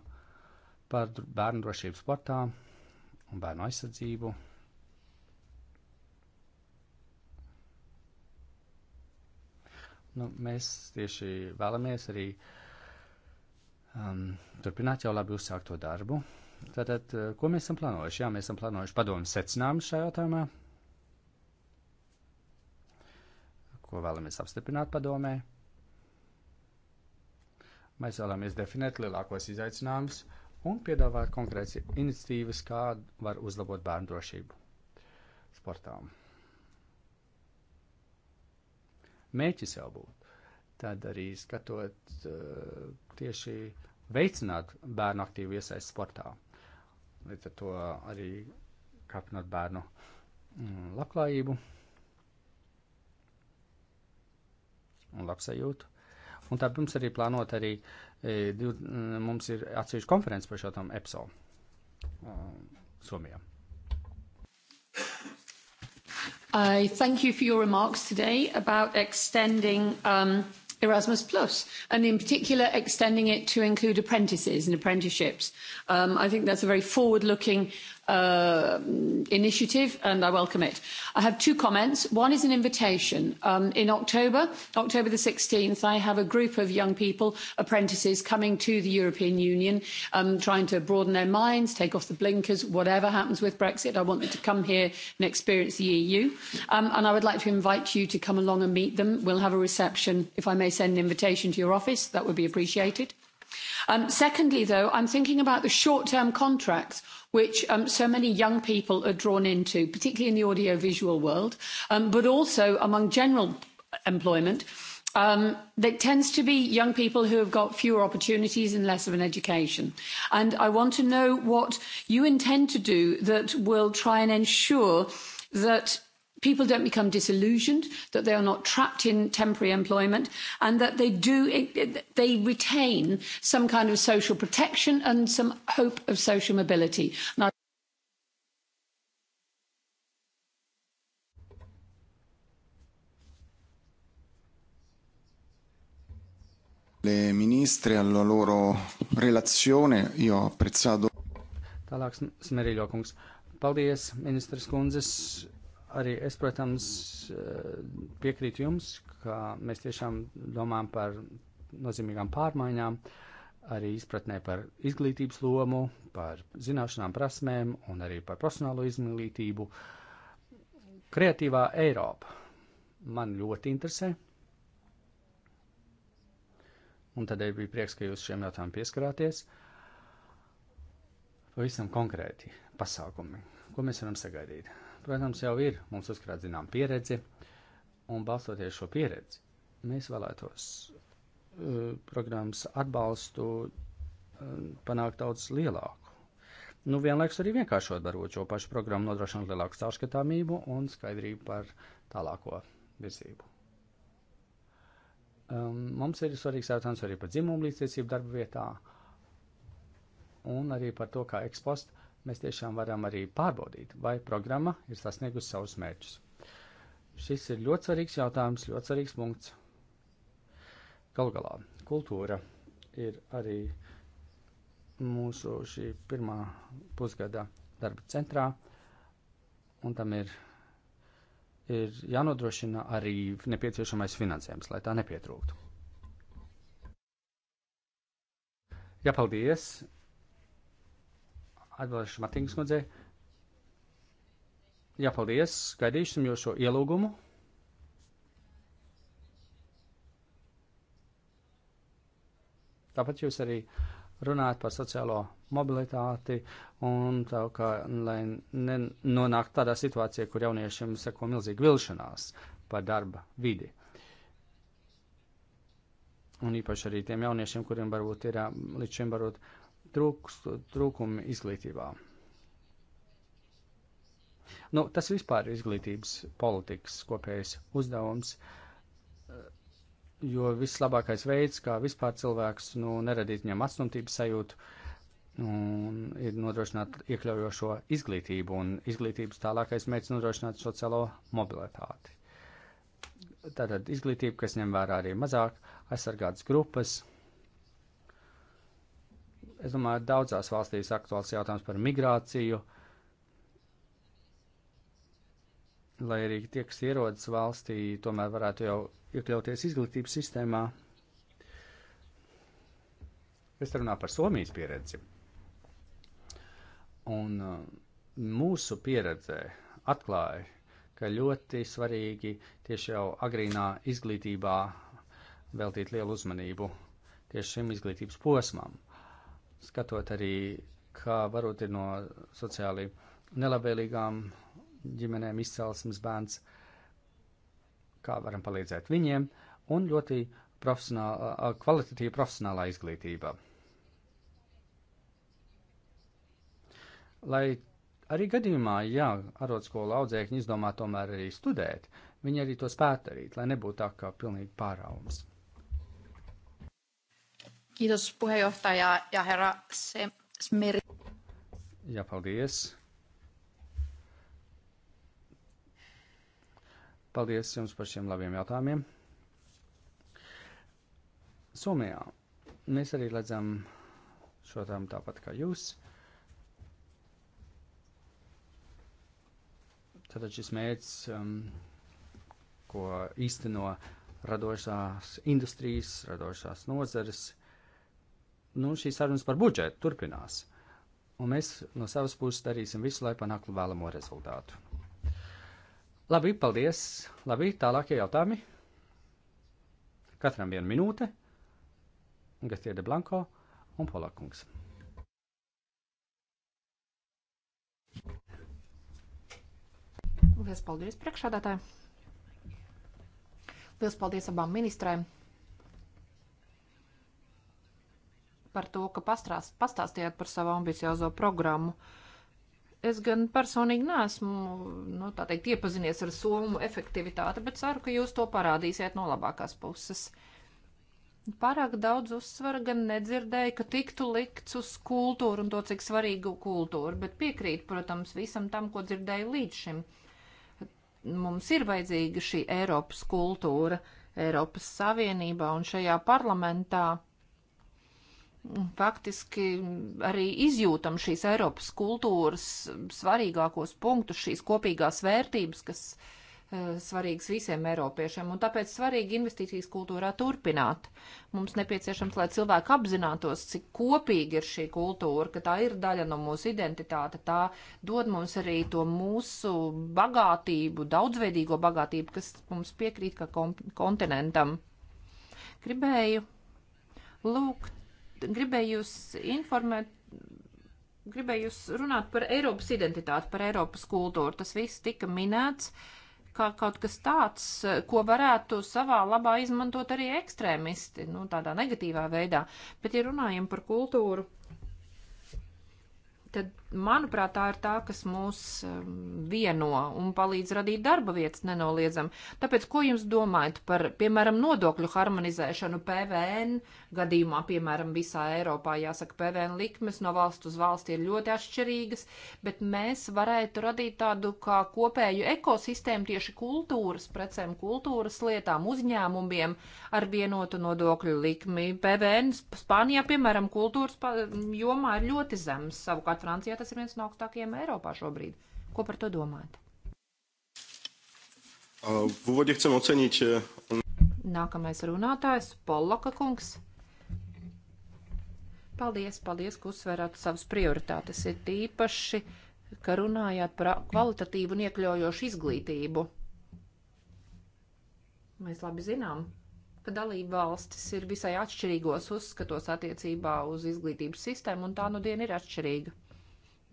par bērnu drošību sportā un bērnu aizsardzību. Nu, mēs tieši vēlamies arī um, turpināt jau labi uzsākto darbu. Tātad, uh, ko mēs esam plānojuši? Jā, mēs esam plānojuši padomu secinājumu šajā jautājumā, ko vēlamies apstiprināt padomē. Mēs vēlamies definēt lielākos izaicinājumus un piedāvāt konkrētas iniciatīvas, kā var uzlabot bērnu drošību sportām. mēķis jau būtu. Tad arī skatot eh, tieši veicināt bērnu aktīvu iesaistu sportā. Līdz ar to arī kāpinot bērnu mm, labklājību un labsajūtu. Un tad mums arī plānot arī, eh, mm, mums ir atsevišķa konferences par šo tam EPSO eh, Somijā.
I thank you for your remarks today about extending um, Erasmus Plus, and in particular extending it to include apprentices and apprenticeships. Um, I think that's a very forward-looking uh, initiative, and I welcome it. I have two comments. One is an invitation. Um, in October, October the 16th, I have a group of young people, apprentices, coming to the European Union, um, trying to broaden their minds, take off the blinkers, whatever happens with Brexit. I want them to come here and experience the EU. Um, and I would like to invite you to come along and meet them. We'll have a reception. If I may send an invitation to your office, that would be appreciated. Um, secondly, though, I'm thinking about the short-term contracts which um, so many young people are drawn into, particularly in the audiovisual world, um, but also among general employment. Um, that tends to be young people who have got fewer opportunities and less of an education. And I want to know what you intend to do that will try and ensure that people don't become disillusioned that they are not trapped in temporary employment and that they do they retain some kind of social protection and some hope of social mobility now
le ministre e alla loro relazione io ho apprezzato
Tālāk, Smerīļokungs. Paldies, ministrs kundzes Arī es, protams, eh, piekrītu jums, ka mēs tiešām domājam par nozīmīgām pārmaiņām, arī izpratnē par izglītības lomu, par zināšanām, prasmēm un arī par profesionālo izglītību. Kreatīvā Eiropa man ļoti interesē. Un tādēļ bija prieks, ka jūs šiem jautājumiem pieskarāties. Pavisam konkrēti pasākumi, ko mēs varam sagaidīt protams, jau ir mums uzkrāt zinām pieredzi, un balstoties šo pieredzi, mēs vēlētos uh, programmas atbalstu uh, panākt daudz lielāku. Nu, vienlaikus arī vienkāršot darot šo pašu programmu, nodrošinot lielāku caurskatāmību un skaidrību par tālāko virzību. Um, mums ir svarīgs jautājums arī par dzimumu līdztiesību darba vietā un arī par to, kā ekspostu mēs tiešām varam arī pārbaudīt, vai programma ir sasniegusi savus mērķus. Šis ir ļoti svarīgs jautājums, ļoti svarīgs punkts. Galu galā, kultūra ir arī mūsu šī pirmā pusgada darba centrā, un tam ir, ir jānodrošina arī nepieciešamais finansējums, lai tā nepietrūktu. Jā, paldies! Atbildēšu Matīnas kundzei. Jā, paldies. Gaidīsim jūs šo ielūgumu. Tāpat jūs arī runājat par sociālo mobilitāti un tā kā, lai nenonāktu tādā situācijā, kur jauniešiem seko milzīgi vilšanās par darba vidi. Un īpaši arī tiem jauniešiem, kuriem varbūt ir līdz šim varbūt trūks, trūkumi izglītībā. Nu, tas vispār ir izglītības politikas kopējais uzdevums, jo vislabākais veids, kā vispār cilvēks nu, neradīt viņam atstumtības sajūtu, un ir nodrošināt iekļaujošo izglītību, un izglītības tālākais mērķis nodrošināt sociālo mobilitāti. Tātad izglītība, kas ņem vērā arī mazāk aizsargātas grupas, Es domāju, daudzās valstīs aktuāls jautājums par migrāciju, lai arī tie, kas ierodas valstī, tomēr varētu jau iekļauties izglītības sistēmā. Es runāju par Somijas pieredzi. Un uh, mūsu pieredze atklāja, ka ļoti svarīgi tieši jau agrīnā izglītībā veltīt lielu uzmanību tieši šim izglītības posmam skatot arī, kā varbūt ir no sociāli nelabvēlīgām ģimenēm izcelsmes bērns, kā varam palīdzēt viņiem, un ļoti profesionāla, kvalitatīva profesionālā izglītība. Lai arī gadījumā, ja arotskola audzēkņi izdomā tomēr arī studēt, viņi arī to spētu darīt, lai nebūtu tā kā pilnīgi pāraums.
Kiitos puheenjohtaja ja herra
Smeri.
Jā, paldies. Paldies jums par šiem labiem jautājumiem. Somijā mēs arī redzam šo tēmu tāpat kā jūs. Tātad šis mērķis, um, ko īsteno radošās industrijas, radošās nozares, uh, nu, šīs sarunas par budžetu turpinās. Un mēs no savas puses darīsim visu, lai panāktu vēlamo rezultātu. Labi, paldies. Labi, tālākie jautājumi. Katram viena minūte. Gastiede Blanko un Polakungs.
Lielas paldies priekšādātājai! Lielas paldies abām ministrēm par to, ka pastrās, pastāstījāt par savu ambiciozo programmu. Es gan personīgi neesmu, nu, tā teikt, iepazinies ar somu efektivitāti, bet ceru, ka jūs to parādīsiet no labākās puses. Pārāk daudz uzsvara gan nedzirdēju, ka tiktu likts uz kultūru un to, cik svarīgu kultūru, bet piekrīt, protams, visam tam, ko dzirdēju līdz šim. Mums ir vajadzīga šī Eiropas kultūra Eiropas Savienībā un šajā parlamentā faktiski arī izjūtam šīs Eiropas kultūras svarīgākos punktus, šīs kopīgās vērtības, kas uh, svarīgas visiem eiropiešiem, un tāpēc svarīgi investīcijas kultūrā turpināt. Mums nepieciešams, lai cilvēki apzinātos, cik kopīga ir šī kultūra, ka tā ir daļa no mūsu identitāte, tā dod mums arī to mūsu bagātību, daudzveidīgo bagātību, kas mums piekrīt kā kontinentam. Gribēju lūgt gribēju jūs informēt, gribēju jūs runāt par Eiropas identitāti, par Eiropas kultūru. Tas viss tika minēts kā kaut kas tāds, ko varētu savā labā izmantot arī ekstrēmisti, nu, tādā negatīvā veidā. Bet, ja runājam par kultūru, tad manuprāt, tā ir tā, kas mūs um, vieno un palīdz radīt darba vietas nenoliedzami. Tāpēc, ko jūs domājat par, piemēram, nodokļu harmonizēšanu PVN gadījumā, piemēram, visā Eiropā, jāsaka, PVN likmes no valsts uz valsti ir ļoti atšķirīgas, bet mēs varētu radīt tādu kā kopēju ekosistēmu tieši kultūras precēm, kultūras lietām, uzņēmumiem ar vienotu nodokļu likmi. PVN Spānijā, piemēram, kultūras jomā ir ļoti zems, savukārt Francijā Grieķijā tas ir viens no augstākajiem Eiropā šobrīd. Ko par to domājat?
Vūdi, chcem ocenīt. E,
Nākamais runātājs - Pollaka kungs. Paldies, paldies, ka uzsverāt savas prioritātes. Ir tīpaši, ka runājāt par kvalitatīvu un iekļaujošu izglītību. Mēs labi zinām, ka dalība valstis ir visai atšķirīgos uzskatos attiecībā uz izglītības sistēmu, un tā nu diena ir atšķirīga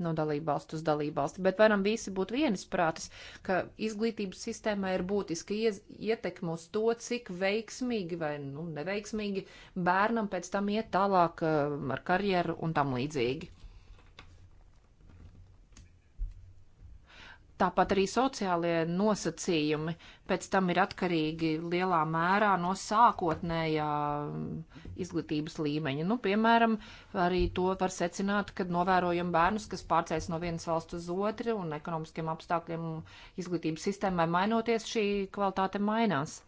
no dalībvalstu uz dalībvalsti, bet varam visi būt vienisprātis, ka izglītības sistēmā ir būtiski ietekme uz to, cik veiksmīgi vai nu, neveiksmīgi bērnam pēc tam iet tālāk eh, ar karjeru un tam līdzīgi. Tāpat arī sociālie nosacījumi pēc tam ir atkarīgi lielā mērā no sākotnējā izglītības līmeņa. Nu, piemēram, arī to var secināt, kad novērojam bērnus, kas pārceļas no vienas valsts uz otru un ekonomiskiem apstākļiem izglītības sistēmai mainoties, šī kvalitāte mainās.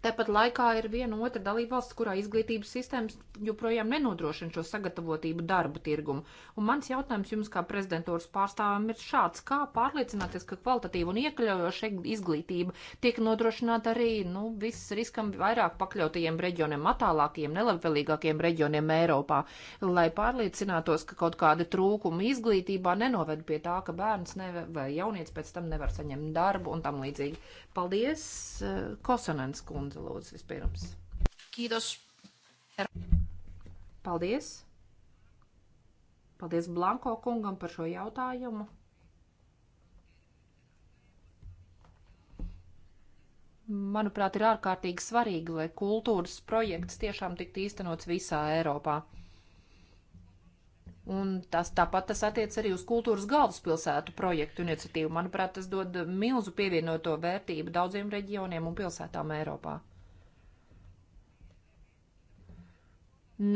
Tāpat laikā ir viena otra dalībvalsts, kurā izglītības sistēmas joprojām nenodrošina šo sagatavotību darba tirgumu. Un mans jautājums jums, kā prezidentūras pārstāvam, ir šāds: kā pārliecināties, ka kvalitatīva un iekļaujoša izglītība tiek nodrošināta arī nu, viss riskam vairāk pakļautajiem reģioniem, attālākajiem, nelabvēlīgākiem reģioniem Eiropā, lai pārliecinātos, ka kaut kāda trūkuma izglītībā nenoved pie tā, ka bērns neve, vai jaunietis pēc tam nevar saņemt darbu un tam līdzīgi. Paldies, eh, Kosonens kundze! kundze lūdzu vispirms. Kīdos. Paldies. Paldies Blanko kungam par šo jautājumu. Manuprāt, ir ārkārtīgi svarīgi, lai kultūras projekts tiešām tiktu īstenots visā Eiropā. Un tas tāpat tas attiec arī uz kultūras galvaspilsētu projektu iniciatīvu. Manuprāt, tas dod milzu pievienoto vērtību daudziem reģioniem un pilsētām Eiropā.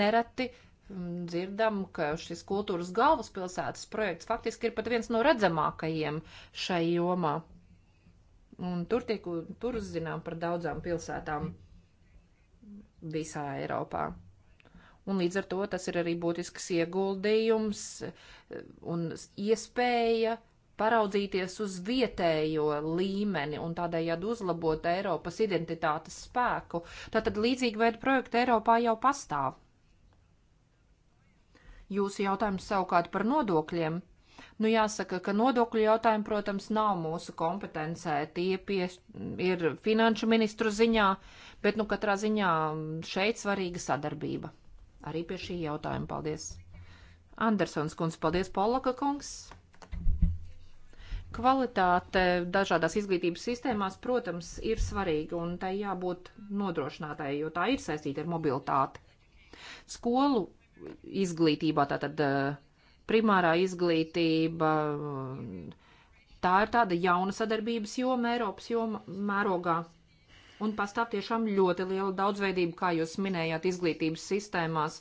Nereti mm, dzirdam, ka šis kultūras galvaspilsētas projekts faktiski ir pat viens no redzamākajiem šai jomā. Un tur tiek, tur uzzinām par daudzām pilsētām visā Eiropā un līdz ar to tas ir arī būtisks ieguldījums eh, un iespēja paraudzīties uz vietējo līmeni un tādējādi uzlabot Eiropas identitātes spēku. Tātad līdzīga veida projekta Eiropā jau pastāv. Jūsu jautājums savukārt par nodokļiem. Nu, jāsaka, ka nodokļu jautājumi, protams, nav mūsu kompetencē. Tie pie, ir finanšu ministru ziņā, bet, nu, katrā ziņā šeit svarīga sadarbība arī pie šī jautājuma. Paldies! Andersons kundze, paldies, Polaka kungs! kvalitāte dažādās izglītības sistēmās, protams, ir svarīga un tai jābūt nodrošinātai, jo tā ir saistīta ar mobilitāti. Skolu izglītībā, tātad eh, primārā izglītība, eh, tā ir tāda jauna sadarbības joma Eiropas joma mērogā un pastāv tiešām ļoti liela daudzveidība, kā jūs minējāt, izglītības sistēmās.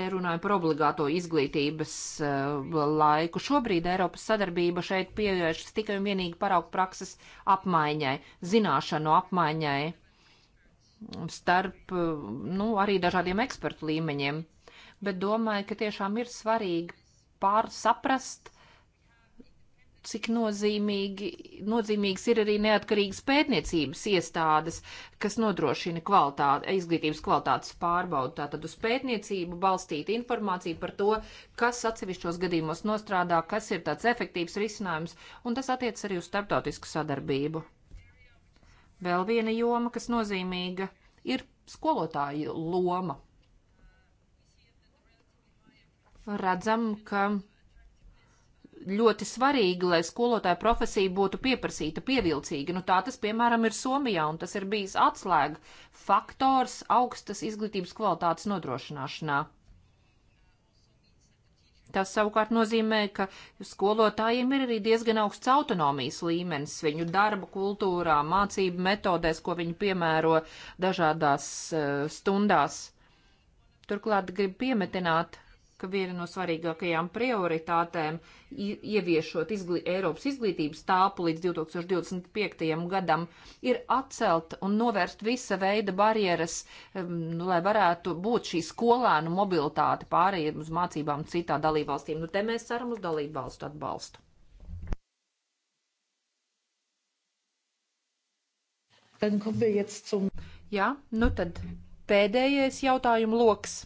Te runāju par obligāto izglītības uh, laiku. Šobrīd Eiropas sadarbība šeit pievēršas tikai un vienīgi paraugu prakses apmaiņai, zināšanu apmaiņai starp, eh, nu, arī dažādiem ekspertu līmeņiem. Bet domāju, ka tiešām ir svarīgi pārsaprast, cik nozīmīgi, nozīmīgs ir arī neatkarīgas pētniecības iestādes, kas nodrošina kvalitāti, izglītības kvalitātes pārbaudu. Tātad uz pētniecību balstīta informācija par to, kas atsevišķos gadījumos nostrādā, kas ir tāds efektīvs risinājums, un tas attiec arī uz starptautisku sadarbību. Vēl viena joma, kas nozīmīga, ir skolotāju loma. Redzam, ka ļoti svarīgi, lai skolotāja profesija būtu pieprasīta, pievilcīga. Nu, tā tas, piemēram, ir Somijā, un tas ir bijis atslēga faktors augstas izglītības kvalitātes nodrošināšanā. Tas savukārt nozīmē, ka skolotājiem ir arī diezgan augsts autonomijas līmenis viņu darba kultūrā, mācību metodēs, ko viņi piemēro dažādās uh, stundās. Turklāt gribu piemetināt, ka viena no svarīgākajām prioritātēm ieviešot izglī Eiropas izglītības tāpu līdz 2025. gadam ir atcelt un novērst visa veida barjeras, um, nu, lai varētu būt šī skolēnu mobilitāte pārējiem uz mācībām citā dalībvalstīm. Nu, te mēs ceram uz dalībvalstu atbalstu. Jā, nu tad pēdējais jautājumu loks.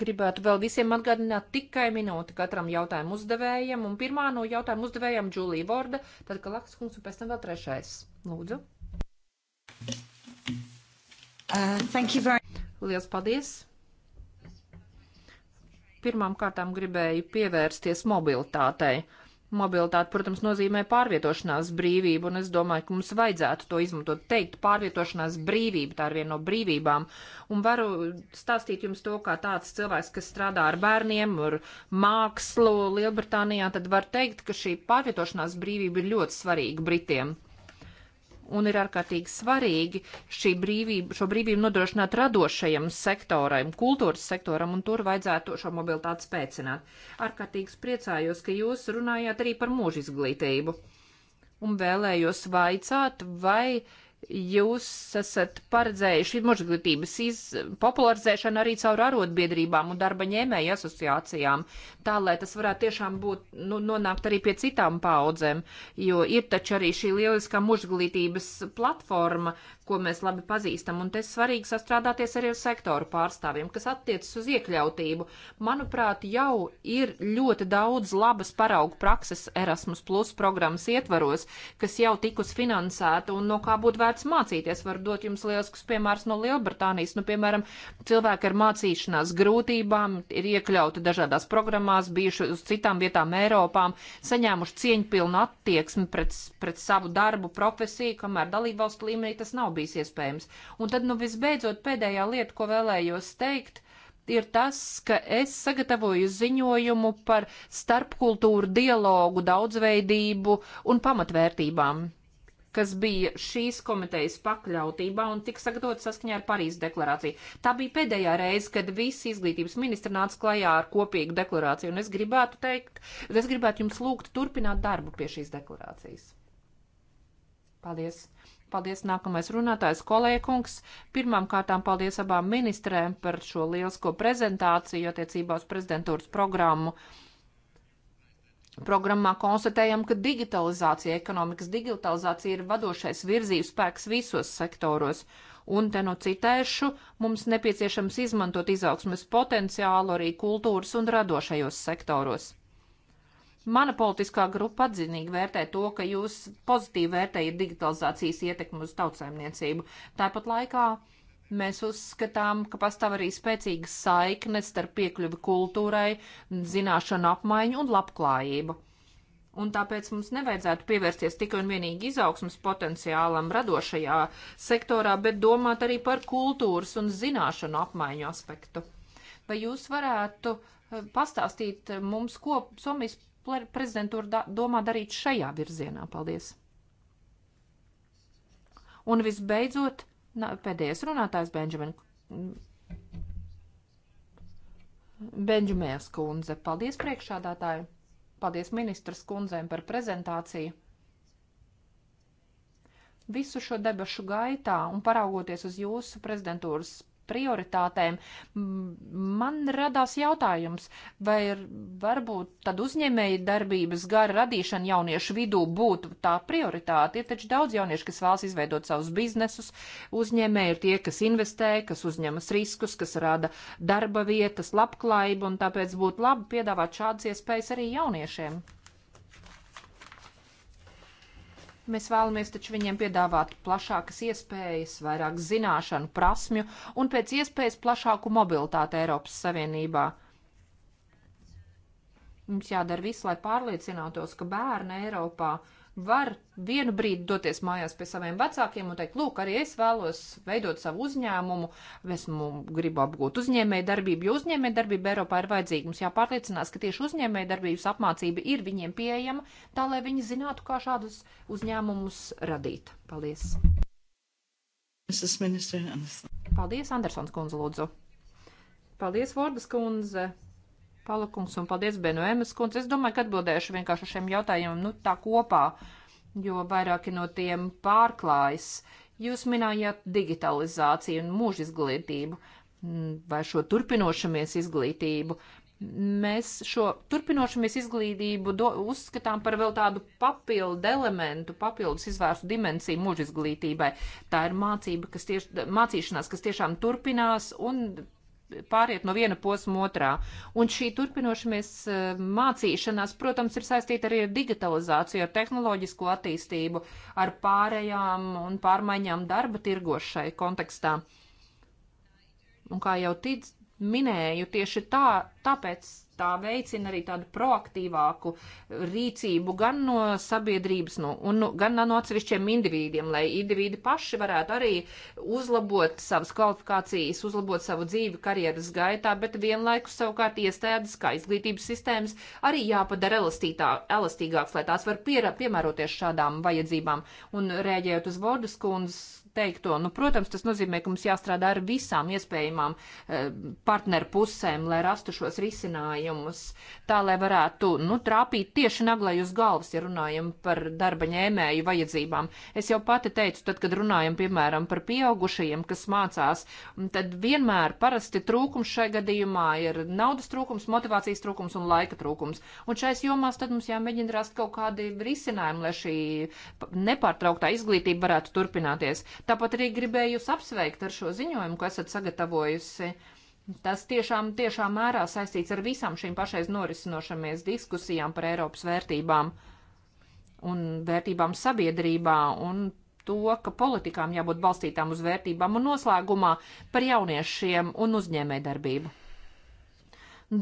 Gribētu vēl visiem atgādināt tikai minūti katram jautājumu uzdevējam, un pirmā no jautājumu uzdevējam Džulija Vorda, tad Kalakas kungs un pēc tam vēl trešais. Lūdzu. Uh, thank you very much. Lielas paldies. Pirmām kārtām gribēju pievērsties mobilitātei Mobilitāte, protams, nozīmē pārvietošanās brīvību, un es domāju, ka mums vajadzētu to izmantot, teikt, pārvietošanās brīvība, tā ir viena no brīvībām. Un varu stāstīt jums to, kā tāds cilvēks, kas strādā ar bērniem, ar mākslu Lielbritānijā, tad var teikt, ka šī pārvietošanās brīvība ir ļoti svarīga Britiem un ir ārkārtīgi svarīgi šī brīvība, šo brīvību nodrošināt radošajam sektoram, kultūras sektoram, un tur vajadzētu šo mobilitāti spēcināt. Ārkārtīgi priecājos, ka jūs runājāt arī par mūža izglītību. Un vēlējos vaicāt, vai jūs esat paredzējuši mūžglītības popularizēšanu arī caur arotbiedrībām un darba ņēmēju asociācijām, tā lai tas varētu tiešām būt, nu, nonākt arī pie citām paudzēm, jo ir taču arī šī lieliskā mūžglītības platforma, ko mēs labi pazīstam, un te svarīgi sastrādāties arī ar sektoru pārstāvjiem, kas attiecas uz iekļautību. Manuprāt, jau ir ļoti daudz labas paraugu prakses Erasmus Plus programmas ietvaros, kas jau tikus finansēta un no kā būtu vērts mācīties. Var dot jums lielisks piemērs no Lielbritānijas. Nu, piemēram, cilvēki ar mācīšanās grūtībām ir iekļauti dažādās programmās, bijuši uz citām vietām Eiropām, saņēmuši cieņpilnu attieksmi pret, pret savu darbu, profesiju, kamēr dalībvalstu līmenī tas nav bijis bijis iespējams. Un tad, nu, visbeidzot, pēdējā lieta, ko vēlējos teikt, ir tas, ka es sagatavoju ziņojumu par starpkultūru dialogu, daudzveidību un pamatvērtībām kas bija šīs komitejas pakļautībā un tika sagatavot saskaņā ar Parīzes deklarāciju. Tā bija pēdējā reize, kad visi izglītības ministri nāca klajā ar kopīgu deklarāciju, un es gribētu teikt, es gribētu jums lūgt turpināt darbu pie šīs deklarācijas. Paldies! Paldies, nākamais runātājs kolēkungs. Pirmām kārtām paldies abām ministrēm par šo lielisko prezentāciju attiecībā uz prezidentūras programmu. Programmā konstatējam, ka digitalizācija, ekonomikas digitalizācija ir vadošais virzības spēks visos sektoros. Un te no citēšu, mums nepieciešams izmantot izaugsmes potenciālu arī kultūras un radošajos sektoros. Mana politiskā grupa atzinīgi vērtē to, ka jūs pozitīvi vērtējat digitalizācijas ietekmi uz tautsēmniecību. Tāpat laikā mēs uzskatām, ka pastāv arī spēcīgas saiknes starp piekļuvi kultūrai, zināšanu apmaiņu un labklājību. Un tāpēc mums nevajadzētu pievērsties tikai un vienīgi izaugsmas potenciālam radošajā sektorā, bet domāt arī par kultūras un zināšanu apmaiņu aspektu. Vai jūs varētu eh, pastāstīt eh, mums, ko Somijas prezidentūra da domā darīt šajā virzienā? Paldies! Un visbeidzot, na, pēdējais runātājs Benjamin. Benģumēs kundze, paldies priekšādātāju, paldies ministras kundzēm par prezentāciju. Visu šo debašu gaitā un paraugoties uz jūsu prezidentūras prioritātēm, man radās jautājums, vai ir, varbūt tad uzņēmēji darbības gara radīšana jauniešu vidū būtu tā prioritāte. Ir taču daudz jauniešu, kas vēlas izveidot savus biznesus, uzņēmēji ir tie, kas investē, kas uzņemas riskus, kas rada darba vietas, labklājību, un tāpēc būtu labi piedāvāt šādas iespējas arī jauniešiem. Mēs vēlamies taču viņiem piedāvāt plašākas iespējas, vairāk zināšanu, prasmju un pēc iespējas plašāku mobilitāti Eiropas Savienībā. Mums jādara viss, lai pārliecinātos, ka bērni Eiropā uh, var vienu brīdi doties mājās pie saviem vecākiem un teikt, lūk, arī es vēlos veidot savu uzņēmumu, esmu gribu apgūt uzņēmēju darbību, jo uzņēmēju darbība Eiropā ir vajadzīga. Mums jāpārliecinās, ka tieši uzņēmēju darbības apmācība ir viņiem pieejama, tā lai viņi zinātu, kā šādus uzņēmumus radīt. Paldies! Paldies, Andersons kundze, lūdzu! Paldies, Vordas kundze! Palakungs un paldies Benuēmas kundze. Es domāju, ka atbildēšu vienkārši šiem jautājumiem, nu, tā kopā, jo vairāki no tiem pārklājas. Jūs minējāt digitalizāciju un mūža izglītību mm, vai šo turpinošamies izglītību. Mēs šo turpinošamies izglītību do, uzskatām par vēl tādu papildu elementu, papildus izvērstu dimensiju mūža izglītībai. Tā ir mācība, kas tieši, mācīšanās, kas tiešām turpinās un pāriet no viena posma otrā. Un šī turpinošamies eh, mācīšanās, protams, ir saistīta arī ar digitalizāciju, ar tehnoloģisko attīstību, ar pārējām un pārmaiņām darba tirgošai kontekstā. Un kā jau tic, minēju, tieši tā, tāpēc tā veicina arī tādu proaktīvāku rīcību gan no sabiedrības, no, un, no, gan no atsevišķiem individiem, lai individi paši varētu arī uzlabot savas kvalifikācijas, uzlabot savu dzīvi karjeras gaitā, bet vienlaikus savukārt iestādes, kā izglītības sistēmas, arī jāpadara elastīgāks, lai tās var piera, piemēroties šādām vajadzībām. Un rēģējot uz Vordas kundzes teikto. Nu, protams, tas nozīmē, ka mums jāstrādā ar visām iespējamām eh, partneru pusēm, lai rastu šos risinājumus, tā lai varētu nu, trāpīt tieši naglai uz galvas, ja runājam par darba ņēmēju vajadzībām. Es jau pati teicu, tad, kad runājam, piemēram, par pieaugušajiem, kas mācās, tad vienmēr parasti trūkums šai gadījumā ir naudas trūkums, motivācijas trūkums un laika trūkums. Un šais jomās tad mums jāmēģina rast kaut kādi risinājumi, lai šī nepārtrauktā izglītība varētu turpināties. Tāpat arī gribēju jūs apsveikt ar šo ziņojumu, ko esat sagatavojusi. Tas tiešām, tiešām mērā saistīts ar visām šīm pašais norisinošamies diskusijām par Eiropas vērtībām un vērtībām sabiedrībā un to, ka politikām jābūt balstītām uz vērtībām un noslēgumā par jauniešiem un uzņēmē darbību.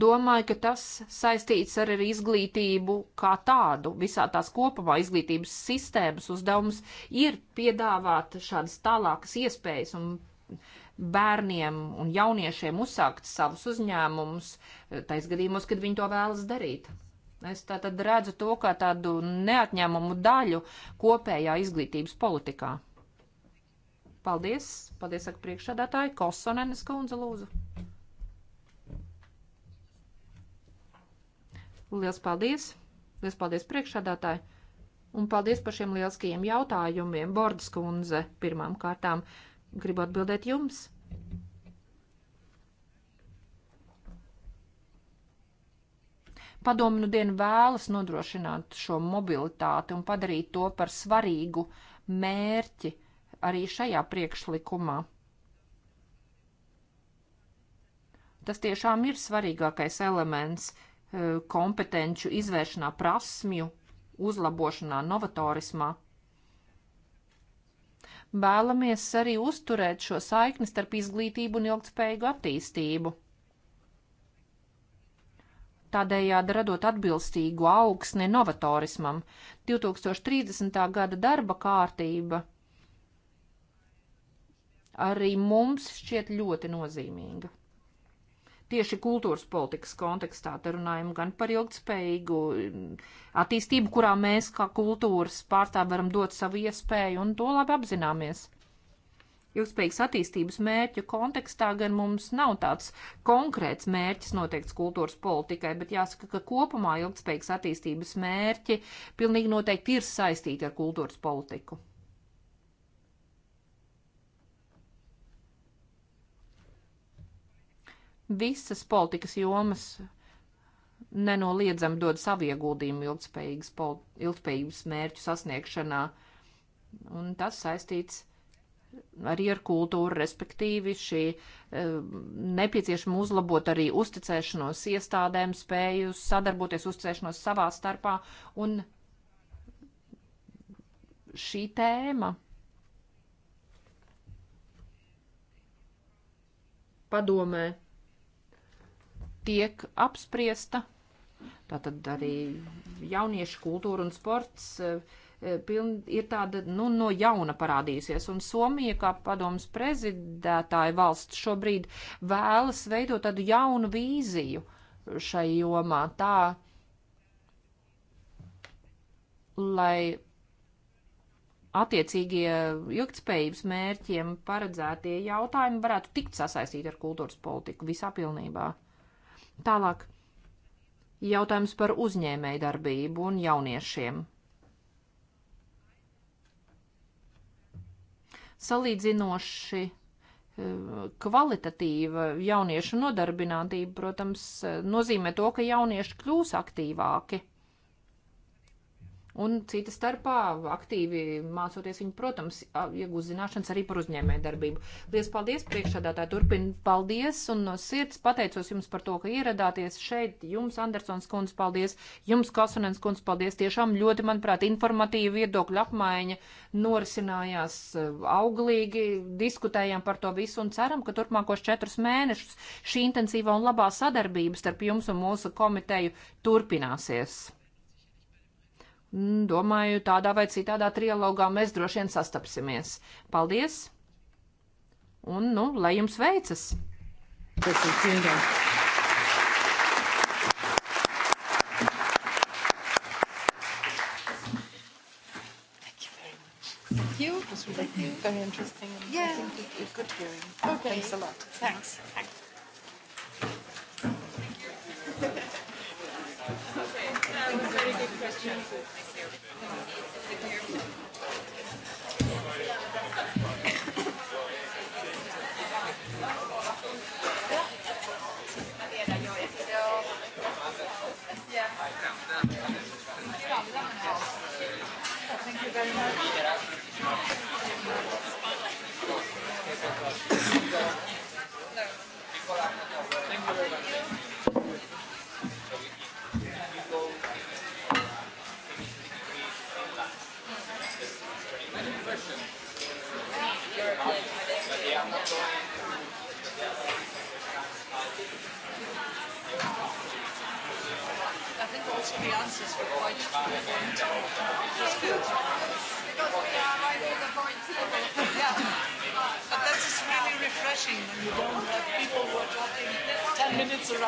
Domāju, ka tas saistīts ar izglītību kā tādu. Visā tās kopumā izglītības sistēmas uzdevums ir piedāvāt šādas tālākas iespējas un bērniem un jauniešiem uzsākt savus uzņēmumus, tais gadījumos, kad viņi to vēlas darīt. Es tā tad redzu to kā tādu neatņēmumu daļu kopējā izglītības politikā. Paldies! Paldies, saka priekšsādātāji. Kosonenes kundze lūdzu. Liels paldies! Liels paldies priekšādātāji! Un paldies par šiem lieliskajiem jautājumiem, Bordas kundze, pirmām kārtām. Gribu atbildēt jums. Padomu nu dienu vēlas nodrošināt šo mobilitāti un padarīt to par svarīgu mērķi arī šajā priekšlikumā. Tas tiešām ir svarīgākais elements Eh, kompetenču izvēršanā, prasmju uzlabošanā, novatorismā. Vēlamies arī uzturēt šo saikni starp izglītību un ilgspējīgu attīstību. Tādējādi radot atbilstīgu augsni novatorismam, 2030. gada darba kārtība arī mums šķiet ļoti nozīmīga tieši kultūras politikas kontekstā. Te runājam gan par ilgspējīgu attīstību, kurā mēs kā kultūras pārstāvi varam dot savu iespēju un to labi apzināmies. Ilgspējīgas attīstības mērķu kontekstā gan mums nav tāds konkrēts mērķis noteikts kultūras politikai, bet jāsaka, ka kopumā ilgspējīgas attīstības mērķi pilnīgi noteikti ir saistīti ar kultūras politiku. Visas politikas jomas nenoliedzami dod savu ieguldījumu ilgspējīgas, ilgspējības mērķu sasniegšanā. Un tas saistīts arī ar kultūru, respektīvi šī eh, nepieciešama uzlabot arī uzticēšanos iestādēm, spēju sadarboties, uzticēšanos savā starpā. Un šī tēma padomē tiek apspriesta. Tātad arī jauniešu kultūra un sports eh, eh, piln, ir tāda nu, no jauna parādījusies. Un Somija, kā padomas prezidētāja valsts, šobrīd vēlas veidot tādu jaunu vīziju šai jomā, tā, lai attiecīgie ilgtspējības mērķiem paredzētie jautājumi varētu tikt sasaistīti ar kultūras politiku visā pilnībā. Tālāk jautājums par uzņēmēju darbību un jauniešiem. Salīdzinoši eh, kvalitatīva jauniešu nodarbinātība, protams, eh, nozīmē to, ka jaunieši kļūs aktīvāki un cita starpā aktīvi mācoties viņu, protams, iegūst zināšanas arī par uzņēmēju darbību. Lielas paldies, priekšādātāji, turpin paldies un no sirds pateicos jums par to, ka ieradāties šeit. Jums, Andersons kundze, paldies, jums, Kasunens kundze, paldies. Tiešām ļoti, manuprāt, informatīva viedokļa apmaiņa norisinājās auglīgi, diskutējām par to visu un ceram, ka turpmākos četrus mēnešus šī intensīvā un labā sadarbība starp jums un mūsu komiteju turpināsies. Mm, domāju, tādā vai citādā trialogā mēs droši vien sastapsimies. Paldies! Un, nu, lai jums veicas! Thank you.
Very interesting. And yeah. I think it, it's good hearing. Okay. Thanks a lot. Thanks. Thanks. Thank you. okay. That was a very good question.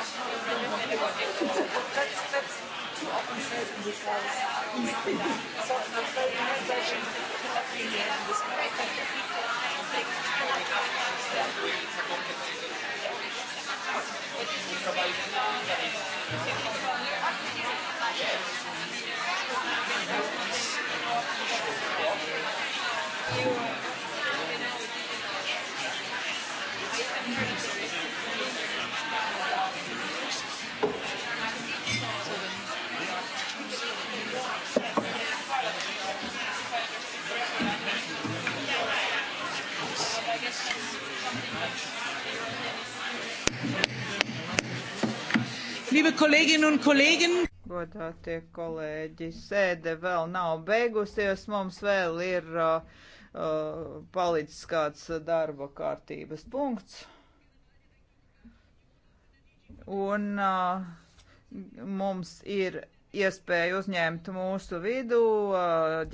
that's, that's too often said in this house. so I'm not very much opinion in this way. Thank you.
Liebe
Kolleginnen un Kollegen! Godātie kolēģi, sēde vēl nav beigusies, mums vēl ir uh, uh, palicis kāds darba kārtības punkts. Un uh, mums ir iespēja uzņemt mūsu vidū uh,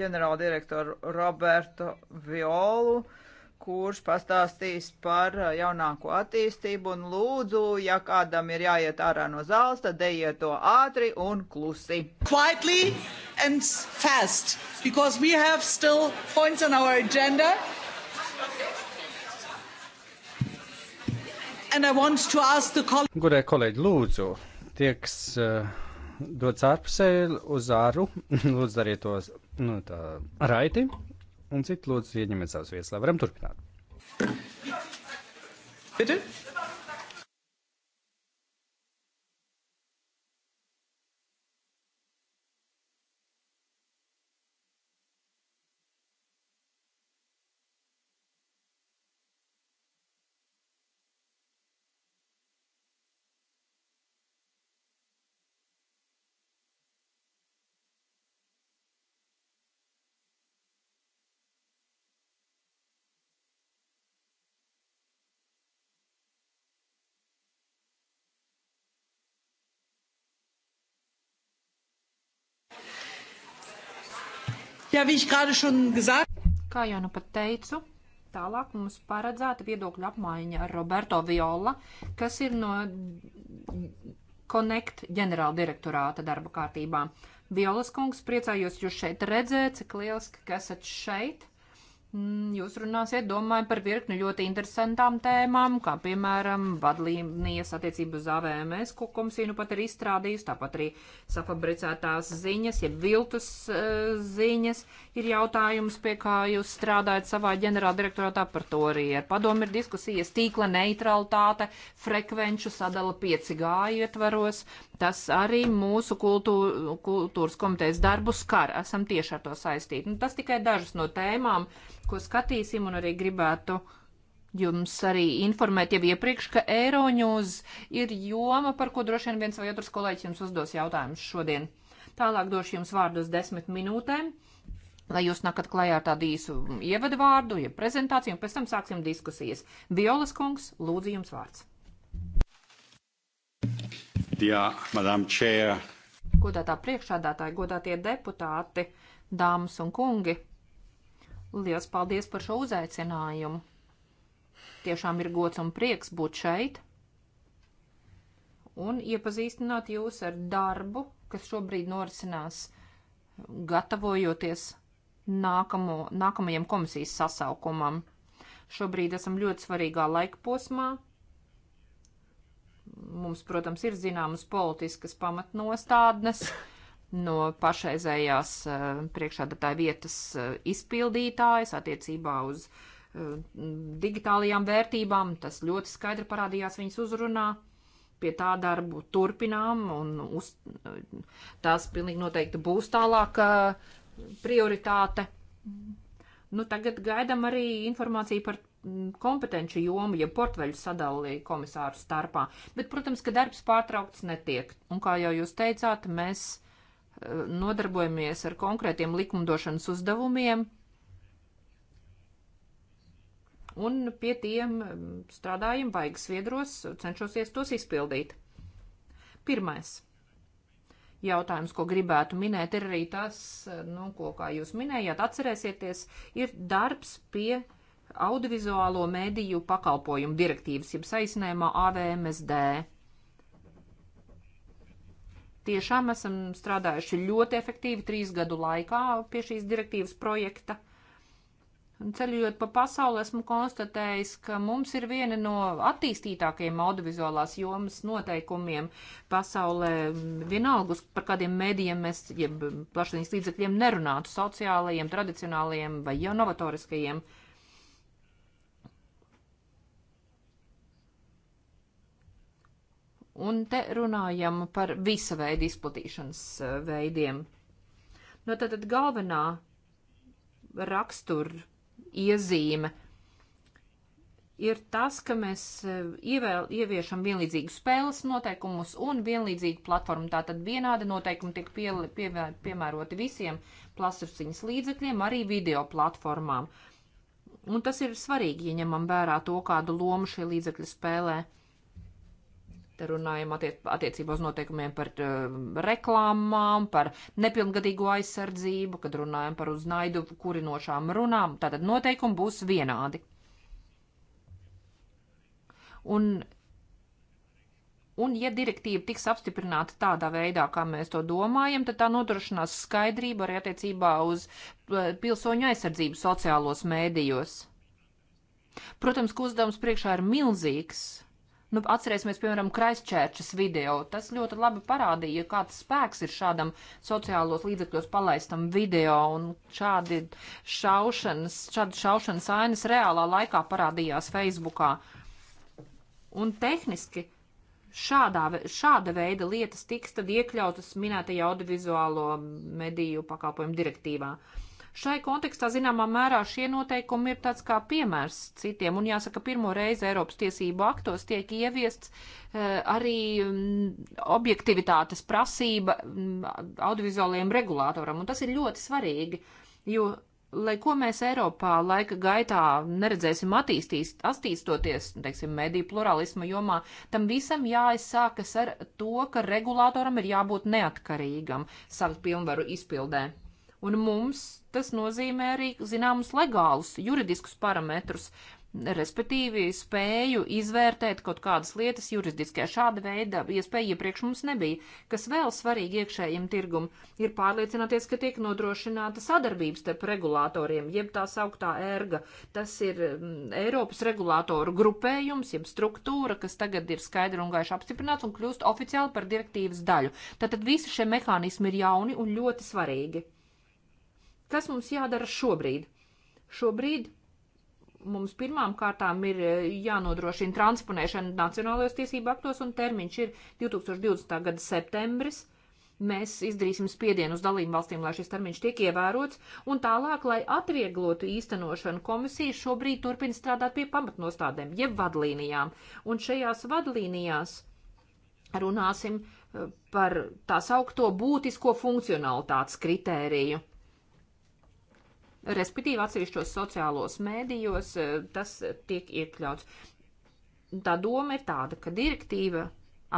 ģenerāldirektoru Roberto Violu kurš pastāstīs par uh, jaunāko attīstību un lūdzu, ja kādam ir jāiet ārā no zāles, tad ejiet to ātri un klusi. Quietly and fast, because
we have still points on our agenda. And I want to ask the colleague. Gurē kolēģi, lūdzu, tieks uh, dots ārpusē uz āru, lūdzu dariet tos, nu tā, raiti un citi lūdzu ieņemiet savas vietas, lai varam turpināt. Bitte?
Ja,
wie ich gerade schon gesagt.
Kā jau nu pat teicu, tālāk mums paredzēta viedokļa apmaiņa ar Roberto Viola, kas ir no Connect ģenerāla direktorāta darba kārtībā. Violas kungs, priecājos jūs šeit redzēt, cik lieliski, ka esat šeit. Mm, jūs runāsiet, domāju, par virkni ļoti interesantām tēmām, kā piemēram vadlīnijas attiecību uz AVMS, ko komisija nu pat ir izstrādījusi, tāpat arī safabricētās ziņas, ja viltus uh, ziņas ir jautājums, pie kā jūs strādājat savā ģenerāldirektorātā par to arī. Ar padomu ir diskusijas tīkla neutralitāte, frekvenču sadala 5G ietvaros. Tas arī mūsu kultūr, kultūras komitejas darbu skar. Esam tieši ar to saistīti. Nu, tas tikai dažas no tēmām ko skatīsim, un arī gribētu jums arī informēt jau iepriekš, ka Eiroņūs ir joma, par ko droši vien viens vai otrs kolēģis jums uzdos jautājumus šodien. Tālāk došu jums vārdu uz desmit minūtēm, lai jūs nakat klajā ar tādu īsu ievadu vārdu, ja prezentāciju, un pēc tam sāksim diskusijas. Violas kungs, lūdzu jums vārds.
Jā, madam čēra.
Godātā priekšādātāja, godātie deputāti, dāmas un kungi. Lielas paldies par šo uzaicinājumu. Tiešām ir gods un prieks būt šeit un iepazīstināt jūs ar darbu, kas šobrīd norisinās, gatavojoties nākamo, nākamajam komisijas sasaukumam. Šobrīd esam ļoti svarīgā laika posmā. Mums, protams, ir zināmas politiskas pamatnostādnes. no pašreizējās eh, priekšādatāja vietas eh, izpildītājas attiecībā uz eh, digitālajām vērtībām. Tas ļoti skaidri parādījās viņas uzrunā. Pie tā darbu turpinām, un uz, tās pilnīgi noteikti būs tālāk prioritāte. Nu, tagad gaidām arī informāciju par mm, kompetenci jomu, ja portfeļu sadalīja komisāru starpā. Bet, protams, ka darbs pārtraukts netiek. Un, kā jau jūs teicāt, mēs nodarbojamies ar konkrētiem likumdošanas uzdevumiem, un pie tiem mm, strādājam baigas viedros, cenšosies tos izpildīt. Pirmais jautājums, ko gribētu minēt, ir arī tas, nu, ko, kā jūs minējāt, atcerēsieties, ir darbs pie audiovizuālo mediju pakalpojumu direktīvas, jeb saīsinājumā AVMSD tiešām esam strādājuši ļoti efektīvi trīs gadu laikā pie šīs direktīvas projekta. Un ceļojot pa pasauli, esmu konstatējis, ka mums ir viena no attīstītākajiem audiovizuālās jomas noteikumiem pasaulē. Vienalga, par kādiem mēdījiem mēs, jeb plašsaziņas līdzekļiem nerunātu, sociālajiem, tradicionālajiem vai jau novatoriskajiem. Ja Un te runājam par visa veida izplatīšanas eh, veidiem. No nu, tad, tad galvenā rakstura iezīme ir tas, ka mēs eh, ievēl, ieviešam vienlīdzīgu spēles noteikumus un vienlīdzīgu platformu. Tātad vienādi noteikumi tiek pie, pie, piemēroti visiem plasturciņas līdzekļiem, arī video platformām. Un tas ir svarīgi, ja ņemam vērā to, kādu lomu šie līdzekļi spēlē. Uh, Te runājam attiec, attiecībā uz noteikumiem par uh, reklāmām, par nepilngadīgo aizsardzību, kad runājam par uznaidu kurinošām runām. Tātad noteikumi būs vienādi. Un, un ja direktīva tiks apstiprināta tādā veidā, kā mēs to domājam, tad tā nodrošinās skaidrību arī attiecībā uz eh, pilsoņu aizsardzību sociālos mēdījos. Protams, ka uzdevums priekšā ir milzīgs Nu, atcerēsimies, piemēram, Kraisčērčas video. Tas ļoti labi parādīja, kāds spēks ir šādam sociālos līdzekļos palaistam video, un šādi šaušanas, šādi šaušanas ainas reālā laikā parādījās Facebookā. Un tehniski šādā, šāda veida lietas tiks tad iekļautas minētajā audiovizuālo mediju pakalpojumu direktīvā. Uh, Šai kontekstā, zināmā mērā, šie noteikumi ir tāds kā piemērs citiem, un jāsaka, pirmo reizi Eiropas tiesību aktos tiek ieviests eh, arī mm, objektivitātes prasība mm, audiovizuālajiem regulātoram, un tas ir ļoti svarīgi, jo lai ko mēs Eiropā laika gaitā neredzēsim attīstoties, teiksim, mediju pluralisma jomā, tam visam jāizsākas ar to, ka regulātoram ir jābūt neatkarīgam savu pilnvaru izpildē. Un mums tas nozīmē arī zināmus legālus, juridiskus parametrus, respektīvi spēju izvērtēt kaut kādas lietas juridiskajā. Šāda veida iespēja iepriekš mums nebija. Kas vēl svarīgi iekšējiem tirgum, ir pārliecināties, ka tiek nodrošināta sadarbības starp regulātoriem, jeb tā sauktā ērga. Tas ir mm, Eiropas regulātoru grupējums, jeb struktūra, kas tagad ir skaidri un gaiši apstiprināts un kļūst oficiāli par direktīvas daļu. Tātad visi šie mehānismi ir jauni un ļoti svarīgi. Kas mums jādara šobrīd? Šobrīd mums pirmām kārtām ir eh, jānodrošina transponēšana nacionālajos tiesību aktos, un termiņš ir 2020. gada septembris. Mēs izdarīsim spiedienu uz dalību valstīm, lai šis termiņš tiek ievērots, un tālāk, lai atvieglotu īstenošanu, komisija šobrīd turpina strādāt pie pamatnostādēm, jeb vadlīnijām, un šajās vadlīnijās runāsim eh, par tā saukto būtisko funkcionalitātes kritēriju respektīvi atsevišķos sociālos mēdījos eh, tas tiek iekļauts. Tā doma ir tāda, ka direktīva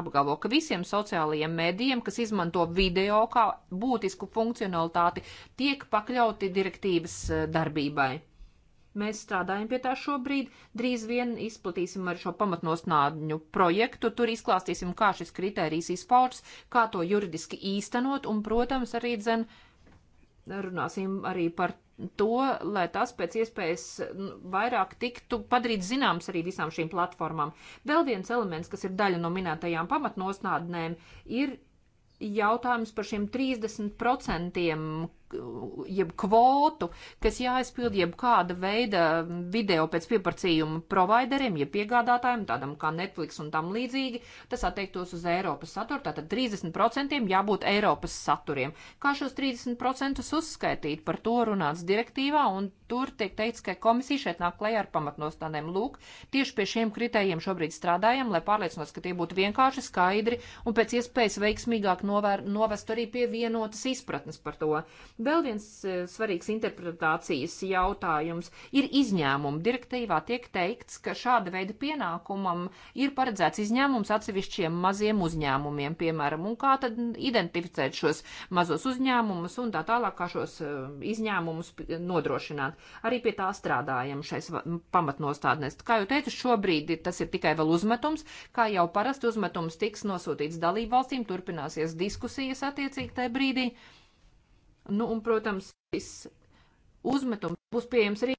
apgalvo, ka visiem sociālajiem mēdījiem, kas izmanto video kā būtisku funkcionalitāti, tiek pakļauti direktīvas eh, darbībai. Mēs strādājam pie tā šobrīd. Drīz vien izplatīsim ar šo pamatnostnādņu projektu. Tur izklāstīsim, kā šis kritērijs izpaužas, kā to juridiski īstenot, un, protams, arī dzen runāsim arī par to, lai tas pēc iespējas nu, vairāk tiktu padarīts zināms arī visām šīm platformām. Vēl viens elements, kas ir daļa no minētajām pamatnostādnēm, ir jautājums par šiem 30%, jeb kvotu, kas jāaizpild jeb kāda veida video pēc piepracījuma provideriem, jeb piegādātājiem, tādam kā Netflix un tam līdzīgi, tas attiektos uz Eiropas saturu, tātad 30% jābūt Eiropas saturiem. Kā šos 30% uzskaitīt, par to runāts direktīvā, un tur tiek teikts, ka komisija šeit nāk klajā ar pamatnostādēm. Lūk, tieši pie šiem kritējiem šobrīd strādājam, lai pārliecinos, ka tie būtu vienkārši, skaidri un pēc iespējas veiksmīgāk novēr, novest arī pie vienotas izpratnes par to. Vēl viens e, svarīgs interpretācijas jautājums ir izņēmumi. Direktīvā tiek teikts, ka šāda veida pienākumam ir paredzēts izņēmums atsevišķiem maziem uzņēmumiem, piemēram, un kā tad identificēt šos mazos uzņēmumus un tā tālāk, kā šos e, izņēmumus nodrošināt. Arī pie tā strādājam šais pamatnostādnēs. Kā jau teicu, šobrīd tas ir tikai vēl uzmetums, kā jau parasti uzmetums tiks nosūtīts dalību valstīm, turpināsies diskusijas attiecīgi tajā brīdī. Uh, Nu, un, protams, šis uzmetums būs pieejams arī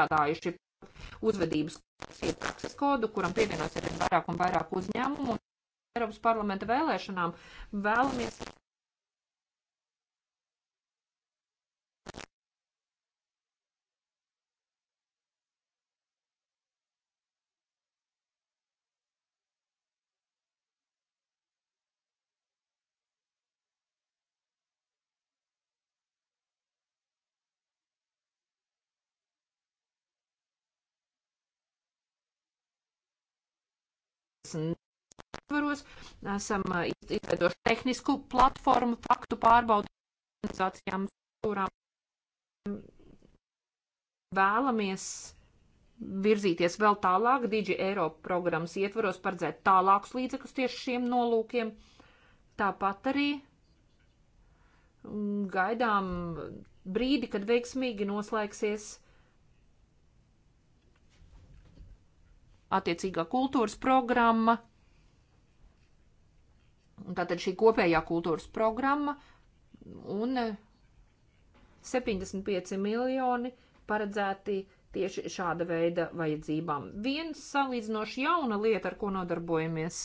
izstrādājuši uzvedības prakses kodu, kuram pievienojas arī vairāk un vairāk uzņēmumu. Eiropas parlamenta vēlēšanām vēlamies ietvaros. Esam uh, izveidojuši tehnisku platformu faktu pārbaudu organizācijām, kurām vēlamies virzīties vēl tālāk. Digi Eiropa programmas ietvaros paredzēt tālākus līdzekļus tieši šiem nolūkiem. Tāpat arī gaidām brīdi, kad veiksmīgi noslēgsies attiecīgā kultūras programma. Tātad šī kopējā kultūras programma un 75 eh, miljoni paredzēti tieši šāda veida vajadzībām. Viens salīdzinoši jauna lieta, ar ko nodarbojamies.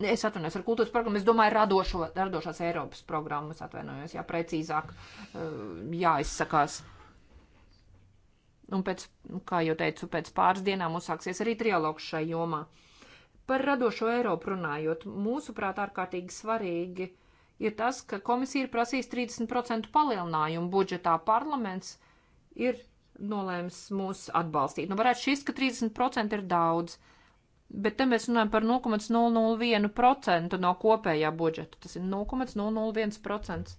Es atvainojos ar kultūras programmu, es domāju radošo, radošās Eiropas programmas, atvainojos, jā, precīzāk eh, jāizsakās. Uh, Un pēc, kā jau teicu, pēc pāris dienām uzsāksies arī trialogs šai jomā. Par radošo Eiropu runājot, mūsuprāt, ārkārtīgi svarīgi ir tas, ka komisija ir prasījis 30% palielinājumu budžetā. Parlaments ir nolēms mūs atbalstīt. Nu, varētu šis, ka 30% ir daudz, bet te mēs runājam par 0,001% no kopējā budžeta. Tas ir 0,001%.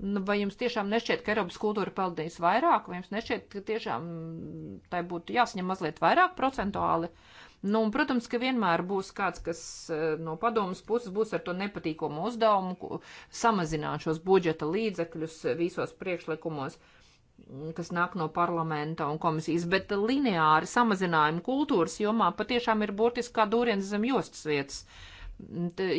Nu, vai jums tiešām nešķiet, ka Eiropas kultūra pelnīs vairāk, vai jums nešķiet, ka tiešām tai būtu jāsaņem mazliet vairāk procentuāli? Nu, un, protams, ka vienmēr būs kāds, kas eh, no padomas puses būs ar to nepatīkamu uzdevumu, samazināt šos budžeta līdzekļus visos priekšlikumos kas nāk no parlamenta un komisijas, bet lineāri samazinājumi kultūras jomā patiešām ir burtiski kā dūriens zem jostas vietas. Uh,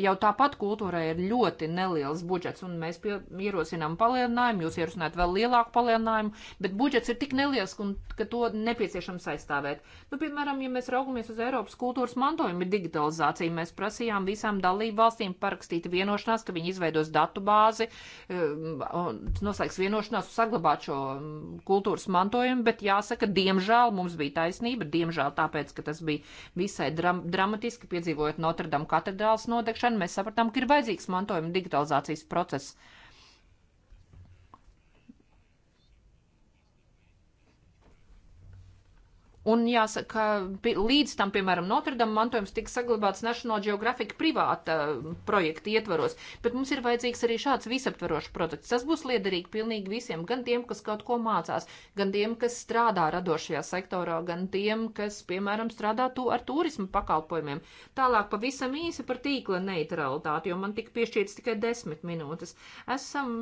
jau tāpat kultūrai ir ļoti neliels budžets, un mēs pie, ierosinām palielinājumu, jūs ierosināt vēl lielāku palielinājumu, bet budžets ir tik neliels, un, ka to nepieciešams aizstāvēt. Nu, piemēram, ja mēs raugamies uz Eiropas kultūras mantojumu digitalizāciju, mēs prasījām visām dalību valstīm parakstīt vienošanās, ka viņi izveidos datu bāzi, um, noslēgs vienošanās saglabāt šo um, kultūras mantojumu, bet jāsaka, diemžēl mums bija taisnība, diemžēl tāpēc, ka tas bija visai dram dramatiski piedzīvojot Notre Dame katedrā, skandāls notekšanu, mēs sapratām, ka ir vajadzīgs mantojuma digitalizācijas process. Un jāsaka, līdz tam, piemēram, Notrdam mantojums tika saglabāts National Geographic privāta mm, projekta ietvaros, bet mums ir vajadzīgs arī šāds visaptverošs produkts. Tas būs liederīgi pilnīgi visiem, gan tiem, kas kaut ko mācās, gan tiem, kas strādā radošajā sektorā, gan tiem, kas, piemēram, strādā tu ar turismu pakalpojumiem. Tālāk pavisam īsi par tīkla neutralitāti, jo man tika piešķirts tikai desmit minūtes. Esam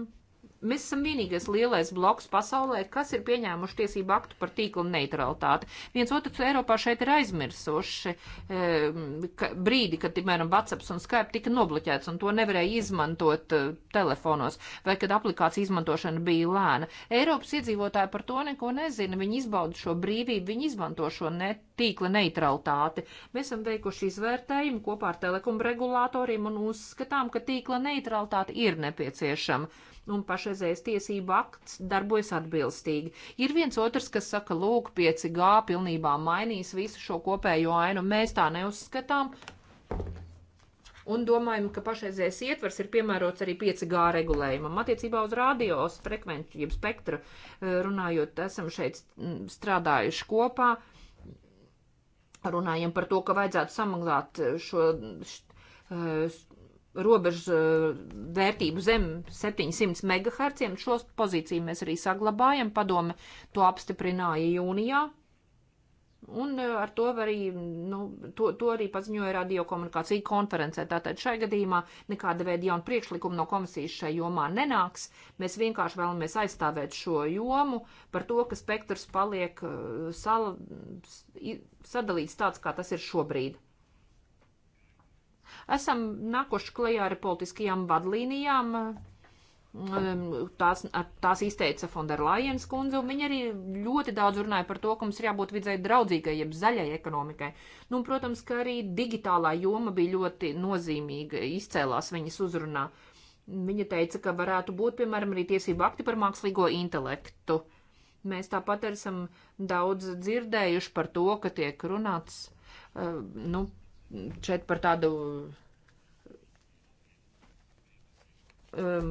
Mēs esam vienīgais lielais bloks pasaulē, kas ir pieņēmuši tiesību aktu par tīkla neutralitāti. Viens otrs Eiropā šeit ir aizmirsuši e, ka, brīdi, kad, piemēram, WhatsApp un Skype tika nobloķēts un to nevarēja izmantot e, telefonos, vai kad aplikācija izmantošana bija lēna. Eiropas iedzīvotāji par to neko nezina. Viņi izbauda šo brīvību, viņi izmanto šo ne, tīkla neutralitāti. Mēs esam veikuši izvērtējumu kopā ar telekom regulātoriem un uzskatām, ka tīkla neutralitāte ir nepieciešama un pašreizējais tiesību akts darbojas atbilstīgi. Ir viens otrs, kas saka, lūk, 5G pilnībā mainīs visu šo kopējo ainu. Mēs tā neuzskatām. Un domājam, ka pašreizējais ietvers ir piemērots arī 5G regulējumam. Attiecībā uz radios frekvenci, jeb spektra eh, runājot, esam šeit mm, strādājuši kopā. Runājam par to, ka vajadzētu samazināt eh, šo eh, robežu eh, vērtību zem 700 MHz. Šo pozīciju mēs arī saglabājam. Padome to apstiprināja jūnijā. Un eh, ar to arī, nu, to, to arī paziņoja radiokomunikācija konferencē. Tātad šai gadījumā nekāda veida jauna priekšlikuma no komisijas šai jomā nenāks. Mēs vienkārši vēlamies aizstāvēt šo jomu par to, ka spektrs paliek eh, sal, sadalīts tāds, kā tas ir šobrīd. Esam nākoši klajā ar politiskajām vadlīnijām. Tās, tās izteica Fonderlajens kundze, un viņa arī ļoti daudz runāja par to, ka mums ir jābūt vidzai draudzīgai, jeb zaļai ekonomikai. Nu, un, protams, ka arī digitālā joma bija ļoti nozīmīga, izcēlās viņas uzrunā. Viņa teica, ka varētu būt, piemēram, arī tiesību akti par mākslīgo intelektu. Mēs tāpat esam daudz dzirdējuši par to, ka tiek runāts, eh, nu, šeit par tādu um,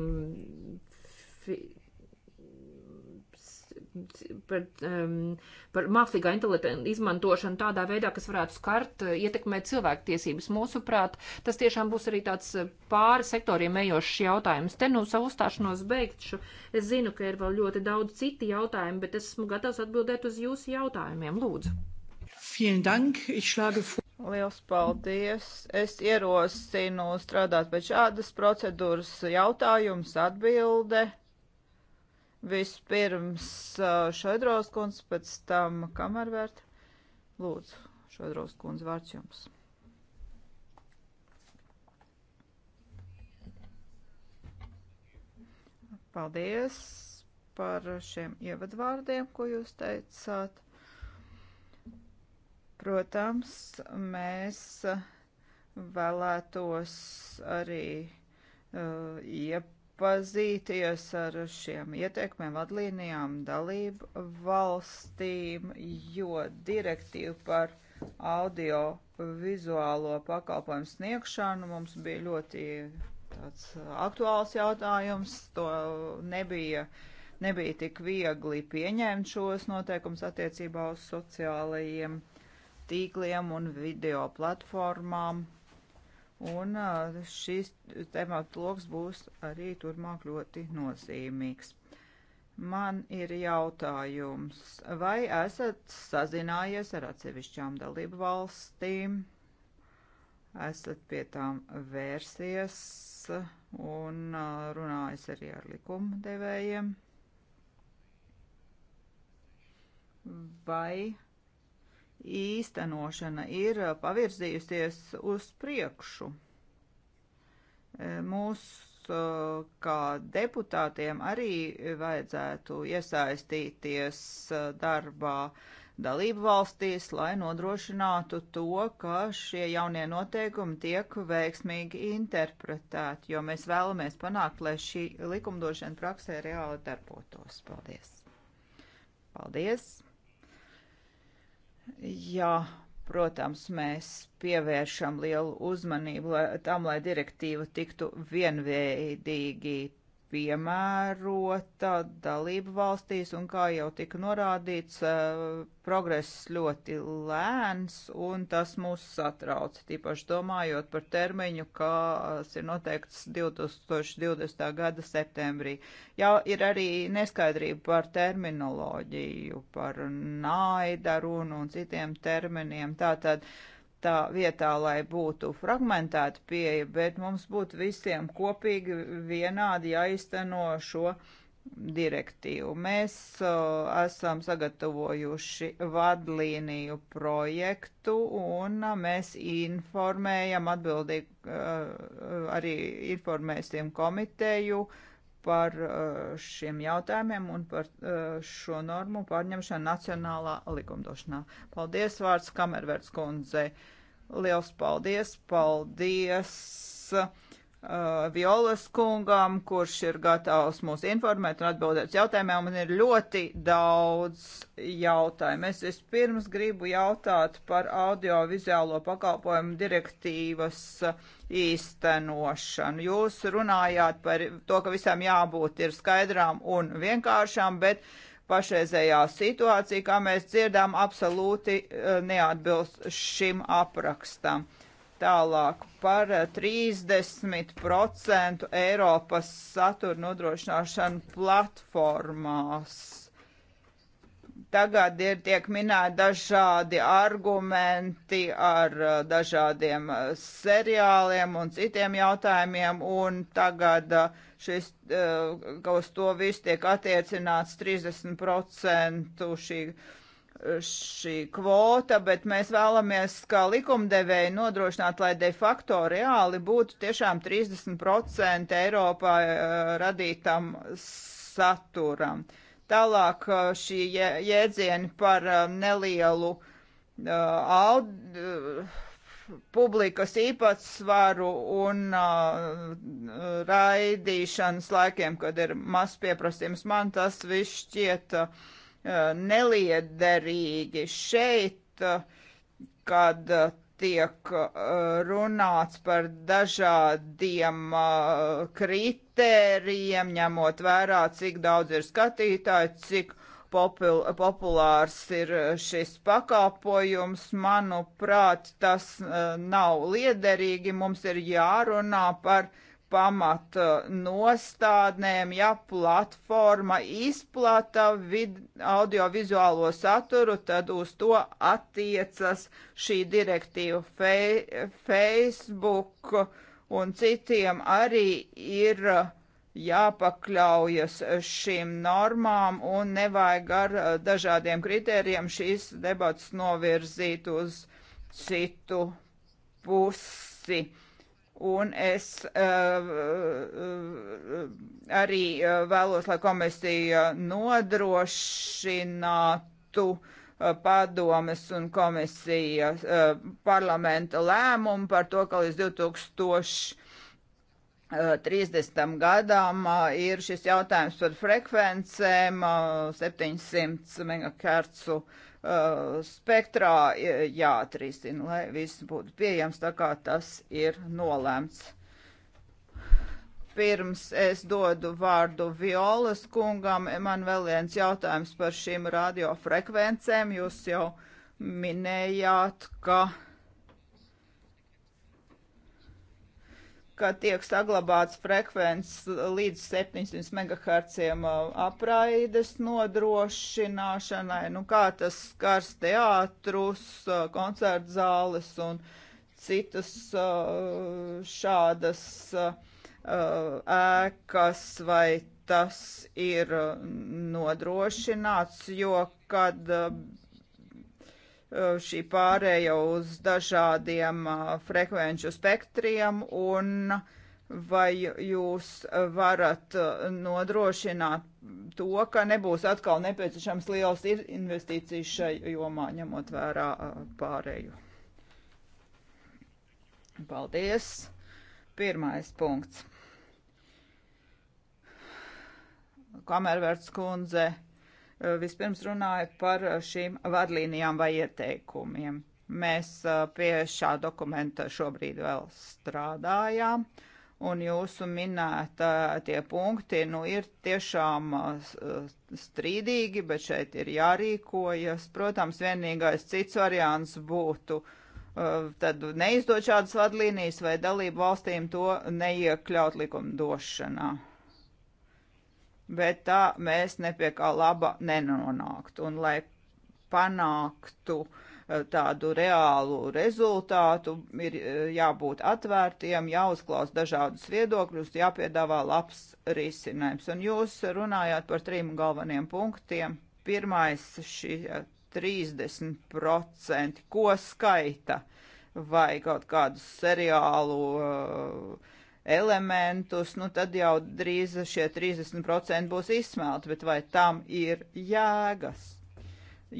fi, par, um, par mākslīgā intelekta izmantošanu tādā veidā, kas varētu skart, uh, ietekmēt cilvēktiesības. Mūsuprāt, tas tiešām būs arī tāds uh, pāri sektoriem ejošs jautājums. Te nu savu uzstāšanos beigšu. Es zinu, ka ir vēl ļoti daudz citi jautājumi, bet esmu gatavs atbildēt uz jūsu jautājumiem. Lūdzu.
Vielen Dank.
Ich schlage vor.
Liels paldies! Es ierosinu strādāt pēc
šādas procedūras jautājums atbilde. Vispirms Šodros kundze, pēc tam kamervērt. Lūdzu, Šodros kundze, vārds jums. Paldies! par šiem ievadvārdiem, ko jūs teicāt. Protams, mēs eh, vēlētos arī uh, iepazīties ar šiem ieteikumiem, vadlīnijām, dalību valstīm, jo direktīva par audio vizuālo pakalpojumu sniegšanu mums bija ļoti tāds aktuāls jautājums, to nebija nebija tik viegli pieņemt šos noteikumus attiecībā uz sociālajiem tīkliem un video platformām. Un šis temata loks būs arī turmāk ļoti nozīmīgs. Man ir jautājums, vai esat sazinājies ar atsevišķām dalību valstīm, esat pie tām vērsies un runājis arī ar likumdevējiem? Vai īstenošana ir uh, pavirzījusies uz priekšu. E, mūs uh, kā deputātiem arī vajadzētu iesaistīties uh, darbā dalību valstīs, lai nodrošinātu to, ka šie jaunie noteikumi tiek veiksmīgi interpretēti, jo mēs vēlamies panākt, lai šī likumdošana praksē reāli darbotos. Paldies! Paldies! Jā, protams, mēs pievēršam lielu uzmanību lai, tam, lai direktīva tiktu vienveidīgi piemērota dalību valstīs, un kā jau tika norādīts, eh, progress ļoti lēns, un tas mūs satrauc, tīpaši domājot par termiņu, kas ir noteikts 2020. gada septembrī. Jā, ir arī neskaidrība par terminoloģiju, par naida runu un citiem terminiem. Tātad, uh, tā vietā, lai būtu fragmentēta pieeja, bet mums būtu visiem kopīgi vienādi jāizteno šo direktīvu. Mēs o, esam sagatavojuši vadlīniju projektu un a, mēs informējam atbildīgi, a, arī informēsim komiteju par uh, šiem jautājumiem un par uh, šo normu pārņemšanu nacionālā likumdošanā. Paldies vārds Kamervērts kundzei. Liels paldies, paldies! uh, Violas kungam, kurš ir gatavs mūs informēt un atbildēt uz jautājumiem. Man ir ļoti daudz jautājumu. Es vispirms gribu jautāt par audiovizuālo pakalpojumu direktīvas uh, īstenošanu. Jūs runājāt par to, ka visām jābūt ir skaidrām un vienkāršām, bet pašreizējā situācija, kā mēs dzirdām, absolūti uh, neatbilst šim aprakstam. Tālāk par 30% eh, Eiropas satura nodrošināšanu platformās. Tagad ir tiek minēti dažādi argumenti ar eh, dažādiem eh, seriāliem un citiem jautājumiem, un tagad šis, uz to viss tiek attiecināts 30% šī uh, šī kvota, bet mēs vēlamies, kā likumdevēji, nodrošināt, lai de facto reāli būtu tiešām 30% Eiropā eh, radītam saturam. Tālāk eh, šī jēdzieni par eh, nelielu uh, aud, publikas īpatsvaru un uh, raidīšanas laikiem, kad ir maz pieprasījums. Man tas viss šķiet uh, neliederīgi šeit, kad tiek runāts par dažādiem kritērijiem, ņemot vērā, cik daudz ir skatītāji, cik popul populārs ir šis pakāpojums. Manuprāt, tas nav liederīgi. Mums ir jārunā par uh, pamata nostādnēm, ja platforma izplata vid, audiovizuālo saturu, tad uz to attiecas šī direktīva fe, Facebook un citiem arī ir jāpakļaujas šīm normām un nevajag ar dažādiem kritērijiem šīs debats novirzīt uz citu pusi. Un es uh, arī eh, vēlos, lai komisija nodrošinātu padomes un komisijas uh, parlamenta lēmumu par to, ka līdz 2030. gadam ir šis jautājums par frekvencēm 700 MHz Uh, spektrā jāatrisina, lai viss būtu pieejams tā kā tas ir nolēmts. Pirms es dodu vārdu Violas kungam, man vēl viens jautājums par šīm radiofrekvencēm. Jūs jau minējāt, ka uh, ka tiek saglabāts frekvences līdz 700 MHz uh, apraides nodrošināšanai, nu kā tas skars teātrus, uh, koncertzāles un citas uh, šādas ēkas vai tas ir nodrošināts, jo kad Eh, šī pārēja uz dažādiem eh, frekvenču spektriem un vai jūs varat eh, nodrošināt to, ka nebūs atkal nepieciešams liels investīcijas šai jomā, ņemot vērā pārēju. Paldies! Pirmais punkts. Kamervērts kundze Eh, vispirms runāju par eh, šīm vadlīnijām vai ieteikumiem. Mēs eh, pie šā dokumenta šobrīd vēl strādājām, un jūsu minēta tie punkti, nu, ir tiešām strīdīgi, bet šeit ir jārīkojas. Protams, vienīgais cits variants būtu tad neizdot šādas vadlīnijas vai dalību valstīm to neiekļaut likumdošanā bet tā mēs ne pie kā laba nenonāktu. Un, lai panāktu e, tādu reālu rezultātu, ir e, jābūt atvērtiem, jāuzklaus dažādus viedokļus, jāpiedāvā labs risinājums. Un jūs runājāt par trim galveniem punktiem. Pirmais šī 30%, e, ko skaita vai kaut kādu seriālu uh, elementus, nu tad jau drīz šie 30% būs izsmelti, bet vai tam ir jēgas?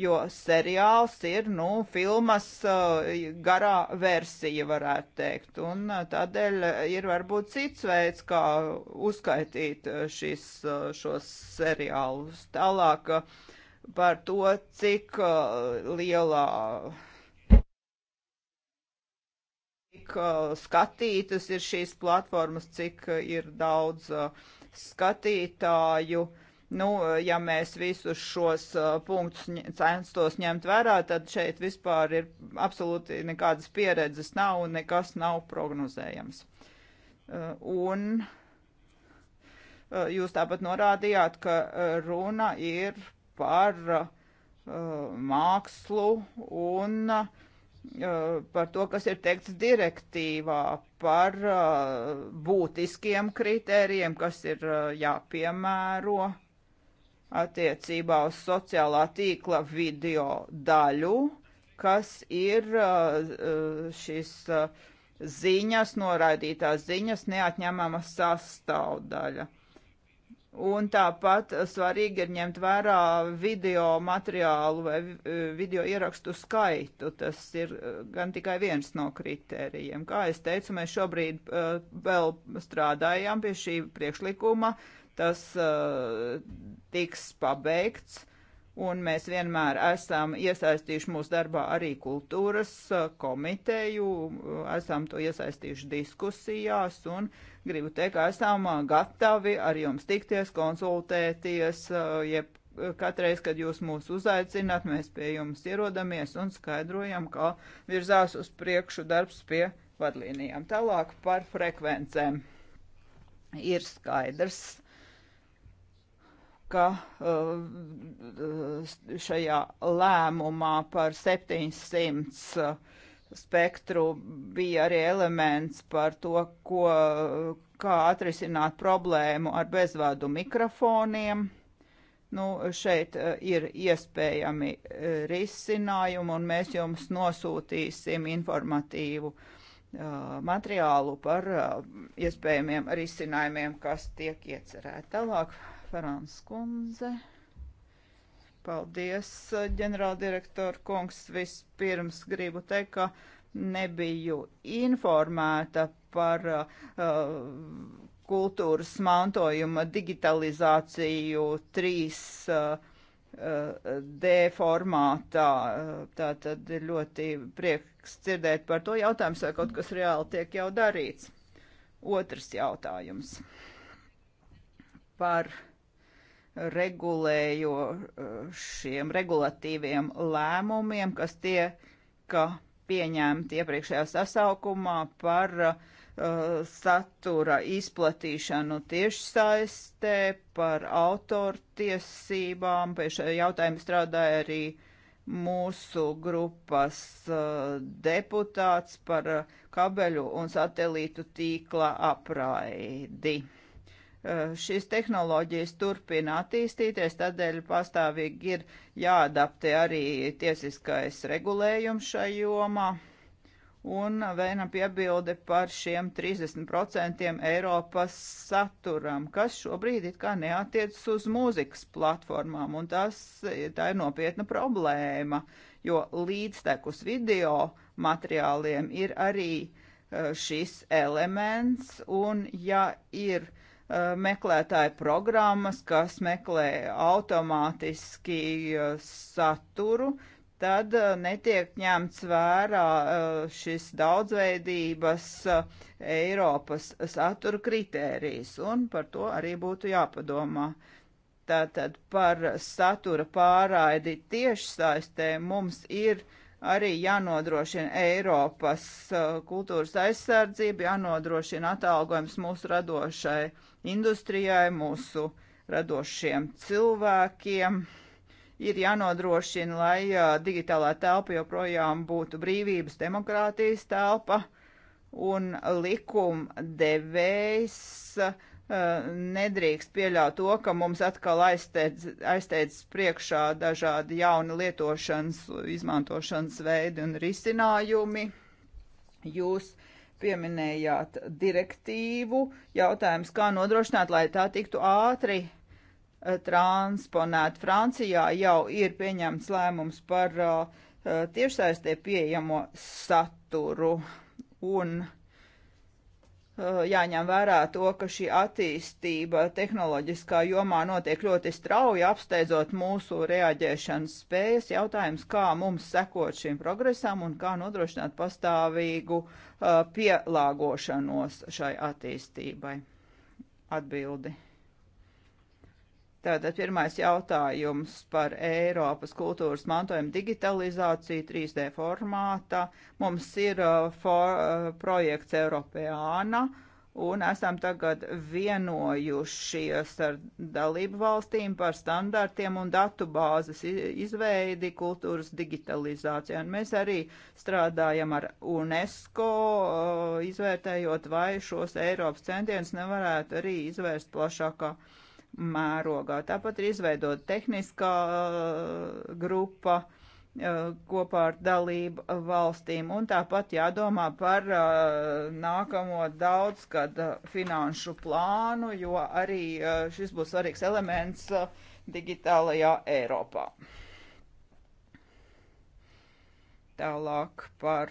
Jo seriāls ir, nu, filmas uh, garā versija, varētu teikt, un uh, tādēļ ir varbūt cits veids, kā uzskaitīt uh, šis, uh, šos seriālus. Tālāk par to, cik uh, lielā cik uh, skatītas ir šīs platformas, cik uh, ir daudz uh, skatītāju. Nu, ja mēs visus šos punktus censtos ņemt vērā, tad šeit vispār ir absolūti nekādas pieredzes nav un nekas nav prognozējams. Un jūs tāpat norādījāt, ka runa ir par mākslu un uh, par to, kas ir teikts direktīvā par būtiskiem kritērijiem, kas ir jāpiemēro attiecībā uz sociālā tīkla video daļu, kas ir šis ziņas, noraidītās ziņas neatņemama sastāvdaļa. Un tāpat svarīgi ir ņemt vērā video materiālu vai eh, video ierakstu skaitu. Tas ir eh, gan tikai viens no kritērijiem. Kā es teicu, mēs šobrīd uh, vēl strādājām pie šī priekšlikuma. Tas uh, tiks pabeigts un mēs vienmēr esam iesaistījuši mūsu darbā arī kultūras uh, komiteju, uh, esam to iesaistījuši diskusijās, un gribu teikt, ka esam uh, gatavi ar jums tikties, konsultēties, jeb katreiz, kad jūs mūs uzaicināt, mēs pie jums ierodamies un skaidrojam, kā virzās uz priekšu darbs pie vadlīnijām. Tālāk par frekvencēm. Ir skaidrs, ka uh, šajā lēmumā par 700 uh, spektru bija arī elements par to, ko, kā atrisināt problēmu ar bezvādu mikrofoniem. Nu, šeit uh, ir iespējami risinājumi, un mēs jums nosūtīsim informatīvu materiālu par iespējamiem risinājumiem, kas tiek iecerēti. Tālāk Ferāns kundze. Paldies, ģenerāldirektora kungs. Vispirms gribu teikt, ka nebiju informēta par uh, kultūras mantojuma digitalizāciju 3D uh, uh, formātā. Tā tad ir ļoti prieks dzirdēt par to jautājumu, vai kaut kas reāli tiek jau darīts. Otrs jautājums par regulējošiem, uh, regulatīviem lēmumiem, kas tiek uh, pieņemti iepriekšējā sasaukumā par uh, satura izplatīšanu tiešsaistē, par autortiesībām. Pie šā jautājuma strādāja arī mūsu grupas uh, deputāts par uh, kabeļu un satelītu tīkla apraidi. Eh, šīs tehnoloģijas turpina attīstīties, tādēļ pastāvīgi ir jāadaptē arī tiesiskais regulējums šai jomā. Un vēna piebilde par šiem 30% Eiropas saturam, kas šobrīd it kā neatiecas uz mūzikas platformām, un tas, tā ir nopietna problēma, jo līdztekus video materiāliem ir arī eh, šis elements, un ja ir Eh, meklētāju programmas, kas meklē automātiski eh, saturu, tad eh, netiek ņemts vērā šis daudzveidības Eiropas satura kritērijs, un par to arī būtu jāpadomā. Tātad par satura pārraidi tiešsaistē mums ir uh, arī jānodrošina Eiropas uh, kultūras aizsardzība, jānodrošina atalgojums mūsu radošai industrijai, mūsu radošiem cilvēkiem. Ir jānodrošina, lai uh, digitālā telpa joprojām būtu brīvības, demokrātijas telpa un likumdevējs nedrīkst pieļaut to, ka mums atkal aizsteidz, aizsteidz priekšā dažādi jauni lietošanas, izmantošanas veidi un risinājumi. Jūs pieminējāt direktīvu, jautājums, kā nodrošināt, lai tā tiktu ātri eh, transponēt. Francijā jau ir pieņemts lēmums par uh, tiešsaistē pieejamo saturu un uh, Eh, jāņem vērā to, ka šī attīstība tehnoloģiskā jomā notiek ļoti strauji, apsteidzot mūsu reaģēšanas spējas. Jautājums, kā mums sekot šim progresam un kā nodrošināt pastāvīgu uh, pielāgošanos šai attīstībai. Atbildi. Tātad pirmais jautājums par Eiropas kultūras mantojumu digitalizāciju 3D formātā. Mums ir uh, for, uh, projekts Eiropāna un esam tagad vienojušies ar dalību valstīm par standartiem un datu bāzes izveidi kultūras digitalizācijā. Un mēs arī strādājam ar UNESCO, uh, izvērtējot, vai šos Eiropas centienus nevarētu arī izvērst plašākā mērogā. Tāpat ir izveidota tehniskā uh, grupa uh, kopā ar dalību valstīm, un tāpat jādomā par uh, nākamo daudzgada finanšu plānu, jo arī šis būs svarīgs elements digitālajā Eiropā. Tālāk par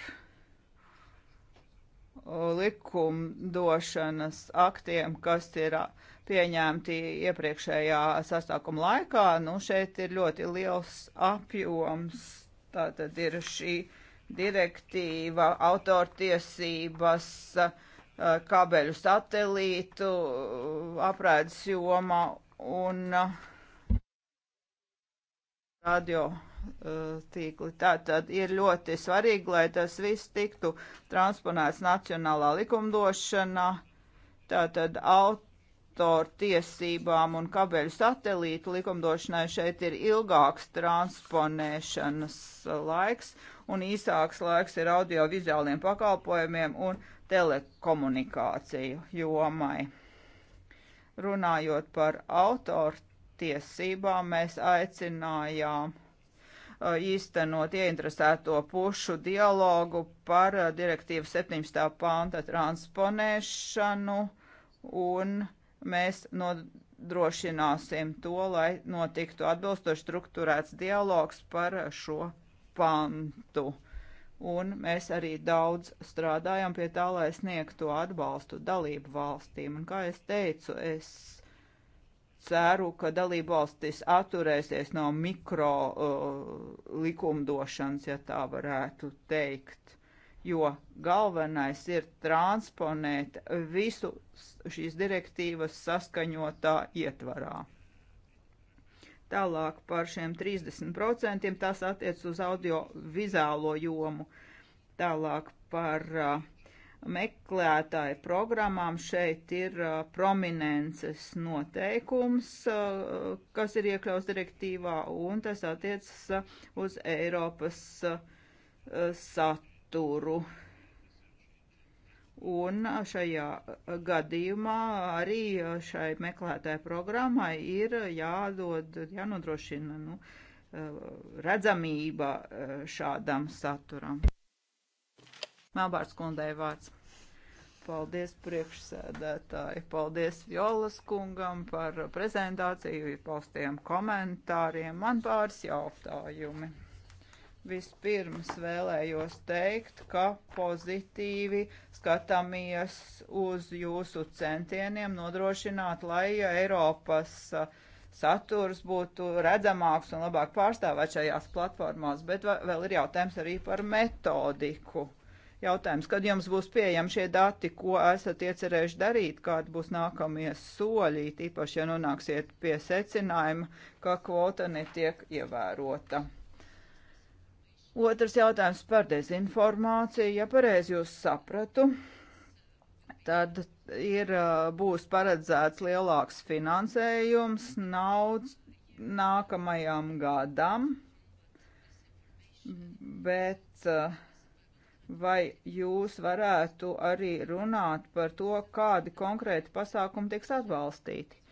likumdošanas aktiem, kas ir uh, pieņemti iepriekšējā sastākuma laikā. Nu, šeit ir ļoti liels apjoms. Tā tad ir šī direktīva, autortiesības, eh, kabeļu satelītu eh, aprēdes joma un eh, radio tīkli. Tātad ir ļoti svarīgi, lai tas viss tiktu transponēts nacionālā likumdošanā. Tātad aut autoru tiesībām un kabeļu satelītu likumdošanai šeit ir ilgāks transponēšanas laiks un īsāks laiks ir audiovizuāliem pakalpojumiem un telekomunikāciju jomai. Runājot par autoru tiesībām, mēs aicinājām īstenot ieinteresēto pušu dialogu par direktīvu 17. panta transponēšanu un mēs nodrošināsim to, lai notiktu atbilstoši struktūrēts dialogs par šo pantu. Un mēs arī daudz strādājam pie tā, lai sniegtu atbalstu dalību valstīm. Un kā es teicu, es ceru, ka dalību valstis atturēsies no mikro uh, likumdošanas, ja tā varētu teikt jo galvenais ir transponēt visu šīs direktīvas saskaņotā ietvarā. Tālāk par šiem 30% tas attiec uz audio-vizālo jomu. Tālāk par uh, meklētāju programmām šeit ir uh, prominences noteikums, uh, kas ir iekļauts direktīvā, un tas attiecas uh, uz Eiropas uh, satu saturu. Un šajā gadījumā arī šai meklētāja programmai ir jādod, jānodrošina nu, eh, redzamība eh, šādam saturam. Melbārds kundai vārds. Paldies priekšsēdētāji, paldies Violas kungam par prezentāciju, paustiem komentāriem. Man pāris jautājumi. Vispirms vēlējos teikt, ka pozitīvi skatāmies uz jūsu centieniem nodrošināt, lai Eiropas saturs būtu redzamāks un labāk pārstāvēt šajās platformās, bet vēl ir jautājums arī par metodiku. Jautājums, kad jums būs pieejami šie dati, ko esat iecerējuši darīt, kādi būs nākamie soļi, tīpaši, ja nonāksiet pie secinājuma, ka kvota netiek ievērota. Otrs jautājums par dezinformāciju. Ja pareizi jūs sapratu, tad ir, būs paredzēts lielāks finansējums naudas nākamajam gadam, bet vai jūs varētu arī runāt par to, kādi konkrēti pasākumi tiks atbalstīti?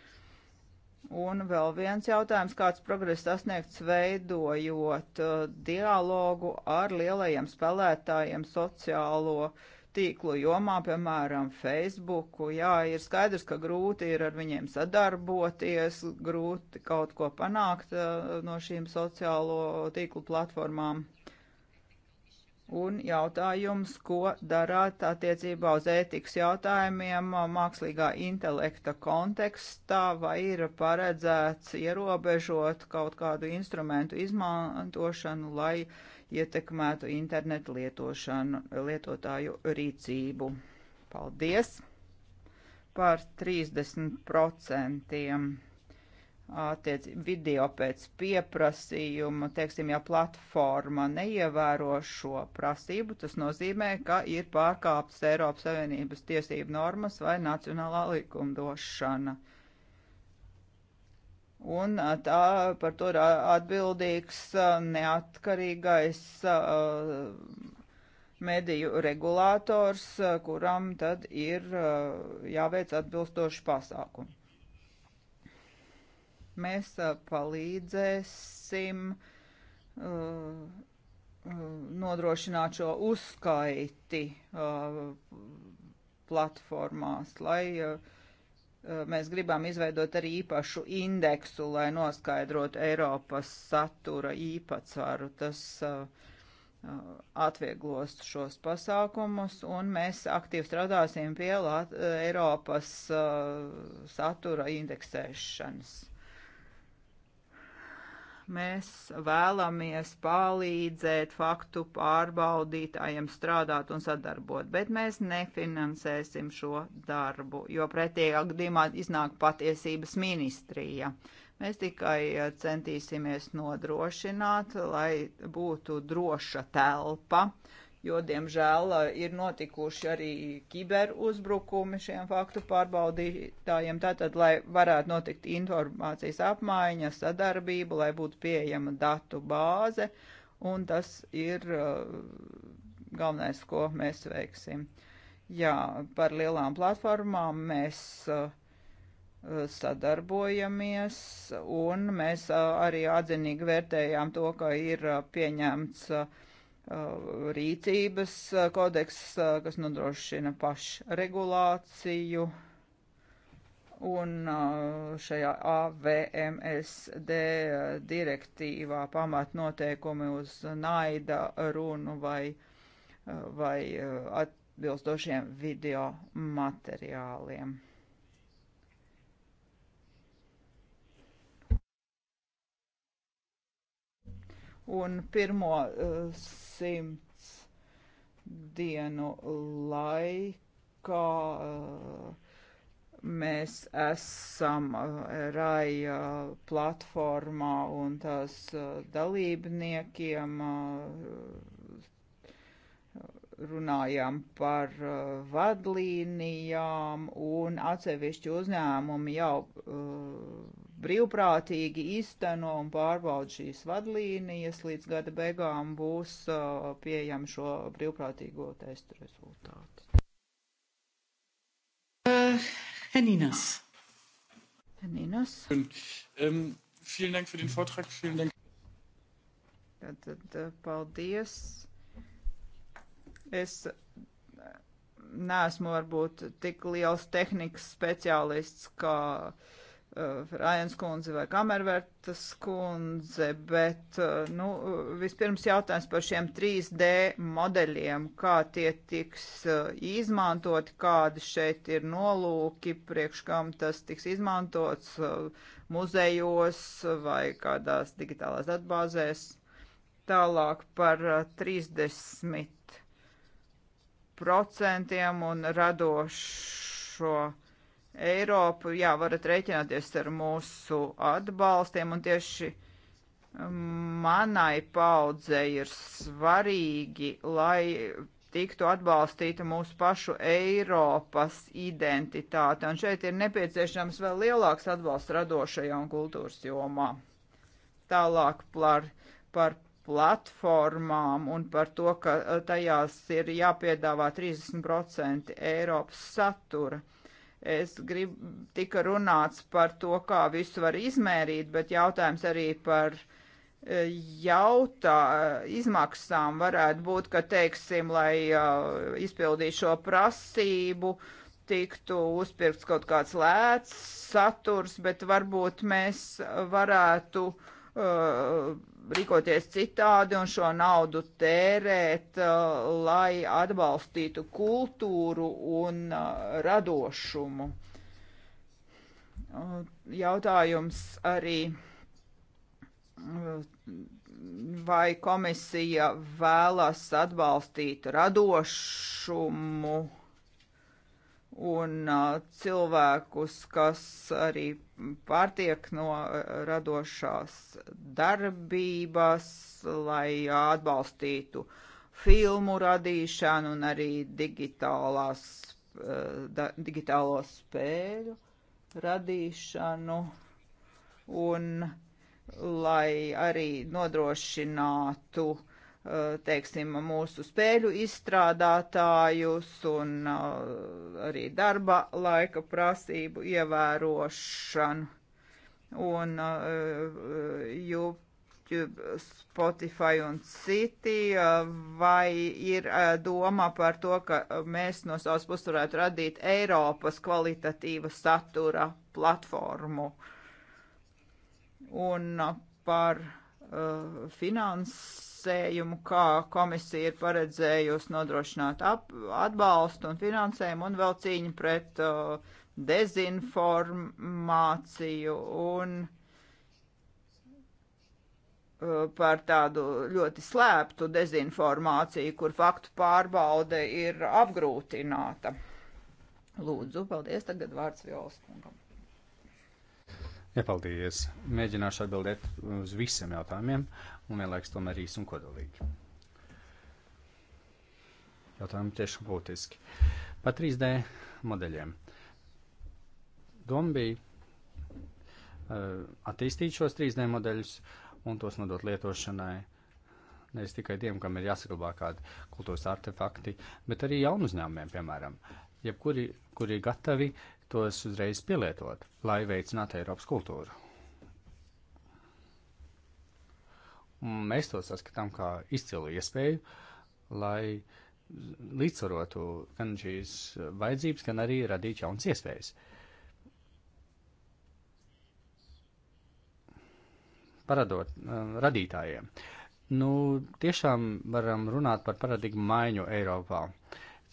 Un vēl viens jautājums, kāds progress sasniegts veidojot uh, dialogu ar lielajiem spēlētājiem sociālo tīklu jomā, piemēram, Facebooku. Jā, ir skaidrs, ka grūti ir ar viņiem sadarboties, grūti kaut ko panākt uh, no šīm sociālo tīklu platformām. Uh, Un jautājums, ko darāt attiecībā uz ētikas jautājumiem mākslīgā intelekta kontekstā, vai ir paredzēts ierobežot kaut kādu instrumentu izmantošanu, lai ietekmētu internetu lietošanu, lietotāju rīcību. Paldies par 30% attiec video pēc pieprasījuma, teiksim, ja platforma neievēro šo prasību, tas nozīmē, ka ir pārkāptas Eiropas Savienības tiesību normas vai nacionālā likumdošana. Un tā par to ir atbildīgs neatkarīgais mediju regulators, kuram tad ir jāveic atbilstoši pasākumi. Mēs uh, palīdzēsim uh, uh, nodrošināt šo uzskaiti platformās, lai mēs gribam izveidot arī īpašu indeksu, lai noskaidrotu Eiropas satura īpatsvaru. Tas atvieglos šos pasākumus, un mēs aktīvi strādāsim pie Eiropas satura indeksēšanas mēs vēlamies palīdzēt faktu pārbaudītājiem strādāt un sadarbot, bet mēs nefinansēsim šo darbu, jo pretējā gadījumā iznāk patiesības ministrija. Mēs tikai eh, centīsimies nodrošināt, lai būtu droša telpa, uh, jo, diemžēl, eh, ir notikuši arī kiberuzbrukumi šiem faktu pārbaudītājiem. Tātad, lai varētu notikt informācijas apmaiņa, sadarbība, lai būtu pieejama datu bāze, un tas ir eh, galvenais, ko mēs veiksim. Jā, par lielām platformām mēs eh, sadarbojamies, un mēs arī atzinīgi vērtējām to, ka ir pieņemts uh, Uh, rīcības uh, kodeks, uh, kas nodrošina pašregulāciju. Un šajā AVMSD direktīvā pamatnoteikumi uz naida runu vai, vai atbilstošiem video materiāliem. un pirmo eh, simts dienu laikā eh, mēs esam eh, RAI platformā un tās dalībniekiem runājām par uh, vadlīnijām, un atsevišķi uzņēmumi jau uh, brīvprātīgi izteno un pārbauda šīs vadlīnijas. Līdz gada beigām būs uh, pieejami šo brīvprātīgo testu rezultāti. Uh, Heninas. Heninas. Um, vielen Dank für den Vortrag. Vielen Dank. Tad, tad uh, paldies. Es uh, neesmu varbūt tik liels tehnikas speciālists kā uh, Eh, Rājans kundze vai Kamervertas kundze, bet, eh, nu, vispirms jautājums par šiem 3D modeļiem, kā tie tiks eh, izmantoti, kādi šeit ir nolūki, priekš kam tas tiks izmantots muzejos vai kādās digitālās atbāzēs. Tālāk par 30% un radošo Eiropu, jā, varat rēķināties ar mūsu atbalstiem, un tieši manai paudzei ir svarīgi, lai tiktu atbalstīta mūsu pašu Eiropas identitāte, un šeit ir nepieciešams vēl lielāks atbalsts radošajā un kultūras jomā. Tālāk par, par platformām un par to, ka tajās ir jāpiedāvā 30% Eiropas satura Es gribu, tika runāts par to, kā visu var izmērīt, bet jautājums arī par e, jautā e, izmaksām varētu būt, ka, teiksim, lai uh, izpildītu šo prasību, tiktu uzpirkts kaut kāds lēts saturs, bet varbūt mēs varētu uh, rīkoties citādi un šo naudu tērēt, uh, lai atbalstītu kultūru un uh, radošumu. Uh, jautājums arī, vai komisija vēlas atbalstīt radošumu un uh, cilvēkus, kas arī pārtiek no radošās darbības, lai atbalstītu filmu radīšanu un arī digitālās, uh, da, digitālo spēļu radīšanu un lai arī nodrošinātu uh, Eh, teiksim, mūsu spēļu izstrādātājus un eh, arī darba laika prasību ievērošanu. Un eh, YouTube, Spotify un citi, vai ir doma par to, ka mēs no savas puses varētu radīt Eiropas kvalitatīva satura platformu? Un par uh, finanses finansējumu, kā komisija ir paredzējusi nodrošināt ap, atbalstu un finansējumu un vēl cīņu pret uh, dezinformāciju un uh, par tādu ļoti slēptu dezinformāciju, kur faktu pārbaude ir apgrūtināta. Lūdzu, paldies, tagad vārds Violas kungam.
Nepaldies. Mēģināšu atbildēt uz visiem jautājumiem. Uh, un vienlaiks tomēr īsi un kodolīgi. Jautājumi tiešām būtiski. Pa 3D modeļiem. Doma bija uh, eh, attīstīt šos 3D modeļus un tos nodot lietošanai nevis tikai tiem, kam ir jāsaglabā kādi kultūras artefakti, bet arī jaunu uzņēmumiem, piemēram, jebkuri, kuri ir gatavi tos uzreiz pielietot, lai veicinātu Eiropas kultūru. Mēs to saskatām kā izcilu iespēju, lai līdzsvarotu gan šīs vajadzības, gan arī radītu jaunas iespējas. Paradot uh, radītājiem. Nu, tiešām varam runāt par paradigmu maiņu Eiropā.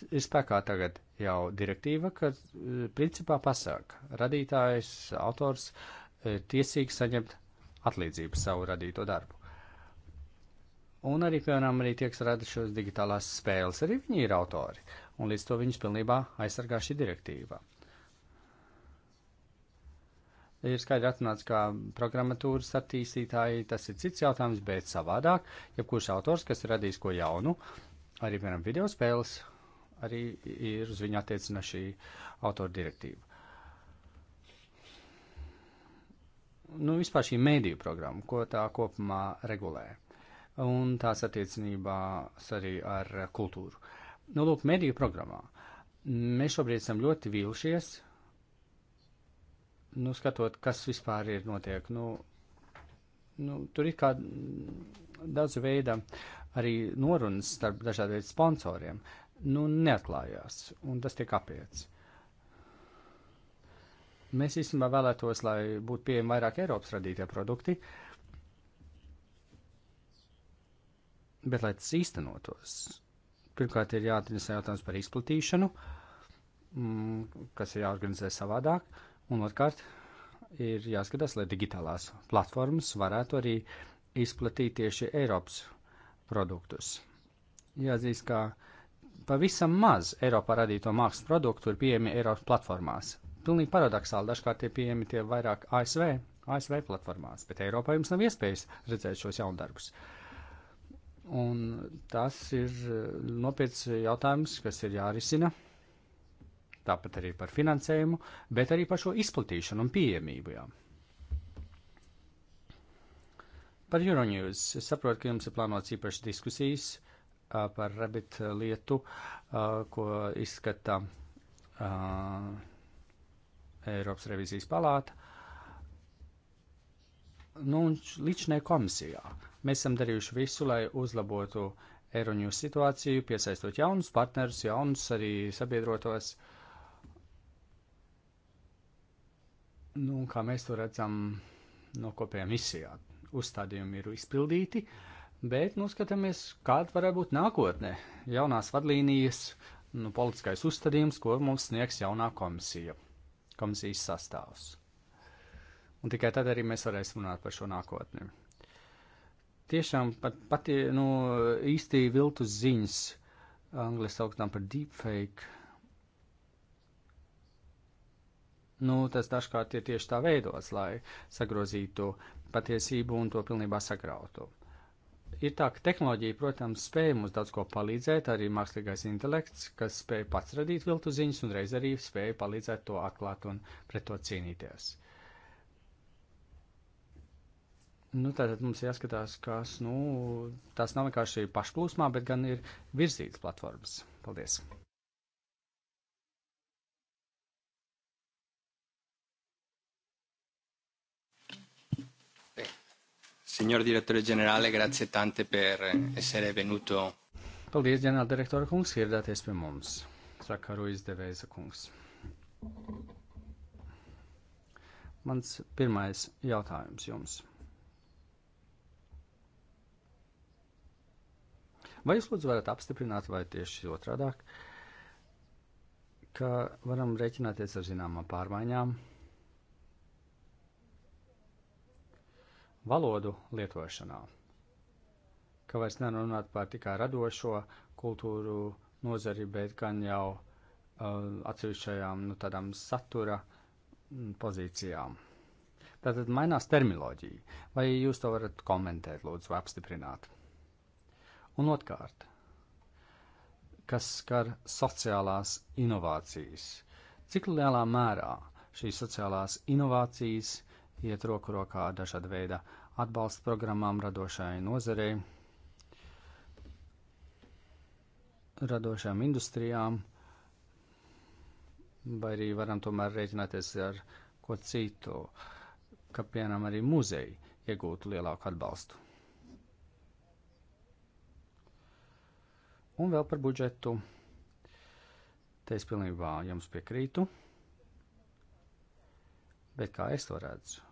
Ir spēkā tagad jau direktīva, kas eh, principā pasaka, radītājs, autors ir eh, tiesīgs saņemt atlīdzību savu radīto darbu. Un arī, piemēram, arī tie, kas rada šos digitālās spēles, arī viņi ir autori. Un līdz to viņus pilnībā aizsargā šī direktīva. Ir skaidri atrunāts, ka programmatūras attīstītāji tas ir cits jautājums, bet savādāk, ja kurš autors, kas ir radījis ko jaunu, arī, piemēram, video spēles, arī ir uz viņu attiecina šī autora direktīva. Nu, vispār šī mēdīju programma, ko tā kopumā regulē. Uh, un tās attiecinībās arī ar kultūru. Nu, lūk, mediju programmā. Mēs šobrīd esam ļoti vīlušies, nu, skatot, kas vispār ir notiek. Nu, nu, tur ir kā daudz veida arī norunas starp dažādiem sponsoriem. Nu, neatklājās, un tas tiek apiets. Mēs īstenībā vēlētos, lai būtu pieejami vairāk Eiropas radītie produkti, uh, Bet, lai tas īstenotos, pirmkārt ir jāatrisina jautājums par izplatīšanu, mm, kas ir jāorganizē savādāk, un otrkārt ir jāskatās, lai digitālās platformas varētu arī izplatīt tieši Eiropas produktus. Jāzīst, ka pavisam maz Eiropā radīto mākslas produktu ir pieejami Eiropas platformās. Pilnīgi paradoxāli dažkārt ir pieejami tie vairāk ASV, ASV platformās, bet Eiropā jums nav iespējas redzēt šos jaundarbus. darbus. Un tas ir e, nopietns jautājums, kas ir jārisina. Tāpat arī par finansējumu, bet arī par šo izplatīšanu un pieejamību. Jā. Par Euronews. Es saprotu, ka jums ir plānots īpašas diskusijas par Rabbit lietu, ko izskata Eiropas revizijas palāta nu, līdšanai komisijā. Mēs esam darījuši visu, lai uzlabotu Eiroņu situāciju, piesaistot jaunus partnerus, jaunus arī sabiedrotos. Nu, kā mēs to redzam no kopējā misijā, uzstādījumi ir izpildīti, bet nu, skatāmies, kāda varētu būt nākotnē. Jaunās vadlīnijas, nu, politiskais uzstādījums, ko mums sniegs jaunā komisija, komisijas sastāvs. Un tikai tad arī mēs varēsim runāt par šo nākotni. Tiešām pat, pati, nu, īsti viltus ziņas, angļu sauktām par deepfake. Nu, tas dažkārt ir tieši tā veidots, lai sagrozītu patiesību un to pilnībā sagrautu. Ir tā, ka tehnoloģija, protams, spēja mums daudz ko palīdzēt, arī mākslīgais intelekts, kas spēja pats radīt viltu ziņas un reiz arī spēja palīdzēt to atklāt un pret to cīnīties. Nu, tātad mums jāskatās, kas nu, tās nav vienkārši pašplūsmā, bet gan ir virzītas platformas. Paldies! Signor direttore generale, grazie tante per eh, essere venuto. Paldies, ģenerāla direktora kungs, ieradāties pie mums. Saka Ruiz Deveza kungs. Mans pirmais jautājums jums. Vai jūs lūdzu varat apstiprināt, vai tieši otrādāk, ka varam rēķināties ar zināmām pārmaiņām valodu lietošanā? Ka vairs nerunāt par tikai radošo kultūru nozari, bet gan jau uh, atsevišķajām nu, tādām satura mm, pozīcijām. Tātad mainās terminoloģija. Vai jūs to varat komentēt, lūdzu, vai apstiprināt? Un otrkārt, kas skar sociālās inovācijas. Cik lielā mērā šīs sociālās inovācijas iet roku rokā ar dažāda veida atbalsta programmām radošai nozarei, radošām industrijām, vai arī varam tomēr rēķināties ar ko citu, ka piemēram arī muzeji iegūtu lielāku atbalstu. Un vēl par budžetu. Te es pilnībā jums piekrītu. Bet kā es to redzu?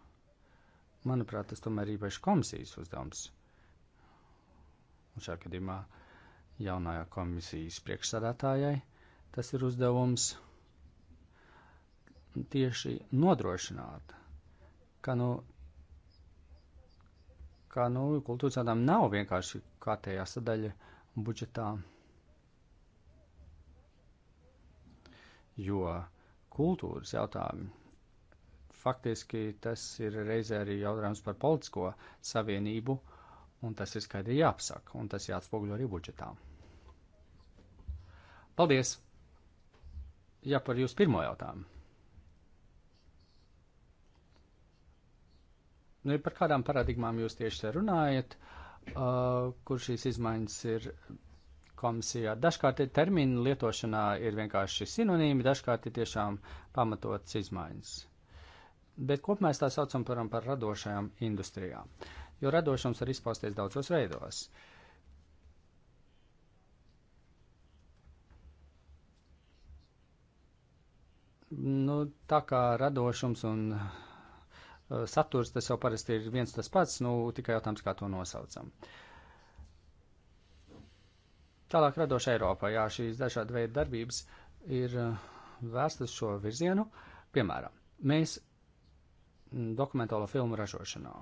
Manuprāt, tas tomēr ir īpaši komisijas uzdevums. Un šajā gadījumā jaunajā komisijas priekšsādātājai tas ir uzdevums tieši nodrošināt, ka nu, ka, nu kultūras tādām nav vienkārši kārtējā sadaļa budžetā. jo kultūras jautājumi faktiski tas ir reizē arī jautājums par politisko savienību, un tas ir skaidri jāapsaka, un tas jāatspoguļo arī budžetā. Paldies! Jā, ja par jūsu pirmo jautājumu. Nu, ja par kādām paradigmām jūs tieši runājat, uh, kur šīs izmaiņas ir komisijā. Dažkārt terminu lietošanā ir vienkārši sinonīmi, dažkārt ir tiešām pamatots izmaiņas. Bet kopumā mēs tā saucam par, par radošajām industrijām, jo radošums var izpausties daudzos veidos. Nu, tā kā radošums un uh, saturs tas jau parasti ir viens tas pats, nu, tikai jautājums, kā to nosaucam. Uh, Tālāk radoša Eiropa, jā, šīs dažāda veida darbības ir eh, vērstas šo virzienu. Piemēram, mēs mm, dokumentālo filmu ražošanā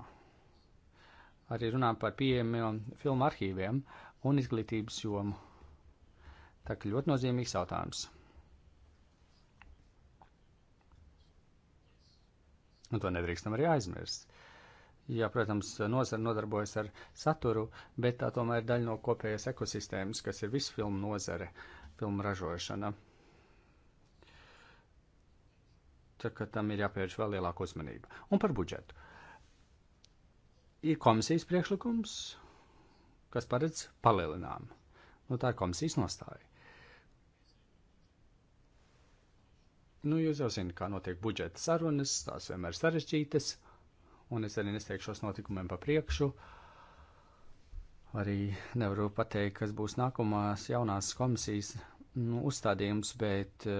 arī runājam par pieejamiem filmu arhīviem un izglītības jomu. Tā kā ļoti nozīmīgs jautājums. Un to nedrīkstam arī aizmirst. Jā, protams, nozara nodarbojas ar saturu, bet tā tomēr ir daļa no kopējas ekosistēmas, kas ir visu filmu nozare, filmu ražošana. Tā kā tam ir jāpievērš vēl lielāka uzmanība. Un par budžetu. Ir komisijas priekšlikums, kas paredz palielinājumu. Nu, tā ir komisijas nostāja. Nu, jūs jau zināt, kā notiek budžeta sarunas, tās vienmēr sarežģītas. Uh, un es arī nesteigšos notikumiem pa priekšu. Arī nevaru pateikt, kas būs nākamās jaunās komisijas nu, uzstādījums, bet eh,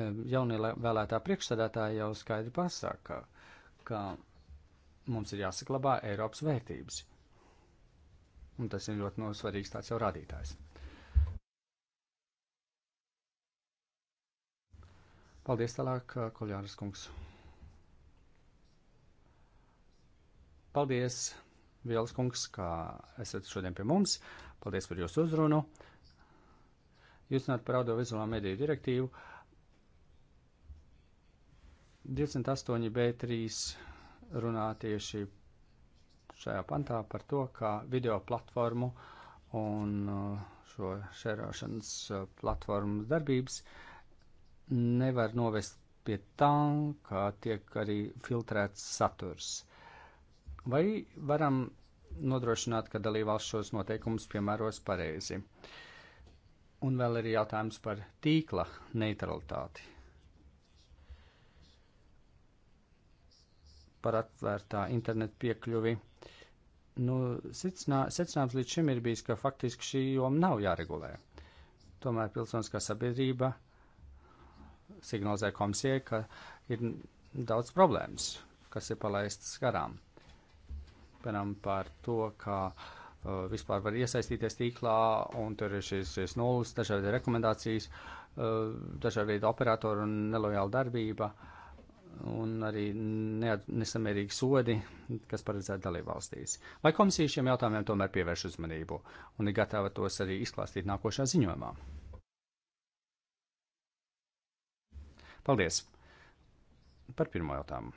eh, jaunie vēlētā priekšstādātāja jau skaidri pasaka, ka mums ir jāsaklabā Eiropas vērtības. Un tas ir ļoti nosvarīgs tāds jau rādītājs. Paldies tālāk, Koljāras kungs. Paldies, Vielas kungs, kā esat šodien pie mums. Paldies par jūsu uzrunu. Jūs runājat par audiovizuālā mediju direktīvu 28b3 runā tieši šajā pantā par to, ka video platformu un uh, šo šērošanas uh, platformu darbības nevar novest pie tā, ka tiek arī filtrēts saturs. Vai varam nodrošināt, ka dalībvalsts šos noteikumus piemēros pareizi? Un vēl ir jautājums par tīkla neutralitāti. Par atvērtā internetu piekļuvi. Nu, secinā, secinājums līdz šim ir bijis, ka faktiski šī joma nav jāregulē. Tomēr pilsoniskā sabiedrība signalizē komisijai, ka ir daudz problēmas, kas ir palaistas garām piemēram, par to, kā uh, vispār var iesaistīties tīklā, un tur ir šis, šis nulles, dažādi rekomendācijas, uh, dažādi veidi operatoru un nelojāla darbība, un arī neat, nesamērīgi sodi, kas paredzēti dalībvalstīs. Vai komisija šiem jautājumiem tomēr pievērš uzmanību un ir gatava tos arī izklāstīt nākošā ziņojumā? Paldies! Par pirmo jautājumu.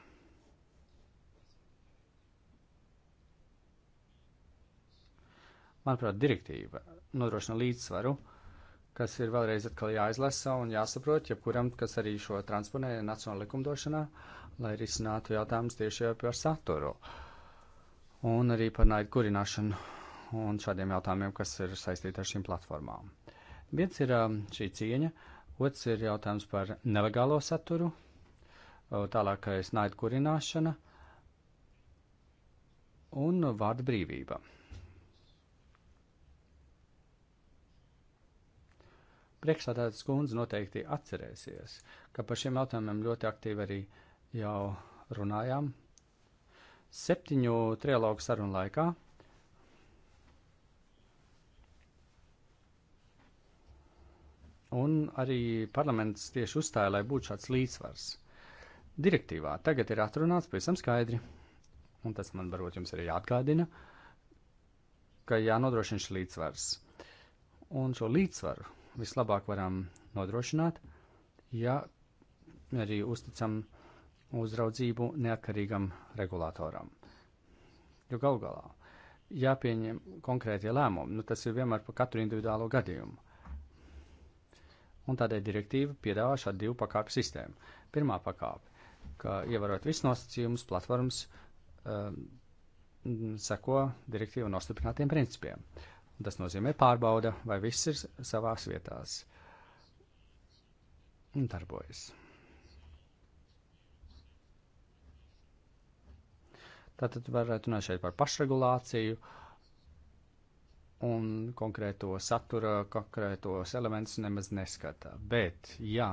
Manuprāt, direktīva nodrošina līdzsvaru, kas ir vēlreiz atkal jāizlasa un jāsaprot, jebkuram, kas arī šo transponē nacionāla likumdošanā, lai risinātu jautājumus tieši jau par saturu un arī par naidu kurināšanu un šādiem jautājumiem, kas ir saistīti ar šīm platformām. Viens ir um, šī cieņa, otrs ir jautājums par nelegālo saturu, tālākais naidu kurināšana un vārdu brīvība. Priekšstādātas kundze noteikti atcerēsies, ka par šiem jautājumiem ļoti aktīvi arī jau runājām. Septiņu trialogu sarunu laikā Un arī parlaments tieši uzstāja, lai būtu šāds līdzsvars. Direktīvā tagad ir atrunāts pavisam skaidri, un tas man varbūt jums arī jāatgādina, ka jānodrošina šis līdzsvars. Un šo līdzsvaru vislabāk varam nodrošināt, ja arī uzticam uzraudzību neatkarīgam regulātoram. Jo galu galā jāpieņem konkrētie lēmumi, nu tas ir vienmēr par katru individuālo gadījumu. Un tādēļ direktīva piedāvā šādu divu pakāpju sistēmu. Pirmā pakāpe, ka ievarot visus nosacījumus, platformas um, seko direktīvu nostiprinātiem principiem. Uh, Tas nozīmē pārbauda, vai viss ir savās vietās un darbojas. Tātad varētu runāt šeit par pašregulāciju un konkrēto satura, konkrētos elementus nemaz neskatā. Bet, ja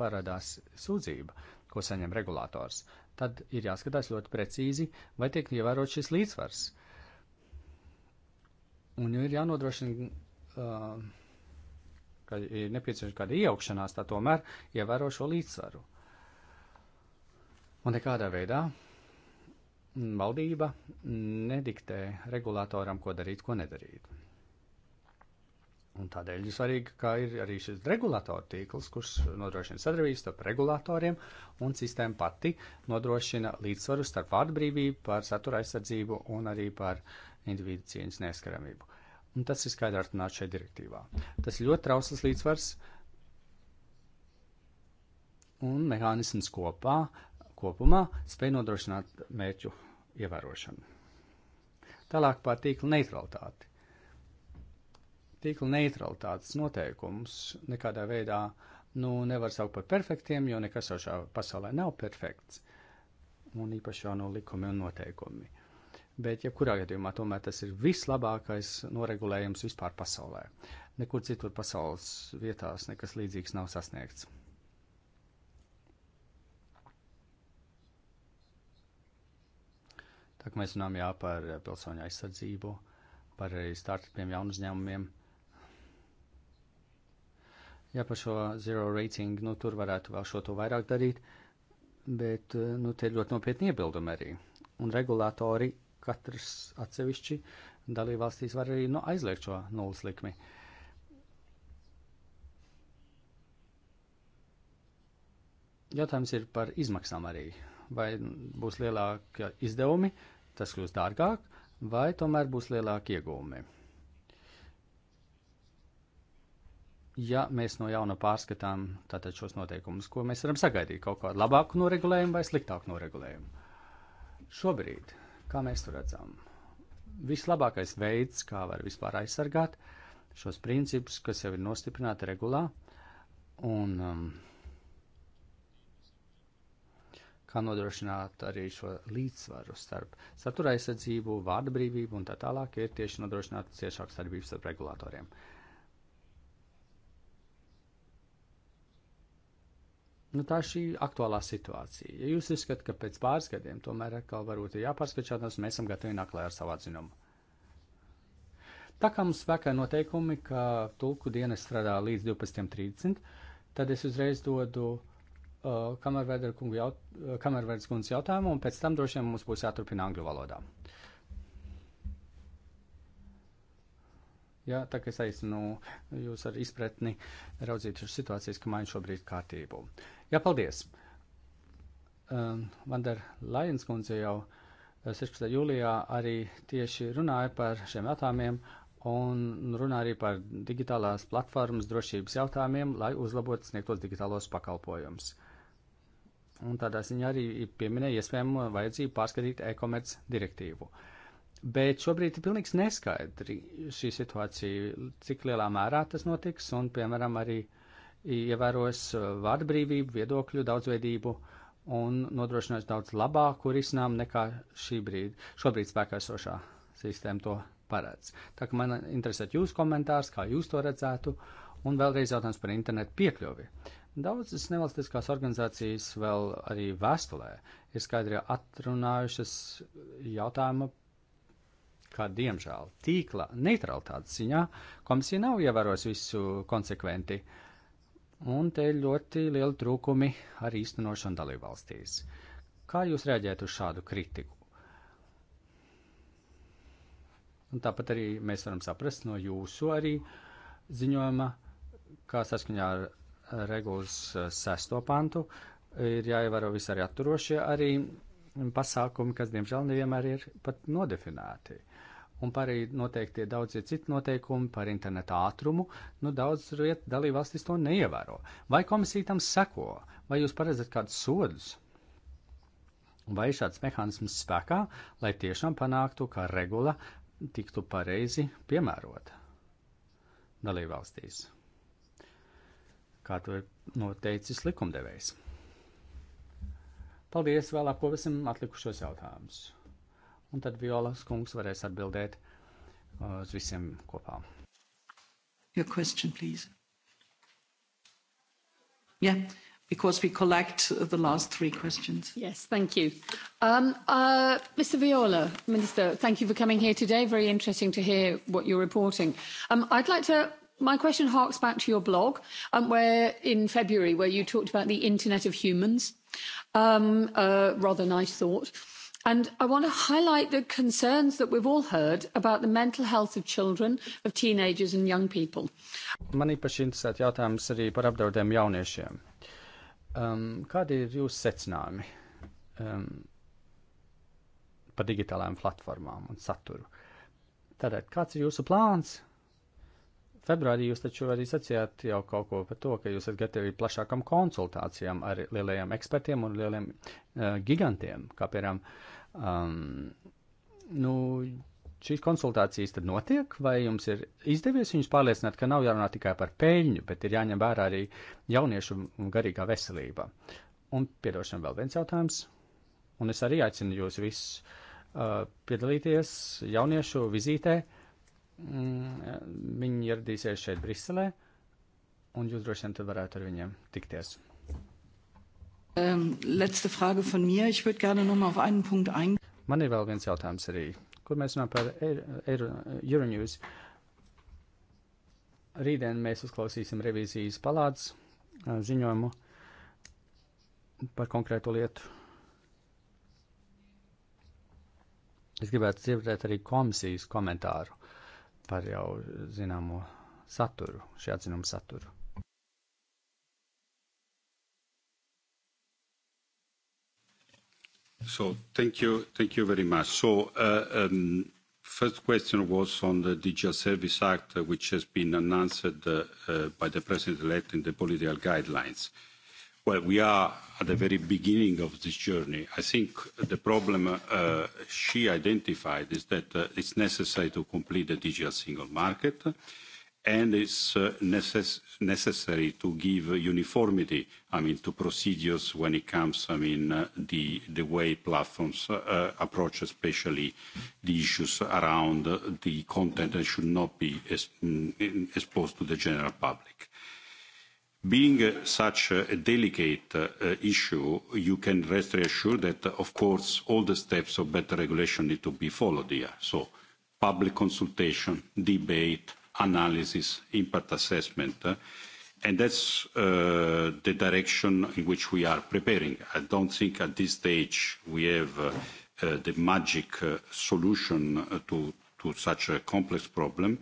parādās sūdzība, ko saņem regulators, tad ir jāskatās ļoti precīzi, vai tiek ievērot šis līdzsvars. Uh, Un ir jānodrošina, uh, ka ir nepieciešama kāda iejaukšanās, tā tomēr ievēro šo līdzsvaru. Un nekādā veidā valdība nediktē regulātoram, ko darīt, ko nedarīt. Un tādēļ ir svarīgi, ka ir arī šis regulātora tīkls, kurš nodrošina sadarbības starp regulātoriem, un sistēma pati nodrošina līdzsvaru starp vārdu brīvību, par satura aizsardzību un arī par individu cieņas neskaramību. Un tas ir skaidri atrunāts šajā direktīvā. Tas ir ļoti trausls līdzsvars un mehānisms kopā, kopumā spēj nodrošināt mērķu ievērošanu. Tālāk par tīkla neutralitāti. Tīkla neutralitātes noteikums nekādā veidā nu, nevar saukt par perfektiem, jo nekas jau šajā pasaulē nav perfekts. Un īpaši jau no likumi un noteikumi. Uh, Bet, jebkurā gadījumā, tomēr tas ir vislabākais noregulējums vispār pasaulē. Nekur citur pasaules vietās nekas līdzīgs nav sasniegts. Tā kā mēs runājam jā, par pilsoņu aizsardzību, par arī startupiem, jaunu uzņēmumiem. Jā, par šo zero rating, nu tur varētu vēl šo to vairāk darīt, bet, nu, te ir ļoti nopietni iebildumi arī. Un regulātori katrs atsevišķi dalībvalstīs var arī nu, aizliegt šo nulles likmi. Jautājums ir par izmaksām arī. Vai būs lielāki izdevumi, tas kļūs dārgāk, vai tomēr būs lielāki iegūmi? Ja mēs no jauna pārskatām tātad šos noteikumus, ko mēs varam sagaidīt, kaut kādu labāku noregulējumu vai sliktāku noregulējumu. Šobrīd Kā mēs to redzam? Vislabākais veids, kā var vispār aizsargāt šos principus, kas jau ir nostiprināti regulā, un um, kā nodrošināt arī šo līdzsvaru starp satura aizsardzību, vārda brīvību un tā tālāk, ir tieši nodrošināt ciešāku sadarbību starp regulātoriem. Uh, Nu, tā ir šī aktuālā situācija. Ja jūs uzskatāt, ka pēc pāris gadiem tomēr atkal varbūt ir jāpārskat šādās, mēs esam gatavi nākt klāt ar savu atzinumu. Tā kā mums spēkā noteikumi, ka tulku dienas strādā līdz 12.30, tad es uzreiz dodu uh, kamervērdas uh, kundzes jautājumu, un pēc tam droši vien mums būs jāturpina angļu valodā. Jā, tā kā es aicinu jūs ar izpratni raudzīt uz situācijas, ka maina šobrīd kārtību. Jā, paldies! Um, Vandar Lajens kundze jau 16. Eh, jūlijā arī tieši runāja par šiem jautājumiem un runā arī par digitālās platformas drošības jautājumiem, lai uzlabotu sniegtos digitālos pakalpojumus. Un tādā ziņā arī pieminēja iespējamo vajadzību pārskatīt e-komerc direktīvu. Uh, Bet šobrīd ir pilnīgs neskaidri šī situācija, cik lielā mērā tas notiks un, piemēram, arī ievēros vārdbrīvību, viedokļu daudzveidību un nodrošinās daudz labāku risinājumu nekā šī brīd, šobrīd spēkā esošā sistēma to paredz. Tā kā man interesē jūsu komentārs, kā jūs to redzētu, un vēlreiz jautājums par internetu piekļuvi. Daudzas nevalstiskās organizācijas vēl arī vēstulē ir skaidri atrunājušas jautājumu ka, diemžēl, tīkla neutralitātes ziņā komisija nav ievēros visu konsekventi, un te ir ļoti lieli trūkumi ar īstenošanu dalībvalstīs. Kā jūs reaģētu uz šādu kritiku? Un tāpat arī mēs varam saprast no jūsu arī ziņojuma, kā saskaņā ar regulas eh, sesto pantu ir jāievēro visi arī atturošie arī pasākumi, kas, diemžēl, nevienmēr ir pat nodefinēti un pārējie noteikti daudzie citi noteikumi par interneta ātrumu, nu daudz viet dalībvalstis to neievēro. Vai komisija tam seko, vai jūs paredzat kādus sodus? Vai šāds mehānisms spēkā, lai tiešām panāktu, ka regula tiktu pareizi piemērota dalībvalstīs, kā to ir noteicis likumdevējs? Paldies, vēl apkopasim atlikušos jautājumus un tad Violas kungs varēs atbildēt uh, uz visiem kopā. Your question, please.
Yeah, because we collect the last three questions. Yes, thank you. Um, uh, Mr. Viola, Minister, thank you for coming here today. Very interesting to hear what you're reporting. Um, I'd like to my question harks back to your blog, um, where in February, where you talked about the Internet of Humans. Um, uh, rather nice thought. And I want to highlight the concerns that we've all heard about the mental health of children, of teenagers and young people.
Man īpaši interesē jautājums arī par apdraudēm jauniešiem. Um, kādi ir jūsu secinājumi um, par digitālajām platformām un saturu? Tātad, kāds ir jūsu plāns? Februārī jūs taču arī sacījāt jau kaut ko par to, ka jūs esat gatavi plašākam konsultācijām ar lielajiem ekspertiem un lielajiem uh, gigantiem, kā piemēram uh, Um, nu, šīs konsultācijas tad notiek, vai jums ir izdevies viņus pārliecināt, ka nav jārunā tikai par peļņu, bet ir jāņem vērā arī jauniešu garīgā veselība? Un piedošana vēl viens jautājums. Un es arī aicinu jūs visus uh, piedalīties jauniešu vizītē. Mm, viņi ieradīsies šeit Briselē, un jūs droši vien tad varētu ar viņiem tikties.
Um, letzte Frage von mir.
Ich würde gerne nochmal auf einen Punkt eingehen. Man ir vēl viens jautājums arī, kur mēs runājam par Euronews. Rītdien mēs uzklausīsim revīzijas palādes ziņojumu par konkrētu lietu. Es gribētu dzirdēt arī komisijas komentāru par jau zināmo saturu, šī atzinuma saturu.
So thank you. Thank you very much. So, uh, um, first question was on the Digital Service Act, uh, which has been announced uh, uh, by the president-elect in the political guidelines. Well, we are at the very beginning of this journey. I think the problem uh, she identified is that uh, it's necessary to complete the digital single market and it's uh, necess necessary to give uniformity, I mean, to procedures when it comes, I mean, uh, the, the way platforms uh, uh approach especially the issues around uh, the content that should not be ex mm, exposed to the general public. Being uh, such a delicate uh, issue, you can rest reassured that, uh, of course, all the steps of better regulation need to be followed here. So public consultation, debate, analysis, impact assessment. Uh, and that's uh, the direction in which we are preparing. I don't think at this stage we have uh, uh, the magic uh, solution uh, to, to such a complex problem,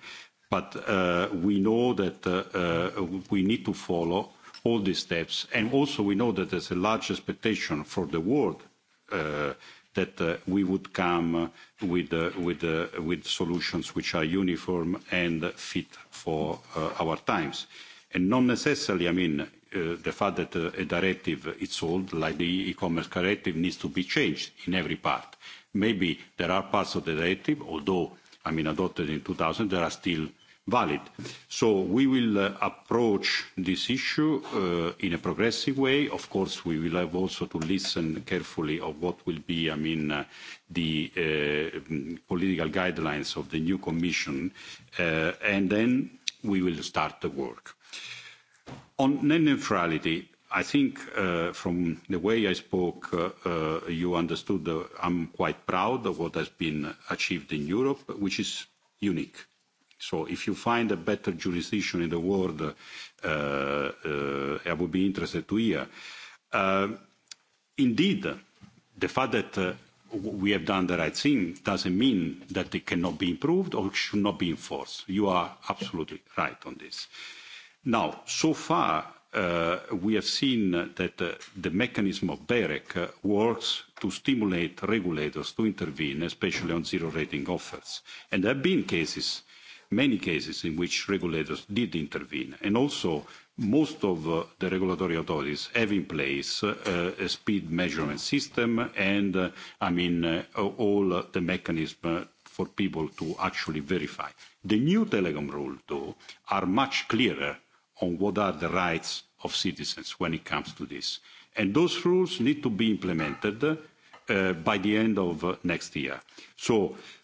but uh, we know that uh, uh, we need to follow all these steps. And also we know that there's a large expectation for the world uh, that uh, we would come uh, with, uh, with, uh, with solutions which are uniform and fit for uh, our times. And not necessarily, I mean, uh, the fact that uh, a directive is old, like the e-commerce directive, needs to be changed in every part. Maybe there are parts of the directive, although, I mean, adopted in 2000, there are still uh, valid. So we will uh, approach this issue uh, in a progressive way. Of course, we will have also to listen carefully of what will be, I mean, uh, the uh, political guidelines of the new commission, uh, and then we will start the work. On net neutrality, I think uh, from the way I spoke, uh, uh, you understood that I'm quite proud of what has been achieved in Europe, which is unique So if you find a better jurisdiction in the world, uh, uh, I would be interested to hear. Uh, indeed, the fact that uh, we have done the right thing doesn't mean that it cannot be improved or should not be enforced. You are absolutely right on this. Now, so far, uh, we have seen that uh, the mechanism of BEREC uh, works to stimulate regulators to intervene, especially on zero rating offers. And there have been cases many cases in which regulators did intervene. And also, most of uh, the regulatory authorities have in place uh, a speed measurement system and, uh, I mean, uh, all uh, the mechanism uh, for people to actually verify. The new telecom rule, though, are much clearer on what are the rights of citizens when it comes to this. And those rules need to be implemented uh, by the end of uh, next year. So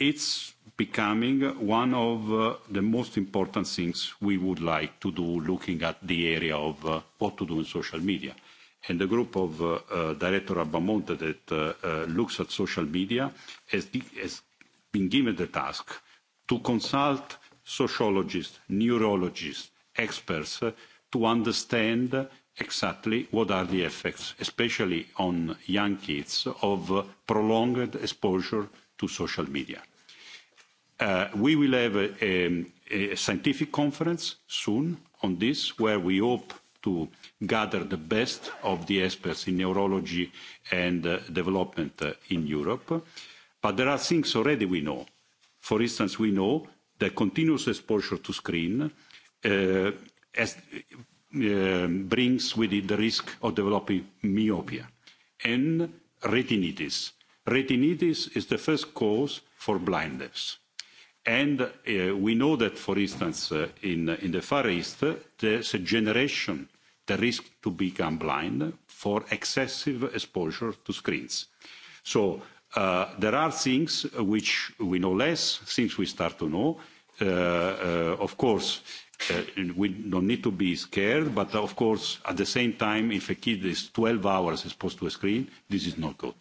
it's becoming one of uh, the most important things we would like to do looking at the area of uh, what to do in social media. And the group of uh, uh, Director Abamonte that uh, uh, looks at social media has, has been given the task to consult sociologists, neurologists, experts uh, to understand exactly what are the effects, especially on young kids, of uh, prolonged exposure to social media Uh, we will have a, a, um, a scientific conference soon on this, where we hope to gather the best of the experts in neurology and uh, development uh, in Europe. But there are things already we know. For instance, we know that continuous exposure to screen uh, as, uh, brings with it the risk of developing myopia and retinitis. Retinitis is the first cause for blindness And uh, we know that, for instance, uh, in, uh, in the Far East, uh, there's a generation that risks to become blind for excessive exposure to screens. So uh, there are things which we know less, things we start to know. Uh, uh, of course, uh, we don't need to be scared, but of course, at the same time, if a kid is 12 hours exposed to a screen, this is not good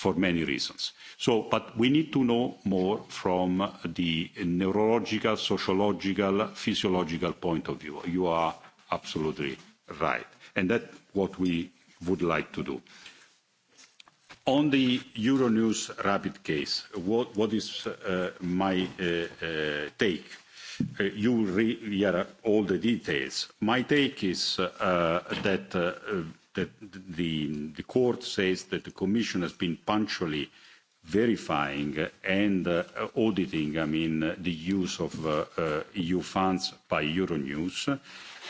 for many reasons. So, but we need to know more from the neurological, sociological, physiological point of view. You are absolutely right. And that's what we would like to do. On the Euronews Rapid case, what, what is uh, my uh, uh, take? Uh, you will re- hear all the details. My take is uh, that uh, that the, the court says that the commission has been punctually verifying and uh, auditing, I mean, uh, the use of uh, uh, EU funds by Euronews,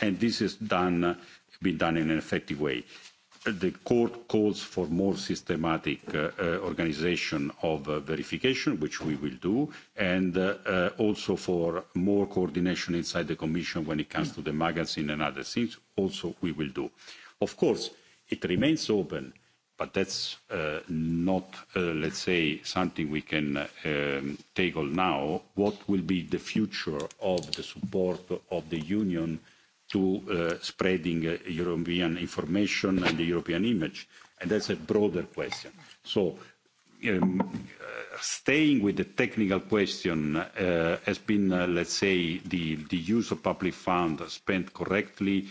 and this has done, been done in an effective way. The court calls for more systematic uh, uh, organization of uh, verification, which we will do, and uh, uh, also for more coordination inside the Commission when it comes to the magazine and other things, also we will do. Uh, Of course, it remains open, but that's uh, not, uh, let's say, something we can um, tackle now. What will be the future of the support of the Union to uh, spreading uh, European information and the European image? And that's a broader question. So, um, uh, staying with the technical question, uh, has been, let's say, the, the use of public fund spent correctly,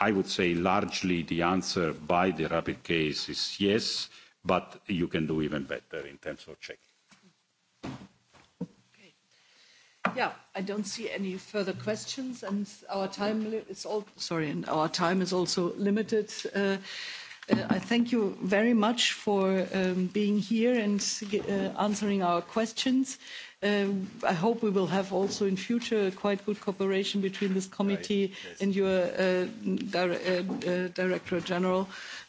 I would say largely the answer by the rapid case is yes, but you can do even better in terms of checking.
Yeah, I don't see any further questions, and our time is all...
Sorry, and our time is also limited. Uh,
uh, I thank you very much for um, being here and uh, answering our questions. Um, I hope we will have also in future quite good cooperation
between this committee right, yes. and your uh, dire uh, uh, Director General. Uh,